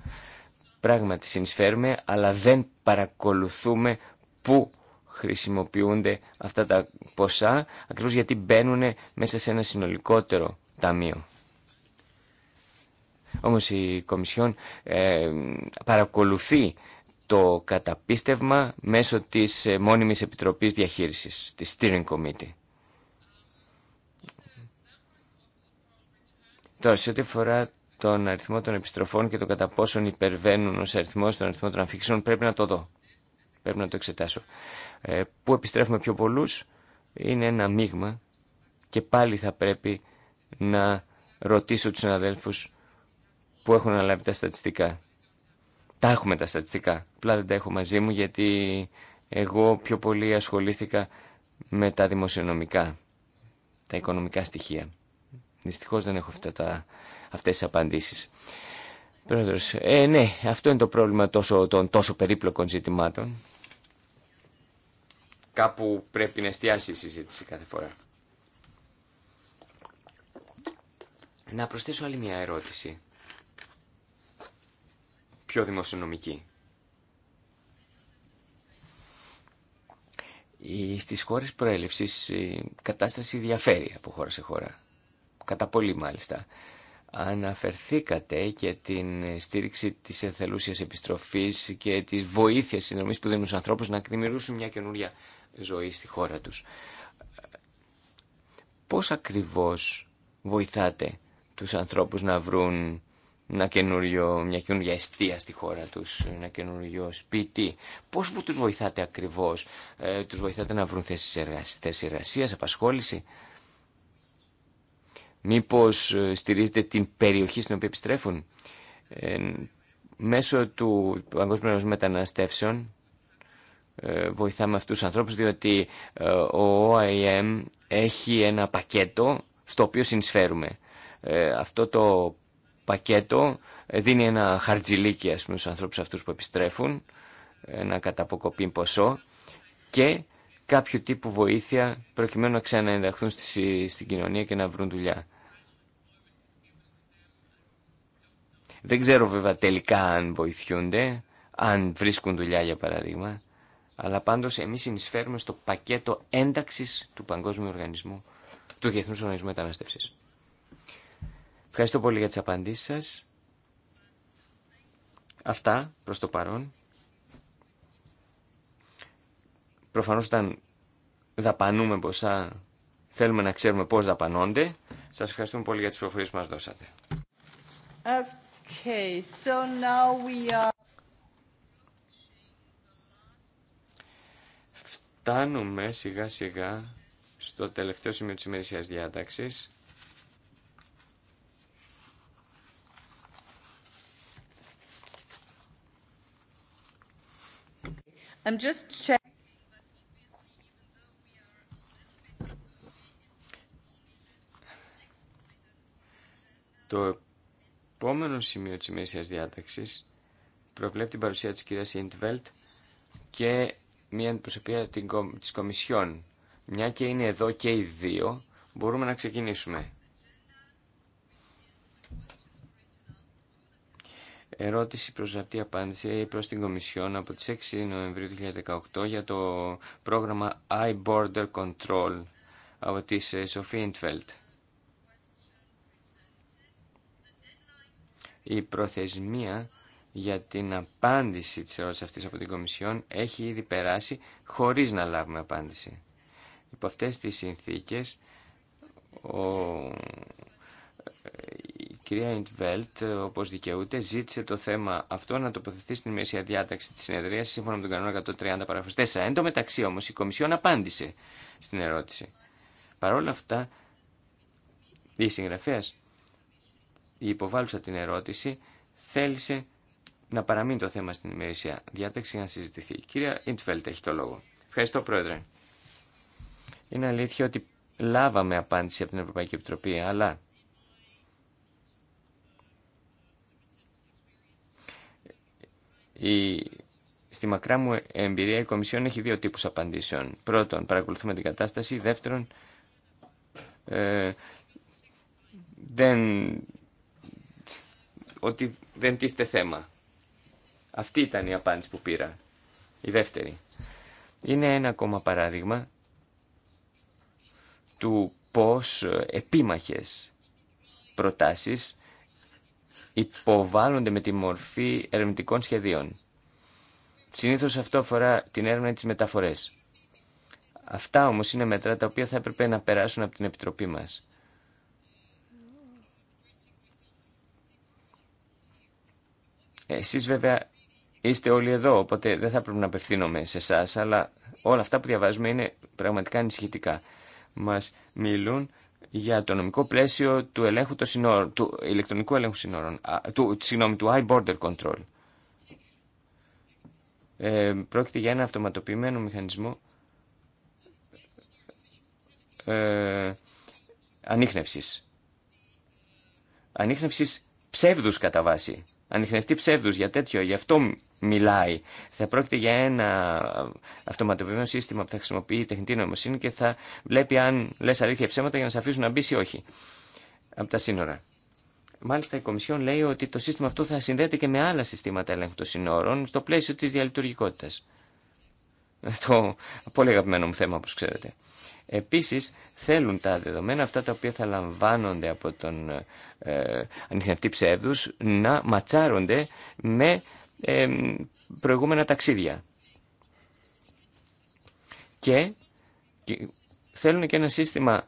Speaker 2: Πράγματι συνεισφέρουμε, αλλά δεν παρακολουθούμε πού χρησιμοποιούνται αυτά τα ποσά, ακριβώς γιατί μπαίνουν μέσα σε ένα συνολικότερο ταμείο. Όμως η Κομισιόν ε, παρακολουθεί το καταπίστευμα μέσω της ε, Μόνιμης Επιτροπής Διαχείρισης, της Steering Committee. Τώρα, σε ό,τι αφορά τον αριθμό των επιστροφών και το κατά πόσον υπερβαίνουν ω αριθμό τον αριθμό των αφήξεων, πρέπει να το δω. Πρέπει να το εξετάσω. Ε, πού επιστρέφουμε πιο πολλούς είναι ένα μείγμα και πάλι θα πρέπει να ρωτήσω τους συναδέλφους που επιστρεφουμε πιο πολλού, ειναι ενα μειγμα και παλι θα πρεπει να ρωτησω τους αδελφους που εχουν αναλαβει τα στατιστικά. Τα έχουμε τα στατιστικά, απλά δεν τα έχω μαζί μου γιατί εγώ πιο πολύ ασχολήθηκα με τα δημοσιονομικά, τα οικονομικά στοιχεία. Δυστυχώ δεν έχω αυτά τα, αυτές τις απαντήσεις. Πρόεδρος, ε, ναι, αυτό είναι το πρόβλημα τόσο, των τόσο περίπλοκων ζητημάτων. Κάπου πρέπει να εστιάσει η συζήτηση κάθε φορά. Να προσθέσω άλλη μια ερώτηση. Πιο δημοσιονομική. Ε, στις χώρες προέλευσης η ε, κατάσταση διαφέρει από χώρα σε χώρα κατά πολύ μάλιστα. Αναφερθήκατε και την στήριξη της εθελούσιας επιστροφής και της βοήθειας συνδρομής που δίνουν στους ανθρώπους να δημιουργήσουν μια καινούρια ζωή στη χώρα τους. Πώς ακριβώς βοηθάτε τους ανθρώπους να βρουν ένα καινούριο, μια καινούργια αιστεία στη χώρα τους, ένα καινούριο σπίτι. Πώς τους βοηθάτε ακριβώς, ε, τους βοηθάτε να βρουν θέσεις, εργασίας, απασχόληση. Μήπως ε, στηρίζεται την περιοχή στην οποία επιστρέφουν. Ε, μέσω του Παγκόσμιου Μεταναστεύσεων ε, βοηθάμε αυτούς τους ανθρώπους διότι ε, ο OIM έχει ένα πακέτο στο οποίο συνεισφέρουμε. Αυτό το πακέτο δίνει ένα χαρτζιλίκι ας πούμε, στους ανθρώπους αυτούς που επιστρέφουν, ένα καταποκοπή ποσό και κάποιο τύπου βοήθεια προκειμένου να ξαναενταχθούν στη, στην κοινωνία και να βρουν δουλειά. Δεν ξέρω βέβαια τελικά αν βοηθούνται, αν βρίσκουν δουλειά για παράδειγμα, αλλά πάντως εμείς συνεισφέρουμε στο πακέτο ένταξης του Παγκόσμιου Οργανισμού, του Διεθνούς Οργανισμού Μετανάστευσης. Ευχαριστώ πολύ για τις απαντήσεις σας. Αυτά προς το παρόν. Προφανώς όταν δαπανούμε ποσά θέλουμε να ξέρουμε πώς δαπανώνται. Σας ευχαριστούμε πολύ για τις προφορίες που μας δώσατε.
Speaker 1: Okay, so now we are...
Speaker 2: Φτάνουμε σιγά σιγά στο τελευταίο σημείο της ημερησίας διάταξης.
Speaker 3: I'm just
Speaker 2: Το επόμενο σημείο της ημερησίας διάταξης προβλέπει την παρουσία της κυρίας Ιντβέλτ και μια αντιπροσωπεία της Κομισιόν. Μια και είναι εδώ και οι δύο, μπορούμε να ξεκινήσουμε. Ερώτηση προς αυτή απάντηση προς την Κομισιόν από τις 6 Νοεμβρίου 2018 για το πρόγραμμα iBorder Control από τη Σοφία Ιντβέλτ. Η προθεσμία για την απάντηση της ερώτησης αυτής από την Κομισιόν έχει ήδη περάσει χωρίς να λάβουμε απάντηση. Υπό αυτές τις συνθήκες ο... η κυρία Ιντβέλτ, όπως δικαιούται, ζήτησε το θέμα αυτό να τοποθετεί στην μεσία διάταξη της συνεδρίας σύμφωνα με τον κανόνα 130 παραγραφος 4. Εν τω μεταξύ όμως η Κομισιόν απάντησε στην ερώτηση. Παρ' όλα αυτά, η συγγραφέας η υποβάλλουσα την ερώτηση θέλησε να παραμείνει το θέμα στην ημερησία διάταξη για να συζητηθεί. κυρία Ιντφέλτ έχει το λόγο. Ευχαριστώ, Πρόεδρε. Είναι αλήθεια ότι λάβαμε απάντηση από την Ευρωπαϊκή Επιτροπή, αλλά η... στη μακρά μου εμπειρία η Κομισιόν έχει δύο τύπους απαντήσεων. Πρώτον, παρακολουθούμε την κατάσταση. Δεύτερον, ε, δεν ότι δεν τίθεται θέμα. Αυτή ήταν η απάντηση που πήρα. Η δεύτερη. Είναι ένα ακόμα παράδειγμα του πώς επίμαχες προτάσεις υποβάλλονται με τη μορφή ερευνητικών σχεδίων. Συνήθως αυτό αφορά την έρευνα της μεταφορές. Αυτά όμως είναι μετρά τα οποία θα έπρεπε να περάσουν από την Επιτροπή μας. Εσείς βέβαια είστε όλοι εδώ, οπότε δεν θα πρέπει να απευθύνομαι σε εσά, αλλά όλα αυτά που διαβάζουμε είναι πραγματικά ανησυχητικά. Μας μιλούν για το νομικό πλαίσιο του, ελέγχου των συνόρων, του ηλεκτρονικού ελέγχου συνόρων, του, συγγνώμη, του High Border Control. Ε, πρόκειται για ένα αυτοματοποιημένο μηχανισμό ε, ανείχνευσης. Ανείχνευσης ψεύδους κατά βάση ανοιχνευτεί ψεύδους για τέτοιο, γι' αυτό μιλάει. Θα πρόκειται για ένα αυτοματοποιημένο σύστημα που θα χρησιμοποιεί τεχνητή νοημοσύνη και θα βλέπει αν λες αλήθεια ψέματα για να σε αφήσουν να μπει ή όχι από τα σύνορα. Μάλιστα η Κομισιόν λέει ότι το σύστημα αυτό θα συνδέεται και με άλλα συστήματα ελέγχου των σύνορων στο πλαίσιο τη διαλειτουργικότητας. *laughs* Το πολύ αγαπημένο μου θέμα όπω ξέρετε. Επίσης θέλουν τα δεδομένα αυτά τα οποία θα λαμβάνονται από τον ε, ανιχνευτή ψεύδους να ματσάρονται με ε, προηγούμενα ταξίδια. Και, και θέλουν και ένα σύστημα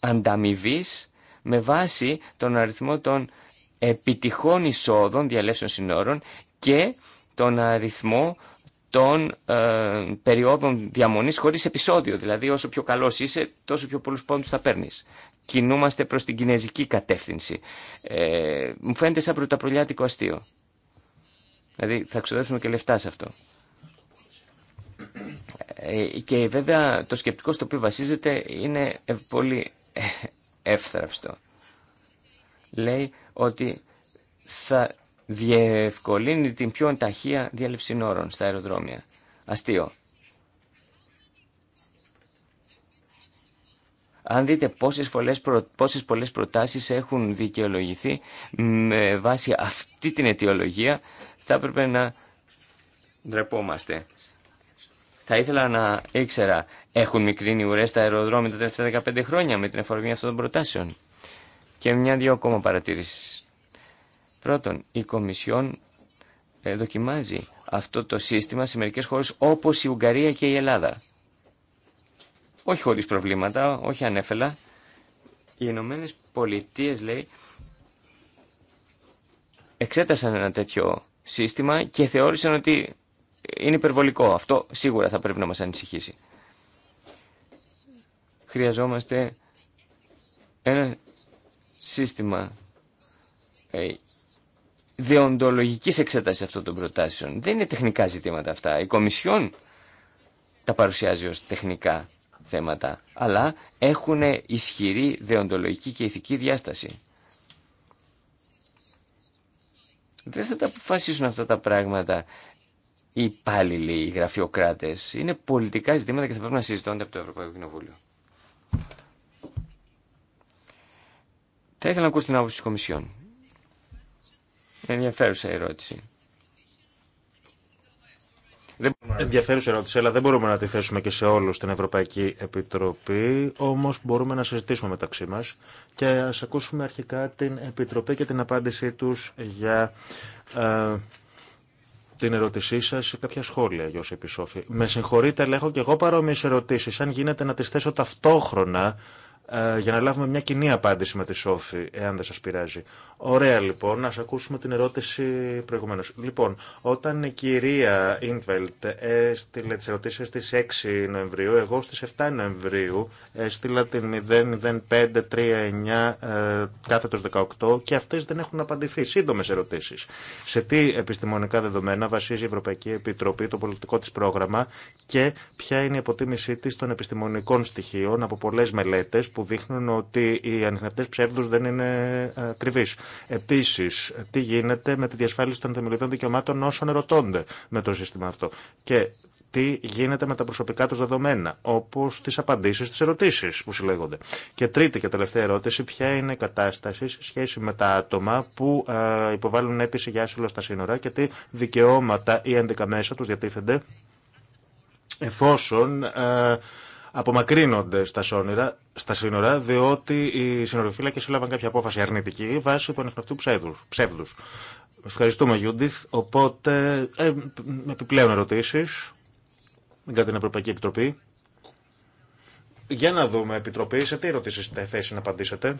Speaker 2: ανταμοιβή με βάση τον αριθμό των επιτυχών εισόδων διαλέψεων συνόρων και τον αριθμό των ε, περιόδων διαμονής χωρίς επεισόδιο. Δηλαδή όσο πιο καλός είσαι τόσο πιο πολλούς πόντους θα παίρνεις. Κινούμαστε προς την κινέζικη κατεύθυνση. Ε, μου φαίνεται σαν πρωταπρολιάτικο αστείο. Δηλαδή θα ξοδέψουμε και λεφτά σε αυτό. Ε, και βέβαια το σκεπτικό στο οποίο βασίζεται είναι πολύ ε, εύθραυστο. Λέει ότι θα διευκολύνει την πιο ταχεία διάλευση νόρων στα αεροδρόμια. Αστείο. Αν δείτε πόσες, πολλές πόσες πολλές προτάσεις έχουν δικαιολογηθεί με βάση αυτή την αιτιολογία, θα έπρεπε να ντρεπόμαστε. Θα ήθελα να ήξερα, έχουν μικρύνει ουρές στα αεροδρόμια τα τελευταία 15 χρόνια με την εφαρμογή αυτών των προτάσεων. Και μια-δυο ακόμα παρατηρήσεις. Πρώτον, η Κομισιόν ε, δοκιμάζει αυτό το σύστημα σε μερικές χώρες όπως η Ουγγαρία και η Ελλάδα. Όχι χωρίς προβλήματα, όχι ανέφελα. Οι Ηνωμένε Πολιτείε λέει, εξέτασαν ένα τέτοιο σύστημα και θεώρησαν ότι είναι υπερβολικό. Αυτό σίγουρα θα πρέπει να μας ανησυχήσει. Χρειαζόμαστε ένα σύστημα ε, δεοντολογικής εξέτασης αυτών των προτάσεων. Δεν είναι τεχνικά ζητήματα αυτά. Η Κομισιόν τα παρουσιάζει ως τεχνικά θέματα, αλλά έχουν ισχυρή δεοντολογική και ηθική διάσταση. Δεν θα τα αποφασίσουν αυτά τα πράγματα οι υπάλληλοι, οι γραφειοκράτες. Είναι πολιτικά ζητήματα και θα πρέπει να συζητώνται από το Ευρωπαϊκό Κοινοβούλιο. Θα ήθελα να ακούσω την άποψη της Κομισιόν ενδιαφέρουσα ερώτηση.
Speaker 3: Ενδιαφέρουσα ερώτηση, αλλά δεν μπορούμε να τη θέσουμε και σε όλους την Ευρωπαϊκή Επιτροπή, όμως μπορούμε να συζητήσουμε μεταξύ μας και ας ακούσουμε αρχικά την Επιτροπή και την απάντησή τους για ε, την ερώτησή σας σε κάποια σχόλια, Γιώργος Επισόφη. Με συγχωρείτε, αλλά έχω και εγώ παρόμοιε ερωτήσει, Αν γίνεται να τι θέσω ταυτόχρονα, ε, για να λάβουμε μια κοινή απάντηση με τη Σόφη, εάν δεν σα πειράζει. Ωραία λοιπόν, να ακούσουμε την ερώτηση προηγουμένως. Λοιπόν, όταν η κυρία Ίνβελτ έστειλε τι ερωτήσει στις 6 Νοεμβρίου, εγώ στι 7 Νοεμβρίου έστειλα την 00539 ε, 18 και αυτέ δεν έχουν απαντηθεί. σύντομε ερωτήσει. Σε τι επιστημονικά δεδομένα βασίζει η Ευρωπαϊκή Επιτροπή το πολιτικό τη πρόγραμμα και ποια είναι η αποτίμησή τη των επιστημονικών στοιχείων από πολλέ μελέτε που δείχνουν ότι οι ανιχνευτέ ψεύδους δεν είναι ε, ακριβεί. Επίσης, τι γίνεται με τη διασφάλιση των θεμελιωδών δικαιωμάτων όσων ερωτώνται με το σύστημα αυτό. Και τι γίνεται με τα προσωπικά του δεδομένα, όπω τι απαντήσει στι ερωτήσει που συλλέγονται. Και τρίτη και τελευταία ερώτηση, ποια είναι η κατάσταση σε σχέση με τα άτομα που ε, υποβάλλουν αίτηση για άσυλο στα σύνορα και τι δικαιώματα ή ένδικα μέσα του διατίθενται εφόσον ε, απομακρύνονται στα, στα σύνορα, διότι οι συνοριοφύλακε έλαβαν κάποια απόφαση αρνητική βάσει του ανεχνευτού ψεύδου. Ευχαριστούμε, Γιούντιθ. Οπότε, ε, επιπλέον ερωτήσει για την Ευρωπαϊκή Επιτροπή. Για να δούμε, Επιτροπή, σε τι ερωτήσει είστε θέση να απαντήσετε.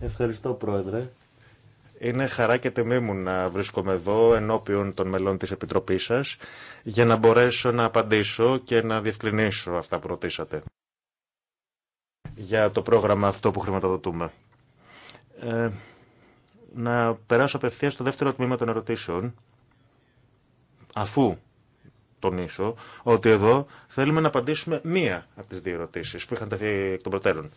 Speaker 3: Ευχαριστώ, Πρόεδρε. Είναι χαρά και τιμή μου να βρίσκομαι εδώ ενώπιον των μελών της Επιτροπής σας για να μπορέσω να απαντήσω και να διευκρινίσω αυτά που ρωτήσατε για το πρόγραμμα αυτό που χρηματοδοτούμε. Ε, να περάσω απευθείας στο δεύτερο τμήμα των ερωτήσεων αφού τονίσω ότι εδώ θέλουμε να απαντήσουμε μία από τις δύο ερωτήσεις που είχαν τεθεί εκ των προτέρων.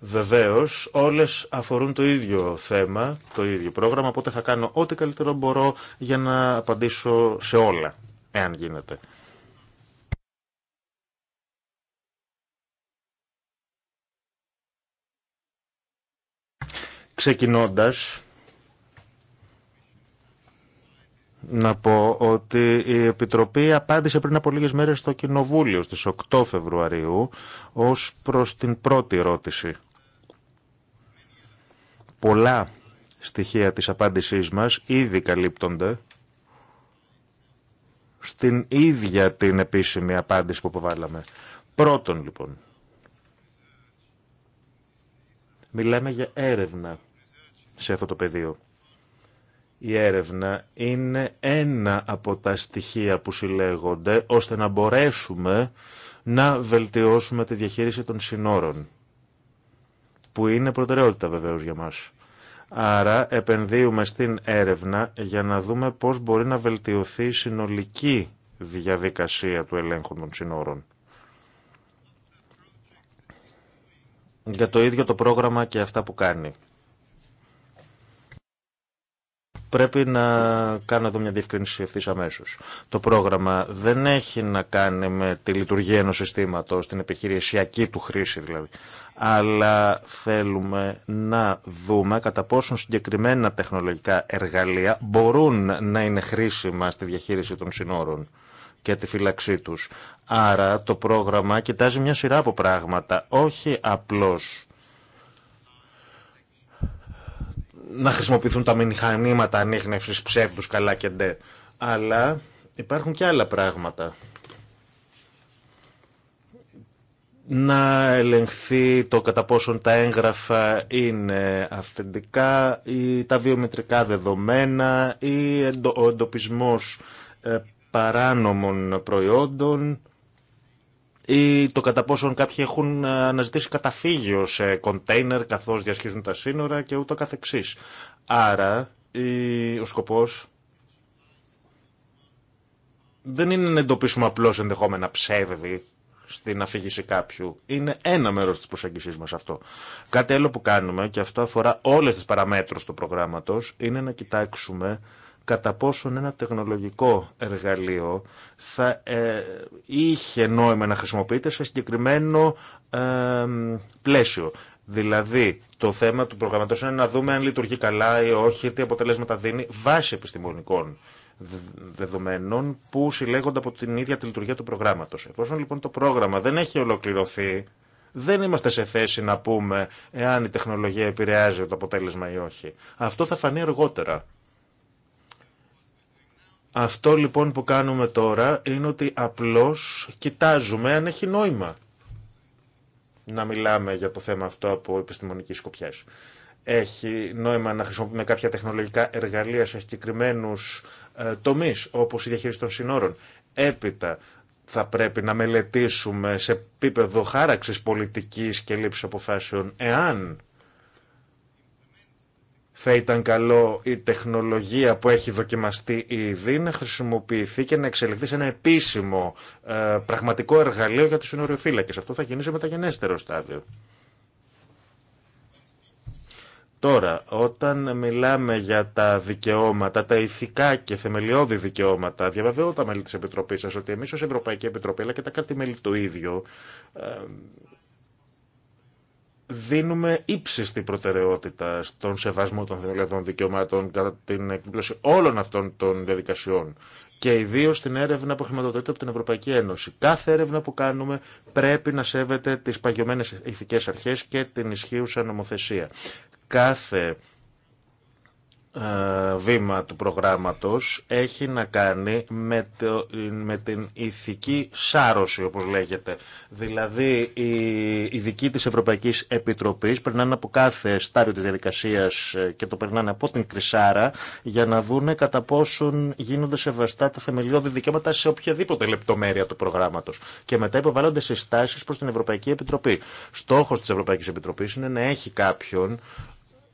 Speaker 3: Βεβαίω, όλες αφορούν το ίδιο θέμα, το ίδιο πρόγραμμα, οπότε θα κάνω ό,τι καλύτερο μπορώ για να απαντήσω σε όλα, εάν γίνεται. Ξεκινώντας, να πω ότι η Επιτροπή απάντησε πριν από λίγες μέρες στο Κοινοβούλιο στις 8 Φεβρουαρίου ως προς την πρώτη ερώτηση Πολλά στοιχεία της απάντησής μας ήδη καλύπτονται στην ίδια την επίσημη απάντηση που αποβάλαμε. Πρώτον, λοιπόν, μιλάμε για έρευνα σε αυτό το πεδίο. Η έρευνα είναι ένα από τα στοιχεία που συλλέγονται ώστε να μπορέσουμε να βελτιώσουμε τη διαχείριση των συνόρων που είναι προτεραιότητα βεβαίως για μας. Άρα επενδύουμε στην έρευνα για να δούμε πώς μπορεί να βελτιωθεί η συνολική διαδικασία του ελέγχου των συνόρων. Για το ίδιο το πρόγραμμα και αυτά που κάνει. Πρέπει να κάνω εδώ μια διευκρίνηση ευθύ αμέσω. Το πρόγραμμα δεν έχει να κάνει με τη λειτουργία ενό συστήματο, την επιχειρησιακή του χρήση δηλαδή. Αλλά θέλουμε να δούμε κατά πόσον συγκεκριμένα τεχνολογικά εργαλεία μπορούν να είναι χρήσιμα στη διαχείριση των συνόρων και τη φύλαξή τους. Άρα το πρόγραμμα κοιτάζει μια σειρά από πράγματα, όχι απλώς να χρησιμοποιηθούν τα μηχανήματα ανείχνευση ψεύδου καλά και ντε. Αλλά υπάρχουν και άλλα πράγματα. Να ελεγχθεί το κατά πόσον τα έγγραφα είναι αυθεντικά ή τα βιομητρικά δεδομένα ή ο εντοπισμός ε, παράνομων προϊόντων ή το κατά πόσον κάποιοι έχουν ε, αναζητήσει καταφύγιο σε κοντέινερ καθώς διασχίζουν τα σύνορα και ούτω καθεξής. Άρα ο σκοπός δεν είναι να εντοπίσουμε απλώς ενδεχόμενα ψεύδι στην αφήγηση κάποιου. Είναι ένα μέρος της προσέγγισης μας αυτό. Κάτι άλλο που κάνουμε, και αυτό αφορά όλες τις παραμέτρους του προγράμματος, είναι να κοιτάξουμε κατά πόσον ένα τεχνολογικό εργαλείο θα ε, είχε νόημα να χρησιμοποιείται σε συγκεκριμένο ε, πλαίσιο. Δηλαδή, το θέμα του προγραμματός είναι να δούμε αν λειτουργεί καλά ή όχι, τι αποτελέσματα δίνει, βάσει επιστημονικών δεδομένων που συλλέγονται από την ίδια τη λειτουργία του προγράμματος. Εφόσον λοιπόν το πρόγραμμα δεν έχει ολοκληρωθεί, δεν είμαστε σε θέση να πούμε εάν η τεχνολογία επηρεάζει το αποτέλεσμα ή όχι. Αυτό θα φανεί αργότερα. Αυτό λοιπόν που κάνουμε τώρα είναι ότι απλώς κοιτάζουμε αν έχει νόημα να μιλάμε για το θέμα αυτό από επιστημονική σκοπιά. Έχει νόημα να χρησιμοποιούμε κάποια τεχνολογικά εργαλεία σε συγκεκριμένου ε, τομεί, όπω η διαχείριση των συνόρων. Έπειτα, θα πρέπει να μελετήσουμε σε επίπεδο χάραξη πολιτική και λήψη αποφάσεων εάν θα ήταν καλό η τεχνολογία που έχει δοκιμαστεί ήδη να χρησιμοποιηθεί και να εξελιχθεί σε ένα επίσημο ε, πραγματικό εργαλείο για τους συνοριοφύλακες. Αυτό θα γίνει σε μεταγενέστερο στάδιο. Τώρα, όταν μιλάμε για τα δικαιώματα, τα ηθικά και θεμελιώδη δικαιώματα, διαβεβαιώ τα μέλη της Επιτροπής σας ότι εμείς ως Ευρωπαϊκή Επιτροπή, αλλά και τα κράτη-μέλη το ίδιο, ε, δίνουμε ύψιστη προτεραιότητα στον σεβασμό των θεμελιωδών δικαιωμάτων κατά την εκδήλωση όλων αυτών των διαδικασιών και ιδίω στην έρευνα που χρηματοδοτείται από την Ευρωπαϊκή Ένωση. Κάθε έρευνα που κάνουμε πρέπει να σέβεται τι παγιωμένε ηθικέ αρχέ και την ισχύουσα νομοθεσία. Κάθε ε, βήμα του προγράμματος έχει να κάνει με, το, με την ηθική σάρωση όπως λέγεται. Δηλαδή η ειδικοί της Ευρωπαϊκής Επιτροπής περνάνε από κάθε στάδιο της διαδικασίας ε, και το περνάνε από την Κρυσάρα για να δούνε κατά πόσον γίνονται σεβαστά τα θεμελιώδη δικαιώματα σε οποιαδήποτε λεπτομέρεια του προγράμματος. Και μετά υποβάλλονται συστάσεις προς την Ευρωπαϊκή Επιτροπή. Στόχος της Ευρωπαϊκής Επιτροπής είναι να έχει κάποιον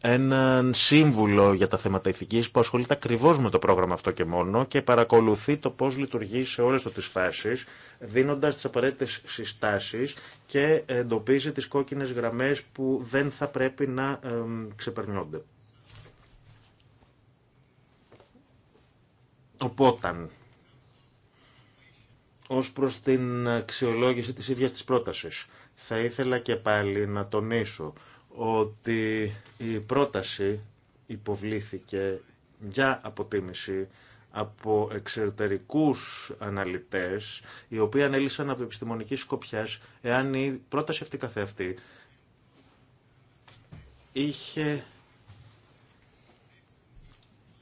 Speaker 3: έναν σύμβουλο για τα θέματα ηθικής που ασχολείται ακριβώς με το πρόγραμμα αυτό και μόνο και παρακολουθεί το πώς λειτουργεί σε όλες τις φάσεις, δίνοντας τις απαραίτητες συστάσεις και εντοπίζει τις κόκκινες γραμμές που δεν θα πρέπει να ξεπερνιόνται. Οπότε, ως προς την αξιολόγηση της ίδιας της πρότασης, θα ήθελα και πάλι να τονίσω ότι η πρόταση υποβλήθηκε για αποτίμηση από εξωτερικούς αναλυτές, οι οποίοι ανέλησαν από επιστημονική σκοπιά εάν η πρόταση αυτή καθεαυτή είχε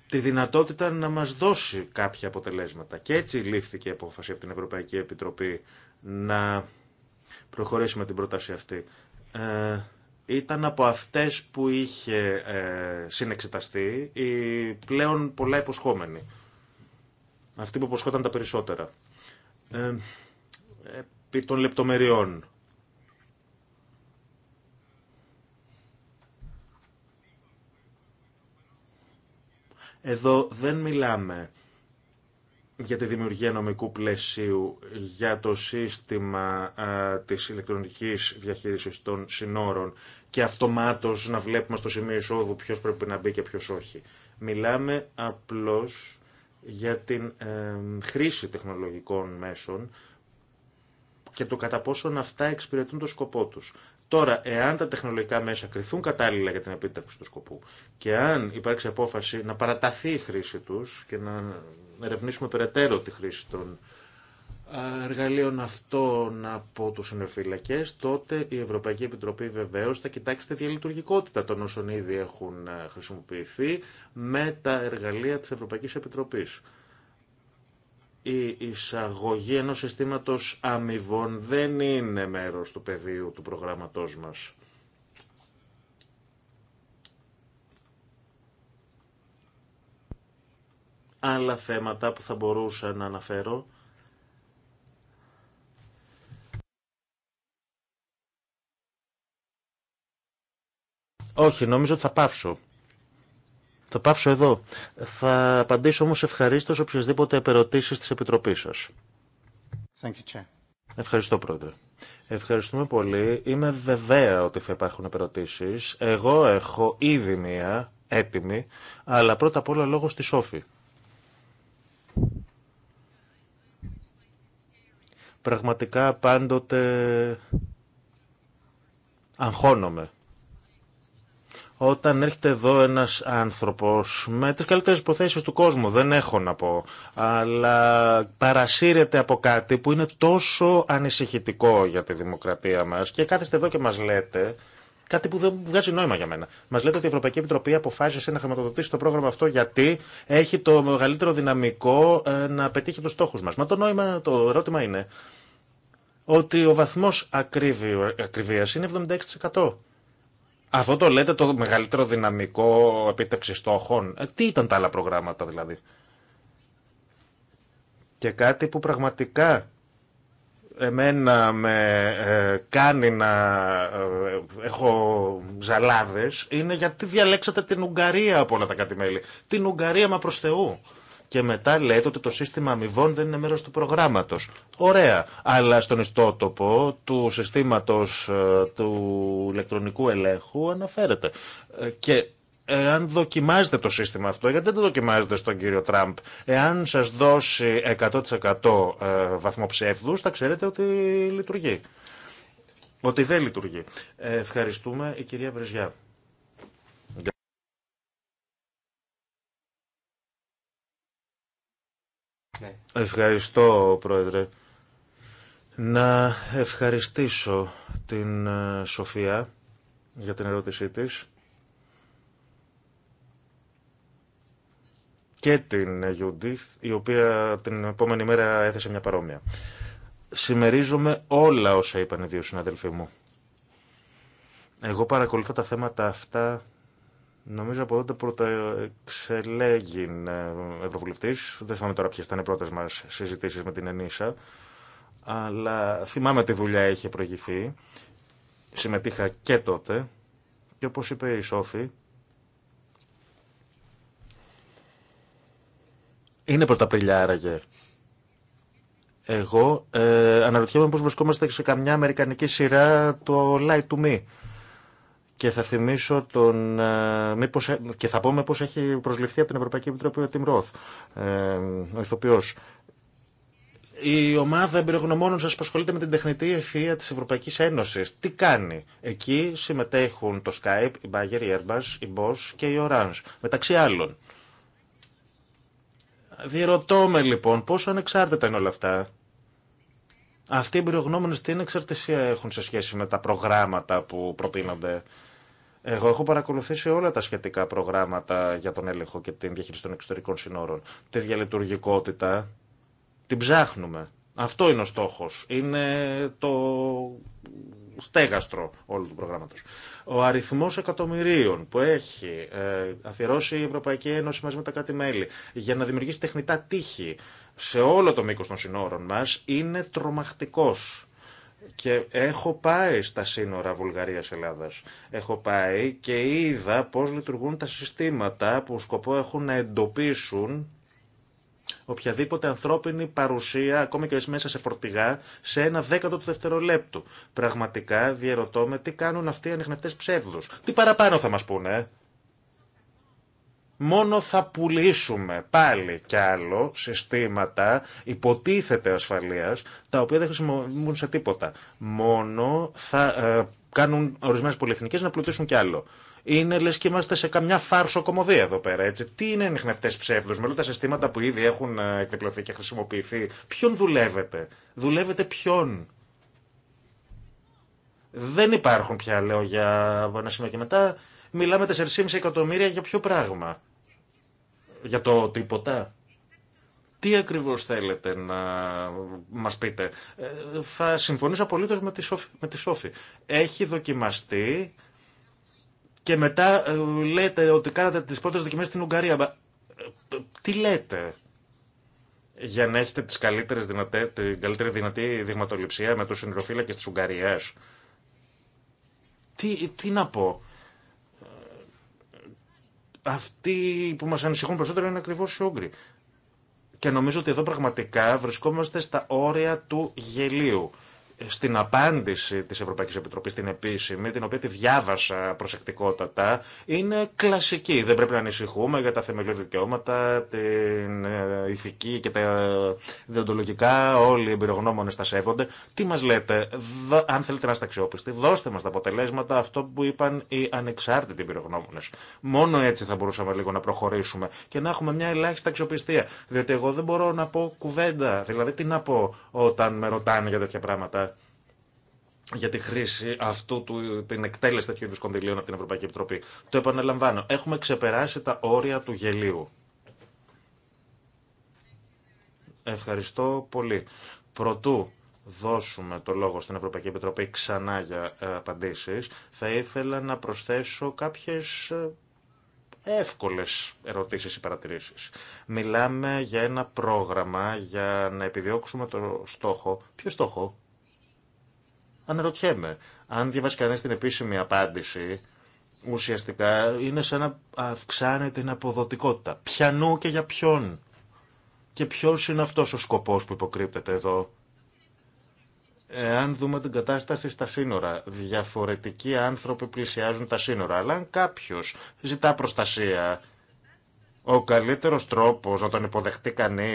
Speaker 3: τη δυνατότητα να μας δώσει κάποια αποτελέσματα. Και έτσι λήφθηκε η απόφαση από την Ευρωπαϊκή Επιτροπή να προχωρήσει με την πρόταση αυτή. Ε, ήταν από αυτές που είχε ε, συνεξεταστεί η πλέον πολλά υποσχόμενοι. Αυτή που υποσχόταν τα περισσότερα. Ε, επί των λεπτομεριών. Εδώ δεν μιλάμε για τη δημιουργία νομικού πλαισίου για το σύστημα της ηλεκτρονικής διαχείρισης των συνόρων και αυτομάτως να βλέπουμε στο σημείο εισόδου ποιος πρέπει να μπει και ποιος όχι. Μιλάμε απλώς για την χρήση τεχνολογικών μέσων και το κατά πόσον αυτά εξυπηρετούν το σκοπό τους. Τώρα, εάν τα τεχνολογικά μέσα κρυθούν κατάλληλα για την επίτευξη του σκοπού και αν υπάρξει απόφαση να παραταθεί η χρήση τους και να ερευνήσουμε περαιτέρω τη χρήση των εργαλείων αυτών από τους συνοφυλακές, τότε η Ευρωπαϊκή Επιτροπή βεβαίως θα κοιτάξει τη διαλειτουργικότητα των όσων ήδη έχουν χρησιμοποιηθεί με τα εργαλεία της Ευρωπαϊκής Επιτροπής. Η εισαγωγή ενός συστήματος αμοιβών δεν είναι μέρος του πεδίου του προγράμματός μας. Άλλα θέματα που θα μπορούσα να αναφέρω Όχι, νομίζω ότι θα πάψω. Θα πάψω εδώ. Θα απαντήσω όμως ευχαρίστως οποιασδήποτε επερωτήσεις της Επιτροπής σας. Thank you, Chair. Ευχαριστώ, Πρόεδρε. Ευχαριστούμε πολύ. Είμαι βεβαία ότι θα υπάρχουν επερωτήσεις. Εγώ έχω ήδη μία έτοιμη, αλλά πρώτα απ' όλα λόγω στη Σόφη. Πραγματικά πάντοτε αγχώνομαι. Όταν έρχεται εδώ ένας άνθρωπος με τις καλύτερες υποθέσεις του κόσμου, δεν έχω να πω, αλλά παρασύρεται από κάτι που είναι τόσο ανησυχητικό για τη δημοκρατία μας και κάθεστε εδώ και μας λέτε Κάτι που δεν βγάζει νόημα για μένα. Μα λέτε ότι η Ευρωπαϊκή Επιτροπή αποφάσισε να χρηματοδοτήσει το πρόγραμμα αυτό γιατί έχει το μεγαλύτερο δυναμικό ε, να πετύχει του στόχου μα. Μα το νόημα, το ερώτημα είναι ότι ο βαθμό ακρίβεια είναι 76%. Αυτό το λέτε το μεγαλύτερο δυναμικό επίτευξη στόχων. Ε, τι ήταν τα άλλα προγράμματα δηλαδή. Και κάτι που πραγματικά εμένα με ε, κάνει να ε, έχω ζαλάδες είναι γιατί διαλέξατε την Ουγγαρία από όλα τα κατημέλη. Την Ουγγαρία μα προς Θεού. Και μετά λέτε ότι το σύστημα αμοιβών δεν είναι μέρος του προγράμματος. Ωραία. Αλλά στον ιστότοπο του συστήματος ε, του ηλεκτρονικού ελέγχου αναφέρεται. Και εάν δοκιμάζετε το σύστημα αυτό, γιατί δεν το δοκιμάζετε στον κύριο Τραμπ, εάν σας δώσει 100% ε, βαθμό ψεύδους, θα ξέρετε ότι λειτουργεί. Ότι δεν λειτουργεί. Ε, ευχαριστούμε η κυρία Βρεζιά. Ναι. Ευχαριστώ, Πρόεδρε. Να ευχαριστήσω την ε, Σοφία για την ερώτησή της. και την Γιούντιθ, η οποία την επόμενη μέρα έθεσε μια παρόμοια. Συμμερίζομαι όλα όσα είπαν οι δύο συναδελφοί μου. Εγώ παρακολουθώ τα θέματα αυτά, νομίζω από τότε πρώτα εξελέγει Ευρωβουλευτής, δεν θυμάμαι τώρα ποιες ήταν οι πρώτες μας συζητήσεις με την Ενίσα, αλλά θυμάμαι τη δουλειά είχε προηγηθεί, συμμετείχα και τότε και όπως είπε η Σόφη, Είναι πρωταπριλιά άραγε. Εγώ ε, αναρωτιέμαι πώς βρισκόμαστε σε καμιά αμερικανική σειρά το Light to Me. Και θα θυμίσω τον. Ε, μήπως, και θα πω πώ έχει προσληφθεί από την Ευρωπαϊκή Επιτροπή ο Τιμ Ροθ, ε, ο ηθοποιό. Η ομάδα εμπειρογνωμόνων σα ασχολείται με την τεχνητή ευθεία τη Ευρωπαϊκή Ένωση. Τι κάνει. Εκεί συμμετέχουν το Skype, η Bayer, η Airbus, η Bosch και η Orange, μεταξύ άλλων. Διερωτώ με λοιπόν πόσο ανεξάρτητα είναι όλα αυτά. Αυτοί οι εμπειρογνώμονε τι εξαρτησία έχουν σε σχέση με τα προγράμματα που προτείνονται. Εγώ έχω παρακολουθήσει όλα τα σχετικά προγράμματα για τον έλεγχο και την διαχείριση των εξωτερικών συνόρων. Τη διαλειτουργικότητα την ψάχνουμε. Αυτό είναι ο στόχο. Είναι το στέγαστρο όλου του προγράμματο. Ο αριθμό εκατομμυρίων που έχει ε, αφιερώσει η Ευρωπαϊκή Ένωση μαζί με τα κράτη-μέλη για να δημιουργήσει τεχνητά τείχη σε όλο το μήκο των συνόρων μα είναι τρομακτικό. Και έχω πάει στα σύνορα Βουλγαρίας-Ελλάδας. Έχω πάει και είδα πώς λειτουργούν τα συστήματα που σκοπό έχουν να εντοπίσουν οποιαδήποτε ανθρώπινη παρουσία, ακόμη και μέσα σε φορτηγά, σε ένα δέκατο του δευτερολέπτου. Πραγματικά διαρωτώ με τι κάνουν αυτοί οι ανιχνευτέ ψεύδου. Τι παραπάνω θα μα πούνε, ε? Μόνο θα πουλήσουμε πάλι κι άλλο συστήματα υποτίθεται ασφαλείας, τα οποία δεν χρησιμοποιούν σε τίποτα. Μόνο θα ε, κάνουν ορισμένες πολυεθνικές να πλουτίσουν κι άλλο. Είναι λε και είμαστε σε καμιά φάρσο κομμωδία εδώ πέρα. Έτσι. Τι είναι ενιχνευτέ ψεύδου με όλα τα συστήματα που ήδη έχουν ε, εκτεπλωθεί και χρησιμοποιηθεί. Ποιον δουλεύετε, δουλεύετε ποιον. Δεν υπάρχουν πια, λέω, για ένα σημείο και μετά. Μιλάμε 4,5 εκατομμύρια για ποιο πράγμα. Για το τίποτα. Τι ακριβώ θέλετε να μα πείτε. Ε, θα συμφωνήσω απολύτως με τη Σόφη. Έχει δοκιμαστεί και μετά ε, λέτε ότι κάνατε τις πρώτες δοκιμές στην Ουγγαρία. Ε, τι λέτε για να έχετε τις καλύτερες δυνατέ, την καλύτερη δυνατή δειγματοληψία με τους συνηροφύλακες της Ουγγαρίας. Τι, τι να πω. Ε, αυτοί που μας ανησυχούν περισσότερο είναι ακριβώς οι Ούγγροι. Και νομίζω ότι εδώ πραγματικά βρισκόμαστε στα όρια του γελίου στην απάντηση τη Ευρωπαϊκή Επιτροπή την επίσημη, την οποία τη διάβασα προσεκτικότατα, είναι κλασική. Δεν πρέπει να ανησυχούμε για τα θεμελιώδη δικαιώματα, την ε, ηθική και τα διοντολογικά, όλοι οι εμπειρογνώμονες τα σέβονται. Τι μα λέτε, αν θέλετε να είστε αξιόπιστοι, δώστε μα τα αποτελέσματα, αυτό που είπαν οι ανεξάρτητοι εμπειρογνώμονες. Μόνο έτσι θα μπορούσαμε λίγο να προχωρήσουμε και να έχουμε μια ελάχιστη αξιοπιστία. Διότι εγώ δεν μπορώ να πω κουβέντα, δηλαδή τι να πω όταν με ρωτάνε για τέτοια πράγματα για τη χρήση αυτού του, την εκτέλεση τέτοιου είδου κονδυλίων από την Ευρωπαϊκή Επιτροπή. Το επαναλαμβάνω, έχουμε ξεπεράσει τα όρια του γελίου. Ευχαριστώ πολύ. Προτού δώσουμε το λόγο στην Ευρωπαϊκή Επιτροπή ξανά για ε, απαντήσεις, θα ήθελα να προσθέσω κάποιες ε, εύκολες ερωτήσεις ή παρατηρήσεις. Μιλάμε για ένα πρόγραμμα για να επιδιώξουμε το στόχο. Ποιο στόχο? Αναρωτιέμαι, αν διαβάσει κανεί την επίσημη απάντηση, ουσιαστικά είναι σαν να αυξάνεται την αποδοτικότητα. Πιανού και για ποιον. Και ποιο είναι αυτό ο σκοπό που υποκρύπτεται εδώ. Εάν δούμε την κατάσταση στα σύνορα, διαφορετικοί άνθρωποι πλησιάζουν τα σύνορα. Αλλά αν κάποιο ζητά προστασία, ο καλύτερο τρόπο να τον υποδεχτεί κανεί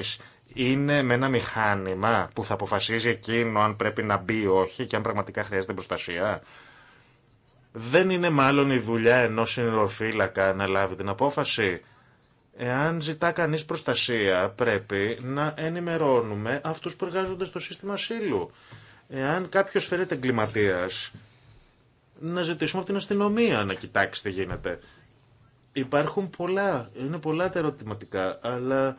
Speaker 3: είναι με ένα μηχάνημα που θα αποφασίζει εκείνο αν πρέπει να μπει ή όχι και αν πραγματικά χρειάζεται προστασία. Δεν είναι μάλλον η δουλειά ενός συνολοφύλακα να λάβει την απόφαση. Εάν ζητά κανείς προστασία πρέπει να ενημερώνουμε αυτού που εργάζονται στο σύστημα ασύλου. Εάν κάποιος φέρεται εγκληματία, να ζητήσουμε από την αστυνομία να κοιτάξει τι γίνεται. Υπάρχουν πολλά, είναι πολλά τα ερωτηματικά, αλλά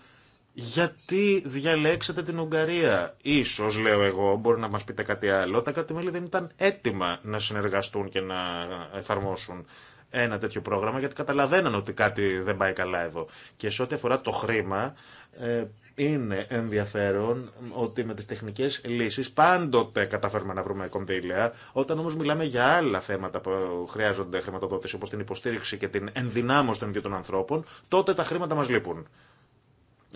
Speaker 3: γιατί διαλέξατε την Ουγγαρία. Ίσως, λέω εγώ, μπορεί να μας πείτε κάτι άλλο, τα κράτη-μέλη δεν ήταν έτοιμα να συνεργαστούν και να εφαρμόσουν ένα τέτοιο πρόγραμμα, γιατί καταλαβαίναν ότι κάτι δεν πάει καλά εδώ. Και σε ό,τι αφορά το χρήμα, ε, είναι ενδιαφέρον ότι με τις τεχνικές λύσεις πάντοτε καταφέρουμε να βρούμε κονδύλια. Όταν όμως μιλάμε για άλλα θέματα που χρειάζονται χρηματοδότηση, όπως την υποστήριξη και την ενδυνάμωση των ίδιων των ανθρώπων, τότε τα χρήματα μας λείπουν.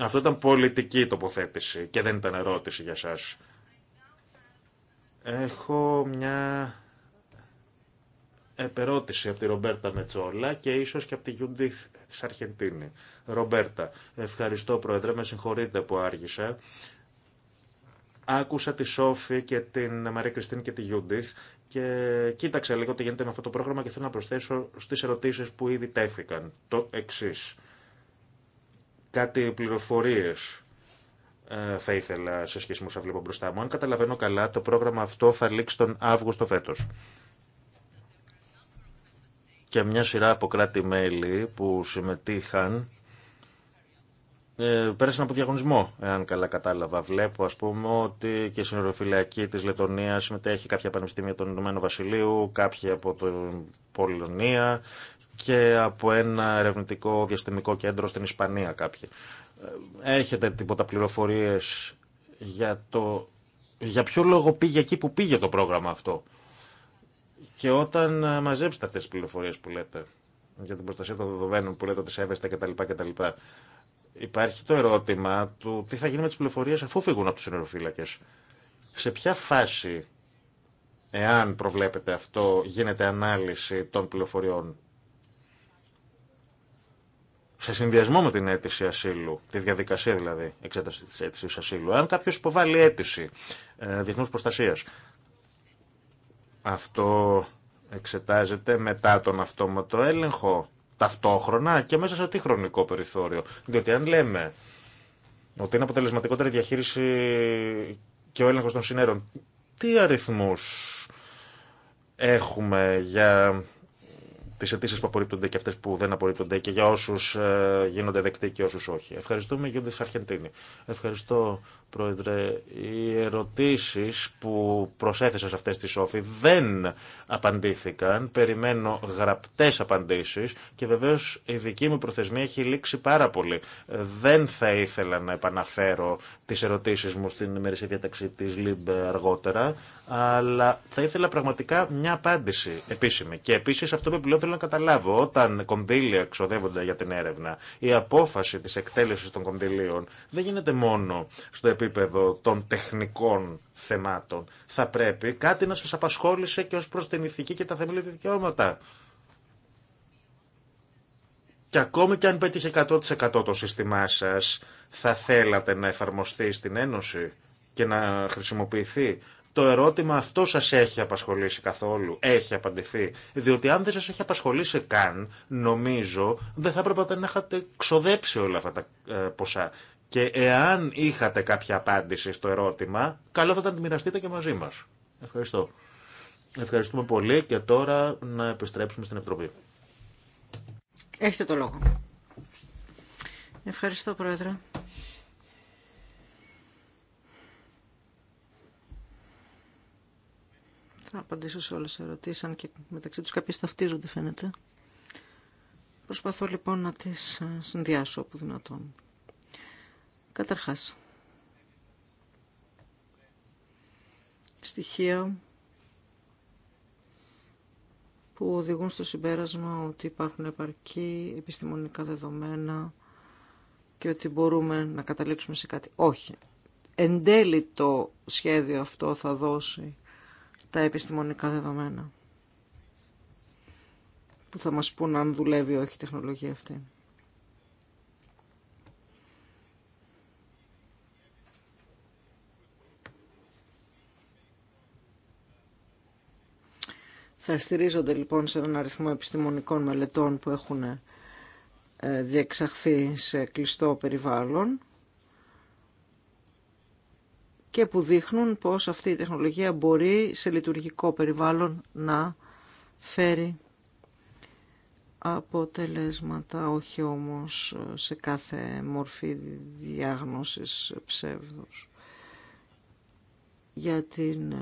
Speaker 3: Αυτό ήταν πολιτική τοποθέτηση και δεν ήταν ερώτηση για σας. Έχω μια επερώτηση από τη Ρομπέρτα Μετσόλα και ίσως και από τη Γιούντιθ Σαρχεντίνη. Ρομπέρτα, ευχαριστώ Πρόεδρε, με συγχωρείτε που άργησα. Άκουσα τη Σόφη και την Μαρία Κριστίν και τη Γιούντιθ και κοίταξα λίγο τι γίνεται με αυτό το πρόγραμμα και θέλω να προσθέσω στις ερωτήσεις που ήδη τέθηκαν. Το εξής κάτι πληροφορίες ε, θα ήθελα σε σχέση με όσα βλέπω μπροστά μου. Αν καταλαβαίνω καλά, το πρόγραμμα αυτό θα λήξει τον Αύγουστο φέτο. Και μια σειρά από κράτη-μέλη που συμμετείχαν ε, πέρασαν από διαγωνισμό, εάν καλά κατάλαβα. Βλέπω, ας πούμε, ότι και η συνοροφυλακή της Λετωνίας συμμετέχει κάποια πανεπιστήμια των Ηνωμένων Βασιλείου, κάποια από την Πολωνία, και από ένα ερευνητικό διαστημικό κέντρο στην Ισπανία κάποιοι. Ε, έχετε τίποτα πληροφορίες για το... Για ποιο λόγο πήγε εκεί που πήγε το πρόγραμμα αυτό. Και όταν ε, μαζέψετε αυτές τις πληροφορίες που λέτε για την προστασία των δεδομένων που λέτε ότι σέβεστε κτλ. κτλ. Υπάρχει το ερώτημα του τι θα γίνει με τις πληροφορίες αφού φύγουν από τους συνεροφύλακες. Σε ποια φάση, εάν προβλέπετε αυτό, γίνεται ανάλυση των πληροφοριών σε συνδυασμό με την αίτηση ασύλου, τη διαδικασία δηλαδή εξέταση τη αίτηση ασύλου, αν κάποιο υποβάλλει αίτηση ε, διεθνού προστασία, αυτό εξετάζεται μετά τον αυτόματο έλεγχο ταυτόχρονα και μέσα σε τι χρονικό περιθώριο. Διότι αν λέμε ότι είναι αποτελεσματικότερη διαχείριση και ο έλεγχος των συνέρων, τι αριθμούς έχουμε για τι αιτήσει που απορρίπτονται και αυτέ που δεν απορρίπτονται και για όσου ε, γίνονται δεκτοί και όσου όχι. Ευχαριστούμε, Γιούντι Αρχεντίνη. Ευχαριστώ, Πρόεδρε. Οι ερωτήσει που προσέθεσα σε αυτέ τη σόφη δεν απαντήθηκαν. Περιμένω γραπτέ απαντήσει και βεβαίω η δική μου προθεσμία έχει λήξει πάρα πολύ. Δεν θα ήθελα να επαναφέρω τι ερωτήσει μου στην ημερησία διάταξη τη ΛΥΜΠ αργότερα, αλλά θα ήθελα πραγματικά μια απάντηση επίσημη. Και επίση αυτό που θέλω να καταλάβω, όταν κονδύλια ξοδεύονται για την έρευνα, η απόφαση τη εκτέλεση των κονδυλίων δεν γίνεται μόνο στο επίπεδο των τεχνικών θεμάτων. Θα πρέπει κάτι να σα απασχόλησε και ω προ την ηθική και τα θεμελιώδη δικαιώματα. Και ακόμη και αν πέτυχε 100% το σύστημά σας, θα θέλατε να εφαρμοστεί στην Ένωση και να χρησιμοποιηθεί. Το ερώτημα αυτό σας έχει απασχολήσει καθόλου, έχει απαντηθεί. Διότι αν δεν σας έχει απασχολήσει καν, νομίζω, δεν θα έπρεπε να είχατε ξοδέψει όλα αυτά τα ε, ποσά. Και εάν είχατε κάποια απάντηση στο ερώτημα, καλό θα ήταν να τη μοιραστείτε και μαζί μας. Ευχαριστώ. Ευχαριστούμε πολύ και τώρα να επιστρέψουμε στην Επιτροπή.
Speaker 1: Έχετε το λόγο. Ευχαριστώ, Πρόεδρε. Θα απαντήσω σε όλες τις ερωτήσεις, αν και μεταξύ τους κάποιες ταυτίζονται φαίνεται. Προσπαθώ λοιπόν να τις ε, συνδυάσω όπου δυνατόν. Καταρχάς, στοιχεία που οδηγούν στο συμπέρασμα ότι υπάρχουν επαρκή επιστημονικά δεδομένα και ότι μπορούμε να καταλήξουμε σε κάτι. Όχι. Εν τέλει το σχέδιο αυτό θα δώσει τα επιστημονικά δεδομένα που θα μας πούν αν δουλεύει ή όχι τεχνολογία αυτή. Θα στηρίζονται λοιπόν σε έναν αριθμό επιστημονικών μελετών που έχουν ε, διεξαχθεί σε κλειστό περιβάλλον και που δείχνουν πως αυτή η τεχνολογία μπορεί σε λειτουργικό περιβάλλον να φέρει αποτελέσματα, όχι όμως σε κάθε μορφή διάγνωσης ψεύδους. Για την ε,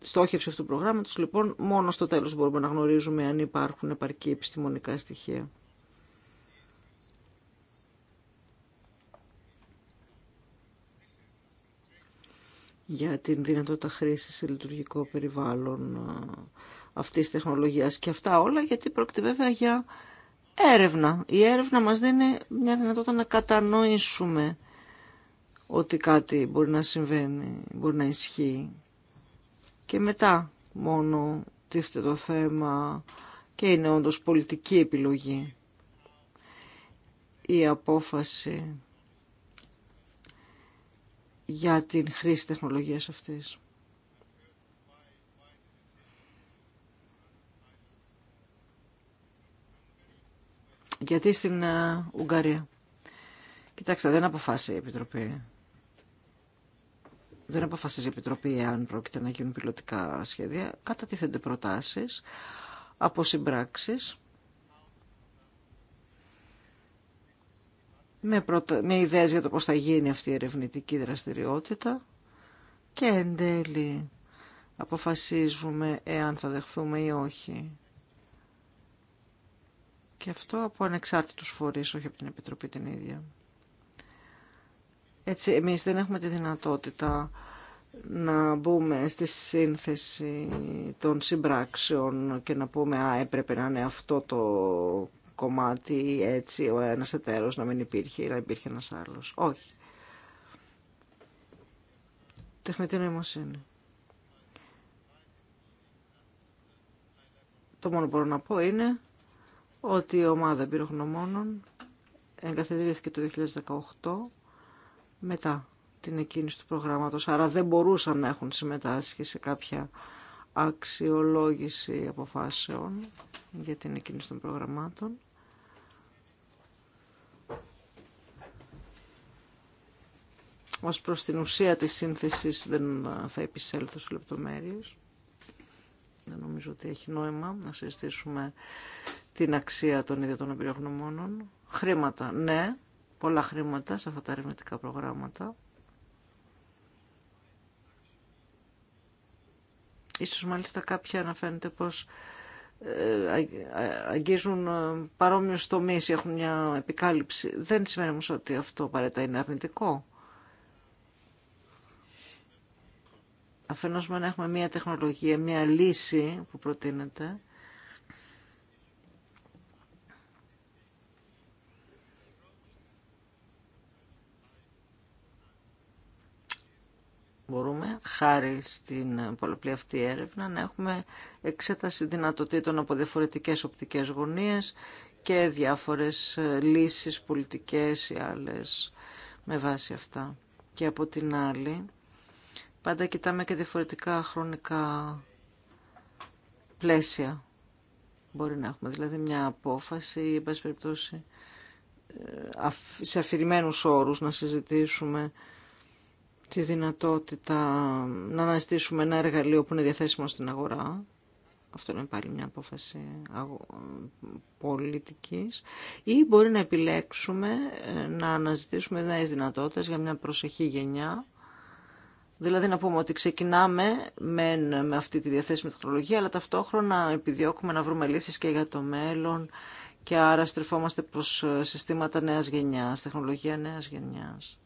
Speaker 1: στόχευση αυτού του προγράμματος, λοιπόν, μόνο στο τέλος μπορούμε να γνωρίζουμε αν υπάρχουν επαρκή επιστημονικά στοιχεία. για την δυνατότητα χρήση σε λειτουργικό περιβάλλον ε, αυτής της τεχνολογίας και αυτά όλα, γιατί πρόκειται βέβαια για έρευνα. Η έρευνα μας δίνει μια δυνατότητα να κατανοήσουμε ότι κάτι μπορεί να συμβαίνει, μπορεί να ισχύει. Και μετά μόνο τίφτε το θέμα και είναι όντως πολιτική επιλογή. Η απόφαση για την χρήση τεχνολογίας αυτής. Γιατί στην ε, Ουγγαρία. Κοιτάξτε, δεν αποφάσισε η Επιτροπή. Δεν αποφασίζει η Επιτροπή αν πρόκειται να γίνουν πιλωτικά σχέδια. Κατατίθενται προτάσεις από συμπράξεις με, πρωτα... ιδέες για το πώς θα γίνει αυτή η ερευνητική δραστηριότητα και εν τέλει αποφασίζουμε εάν θα δεχθούμε ή όχι. Και αυτό από ανεξάρτητους φορείς, όχι από την Επιτροπή την ίδια. Έτσι, εμείς δεν έχουμε τη δυνατότητα να μπούμε στη σύνθεση των συμπράξεων και να πούμε «Α, έπρεπε να είναι αυτό το κομμάτι έτσι ο ένας εταίρος να μην υπήρχε, ή να υπήρχε ένας άλλος. Όχι. Τεχνητή νοημοσύνη. Το μόνο που μπορώ να πω είναι ότι η ομάδα εμπειρογνωμόνων εγκαθιδρύθηκε το 2018 μετά την εκκίνηση του προγράμματος, άρα δεν μπορούσαν να έχουν συμμετάσχει σε κάποια αξιολόγηση αποφάσεων για την εκκίνηση των προγραμμάτων. ως προς την ουσία της σύνθεσης δεν θα επισέλθω σε λεπτομέρειες. Δεν νομίζω ότι έχει νόημα να συζητήσουμε την αξία των ίδιων των εμπειρογνωμόνων. Χρήματα, ναι, πολλά χρήματα σε αυτά τα ερευνητικά προγράμματα. Ίσως μάλιστα κάποια αναφέρεται πως ε, αγγίζουν ε, παρόμοιους τομείς ή έχουν μια επικάλυψη. Δεν σημαίνει όμως ότι αυτό παρέτα είναι αρνητικό. αφενός με να έχουμε μια τεχνολογία, μια λύση που προτείνεται, μπορούμε, χάρη στην πολλαπλή αυτή έρευνα, να έχουμε εξέταση δυνατοτήτων από διαφορετικές οπτικές γωνίες και διάφορες ε, λύσεις πολιτικές ή άλλες με βάση αυτά. Και από την άλλη, Πάντα κοιτάμε και διαφορετικά χρονικά πλαίσια. Μπορεί να έχουμε δηλαδή μια απόφαση ή, εν πάση περιπτώσει, ε, σε αφηρημένους όρους να συζητήσουμε τη δυνατότητα να αναστήσουμε ένα εργαλείο που είναι διαθέσιμο στην αγορά. Αυτό είναι πάλι μια απόφαση πολιτικής. Ή μπορεί να επιλέξουμε ε, να αναζητήσουμε νέε δυνατότητες για μια προσεχή γενιά Δηλαδή να πούμε ότι ξεκινάμε με, με αυτή τη διαθέσιμη τεχνολογία, αλλά ταυτόχρονα επιδιώκουμε να βρούμε λύσεις και για το μέλλον και άρα στρεφόμαστε προς ε, συστήματα νέας γενιάς, τεχνολογία νέας γενιάς.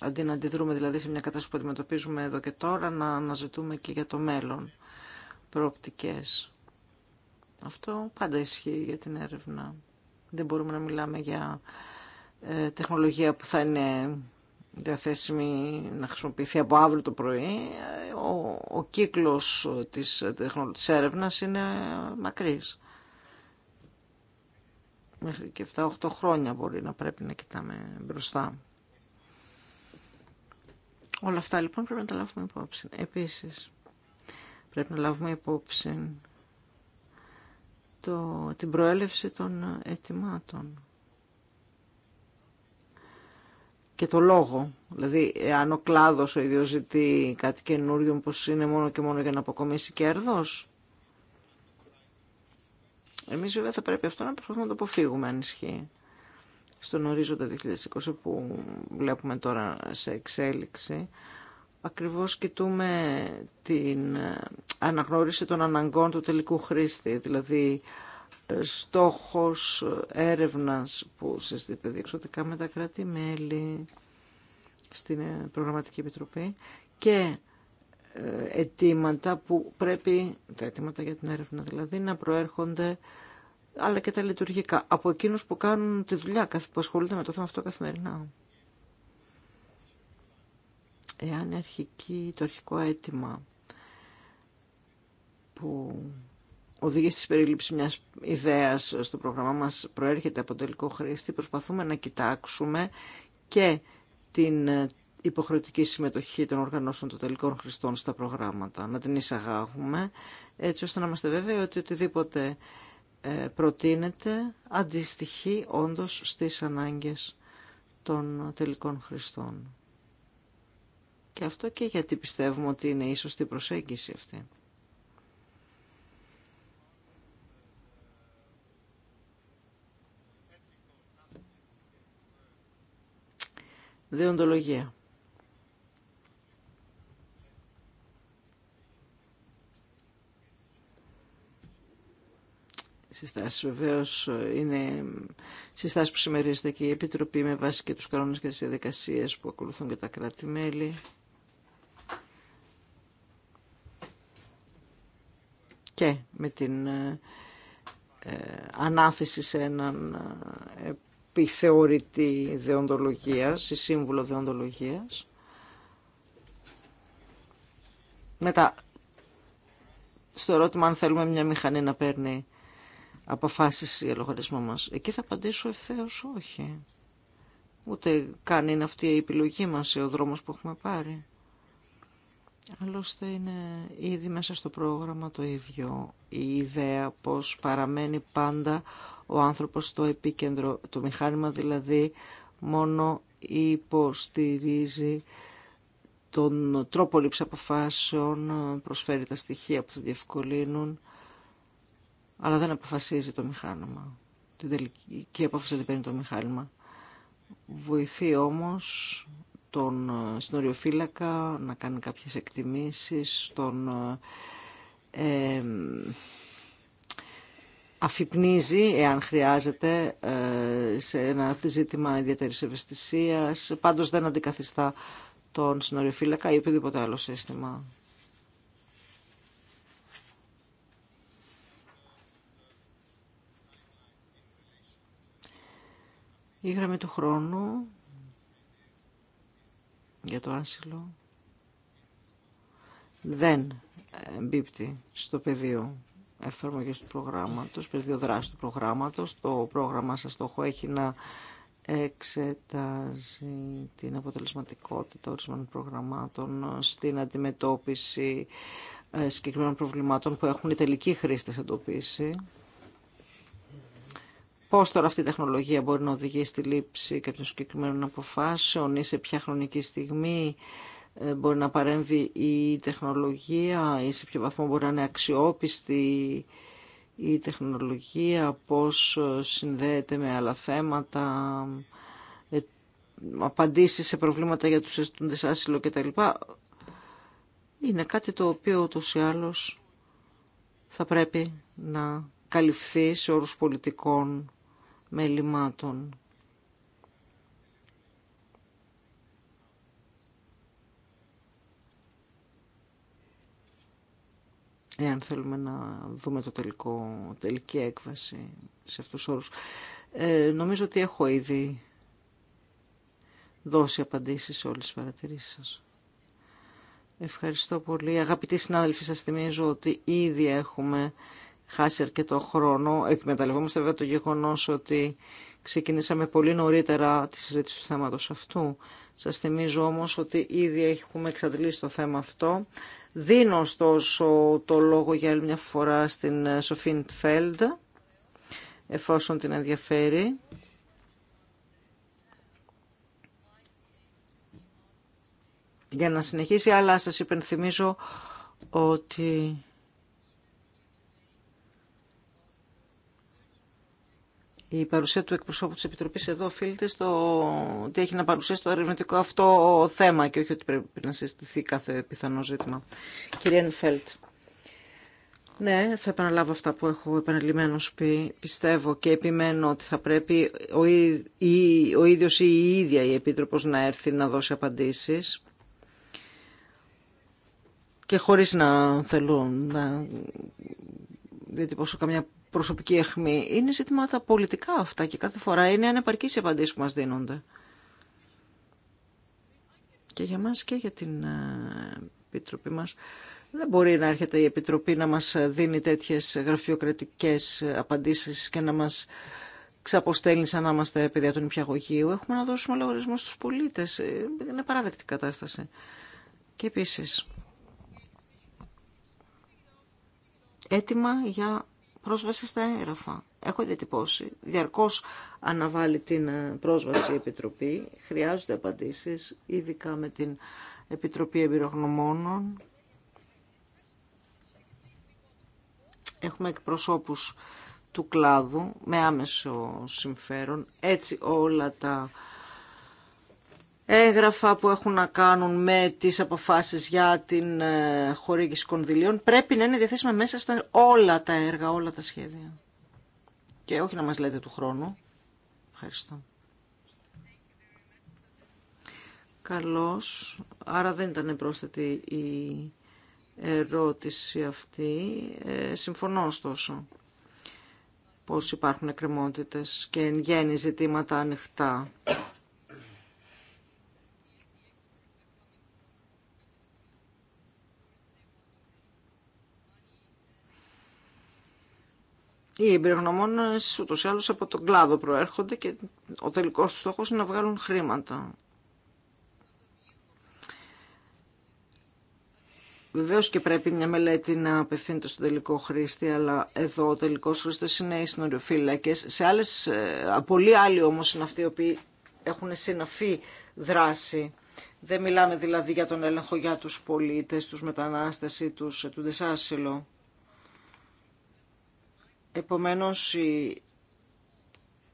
Speaker 1: Αντί να αντιδρούμε δηλαδή σε μια κατάσταση που αντιμετωπίζουμε εδώ και τώρα, να αναζητούμε και για το μέλλον προοπτικές. Αυτό πάντα ισχύει για την έρευνα. Δεν μπορούμε να μιλάμε για ε, τεχνολογία που θα είναι διαθέσιμη να χρησιμοποιηθεί από αύριο το πρωί, ο, ο κύκλος της, της έρευνας είναι μακρύς. Μέχρι και 7-8 χρόνια μπορεί να πρέπει να κοιτάμε μπροστά. Όλα αυτά λοιπόν πρέπει να τα λάβουμε υπόψη. Επίσης, πρέπει να λάβουμε υπόψη το, την προέλευση των αιτημάτων. και το λόγο. Δηλαδή, αν ο κλάδο ο ίδιο ζητεί κάτι καινούριο, πώ είναι μόνο και μόνο για να αποκομίσει κέρδο. Εμεί βέβαια θα πρέπει αυτό να προσπαθούμε να το αποφύγουμε, αν ισχύει. Στον ορίζοντα 2020 που βλέπουμε τώρα σε εξέλιξη, ακριβώς κοιτούμε την ε, αναγνώριση των αναγκών του τελικού χρήστη, δηλαδή στόχος έρευνας που συζητείται διεξοδικά με τα κράτη-μέλη στην Προγραμματική Επιτροπή και ε, αιτήματα που πρέπει, τα αιτήματα για την έρευνα δηλαδή, να προέρχονται αλλά και τα λειτουργικά, από εκείνους που κάνουν τη δουλειά, που ασχολούνται με το θέμα αυτό καθημερινά. Εάν αρχική, το αρχικό αίτημα που οδηγεί στη περίληψη μιας ιδέας στο πρόγραμμά μας προέρχεται από τελικό χρήστη, προσπαθούμε να κοιτάξουμε και την ε, υποχρεωτική συμμετοχή των οργανώσεων των τελικών χρηστών στα προγράμματα, να την εισαγάγουμε, έτσι ώστε να είμαστε βέβαιοι ότι οτιδήποτε ε, προτείνεται αντιστοιχεί όντως στις ανάγκες των τελικών χρηστών. Και αυτό και γιατί πιστεύουμε ότι είναι η σωστή προσέγγιση αυτή. διοντολογία. συστάσεις βεβαίως είναι συστάσεις που συμμερίζεται και η Επιτροπή με βάση και τους κανόνες και τις διαδικασίες που ακολουθούν και τα κράτη-μέλη. Και με την ε, ε ανάθεση σε έναν ε, η Θεωρητή Δεοντολογίας, η Σύμβουλο Δεοντολογίας. Μετά, στο ερώτημα αν θέλουμε μια μηχανή να παίρνει αποφάσεις για λογαριασμό μας. Εκεί θα απαντήσω ευθέως όχι. Ούτε καν είναι αυτή η επιλογή μας ή ο δρόμος που έχουμε πάρει. Άλλωστε είναι ήδη μέσα στο πρόγραμμα το ίδιο. Η ιδέα πως παραμένει πάντα ο άνθρωπος στο επίκεντρο. Το μηχάνημα δηλαδή μόνο υποστηρίζει τον τρόπο λήψη αποφάσεων, προσφέρει τα στοιχεία που θα διευκολύνουν, αλλά δεν αποφασίζει το μηχάνημα. Την τελική απόφαση δεν παίρνει το μηχάνημα. Βοηθεί όμως τον συνοριοφύλακα να κάνει κάποιες εκτιμήσεις, τον ε, αφυπνίζει, εάν χρειάζεται, ε, σε ένα ζήτημα ιδιαίτερη ευαισθησία. Πάντω δεν αντικαθιστά τον συνοριοφύλακα ή οποιοδήποτε άλλο σύστημα. Η γραμμή του χρόνου για το άσυλο δεν μπίπτει στο πεδίο εφαρμογής του προγράμματος, πεδίο δράση του προγράμματος. Το πρόγραμμα σας στόχο έχει να εξετάζει την αποτελεσματικότητα ορισμένων προγραμμάτων στην αντιμετώπιση ε, συγκεκριμένων προβλημάτων που έχουν οι τελικοί χρήστες εντοπίσει. Πώς τώρα αυτή η τεχνολογία μπορεί να οδηγεί στη λήψη κάποιων συγκεκριμένων αποφάσεων ή σε ποια χρονική στιγμή ε, μπορεί να παρέμβει η τεχνολογία ή σε ποιο βαθμό μπορεί να είναι αξιόπιστη η τεχνολογία, πώς ε, συνδέεται με άλλα θέματα, ε, απαντήσεις σε προβλήματα για τους αισθούντες άσυλο κτλ. Είναι κάτι το οποίο ούτως ή άλλως θα πρέπει να καλυφθεί σε όρους πολιτικών μελημάτων. εάν ναι, θέλουμε να δούμε το τελικό, τελική έκβαση σε αυτούς τους όρους. Ε, νομίζω ότι έχω ήδη δώσει απαντήσεις σε όλες τις παρατηρήσεις σας. Ευχαριστώ πολύ. Αγαπητοί συνάδελφοι, σας θυμίζω ότι ήδη έχουμε χάσει αρκετό χρόνο. Εκμεταλλευόμαστε βέβαια το γεγονός ότι ξεκινήσαμε πολύ νωρίτερα τη συζήτηση του θέματος αυτού. Σας θυμίζω όμως ότι ήδη έχουμε εξαντλήσει το θέμα αυτό. Δίνω ωστόσο το λόγο για άλλη μια φορά στην ε, Σοφίν Φέλντ, εφόσον την ενδιαφέρει. Για να συνεχίσει, αλλά σας υπενθυμίζω ότι Η παρουσία του εκπροσώπου τη επιτροπή εδώ οφείλεται στο ότι έχει να παρουσιάσει το ερευνητικό αυτό θέμα και όχι ότι πρέπει να συζητηθεί κάθε πιθανό ζήτημα. Κυρία Νιφέλτ. Ναι, θα επαναλάβω αυτά που έχω επαναλημμένως πει. Πιστεύω και επιμένω ότι θα πρέπει ο, ή, ο ίδιος ή η ίδια η Επίτροπος να έρθει να δώσει απαντήσεις. Και χωρίς να θέλω να διατυπώσω καμιά προσωπική αιχμή. Είναι ζητήματα πολιτικά αυτά και κάθε φορά είναι ανεπαρκείς οι απαντήσεις που μας δίνονται. Και για μας και για την ε, Επιτροπή μας. Δεν μπορεί να έρχεται η Επιτροπή να μας δίνει τέτοιες γραφειοκρατικές απαντήσεις και να μας ξαποστέλνει σαν να είμαστε παιδιά του νηπιαγωγείου. Έχουμε να δώσουμε λογαριασμό στους πολίτες. Ε, είναι παράδεκτη κατάσταση. Και επίσης, έτοιμα για πρόσβαση στα έγγραφα. Έχω διατυπώσει, Διαρκώ αναβάλει την ε, πρόσβαση η Επιτροπή, χρειάζονται απαντήσει, ειδικά με την Επιτροπή Εμπειρογνωμόνων. Έχουμε εκπροσώπους του κλάδου με άμεσο συμφέρον. Έτσι όλα τα έγγραφα που έχουν να κάνουν με τις αποφάσεις για την ε, χορήγηση κονδυλίων πρέπει να είναι διαθέσιμα μέσα στα όλα τα έργα, όλα τα σχέδια. Και όχι να μας λέτε του χρόνου. Ευχαριστώ. Καλώς. Άρα δεν ήταν πρόσθετη η ερώτηση αυτή. Ε, συμφωνώ ωστόσο πως υπάρχουν εκκρεμότητες και εν γέννη ζητήματα ανοιχτά Οι εμπειρογνωμόνες ούτως ή άλλως από τον κλάδο προέρχονται και ο τελικός τους στόχος είναι να βγάλουν χρήματα. Βεβαίω και πρέπει μια μελέτη να απευθύνεται στον τελικό χρήστη, αλλά εδώ ο τελικό χρήστη είναι οι συνοριοφύλακε. Σε άλλε, ε, πολλοί άλλοι όμω είναι αυτοί οι οποίοι έχουν συναφή δράση. Δεν μιλάμε δηλαδή για τον έλεγχο για τους πολίτες, τους μετανάστες ή τους ετούντες άσυλο. Επομένως η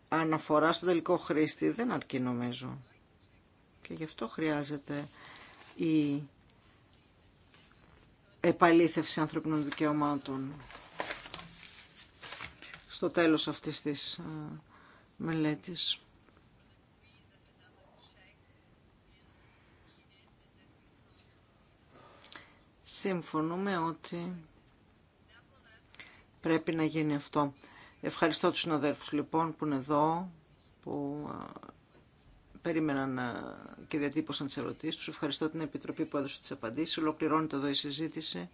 Speaker 1: αναφορά στον τελικό χρήστη δεν αρκεί νομίζω. Και γι' αυτό χρειάζεται η επαλήθευση ανθρωπινών δικαιωμάτων στο τέλος αυτής της ε, μελέτης. με ότι πρέπει να γίνει αυτό. Ευχαριστώ τους συναδέλφους λοιπόν που είναι εδώ, που περίμεναν και διατύπωσαν τις ερωτήσεις τους. Ευχαριστώ την Επιτροπή που έδωσε τις απαντήσεις. Ολοκληρώνεται εδώ η συζήτηση.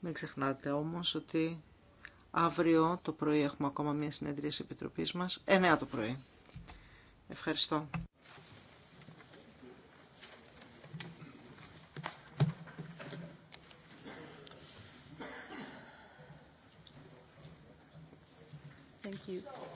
Speaker 1: Μην ξεχνάτε όμως ότι αύριο το πρωί έχουμε ακόμα μια συνεδρίαση Επιτροπής μας. 9 το πρωί. Ευχαριστώ.
Speaker 3: Thank you.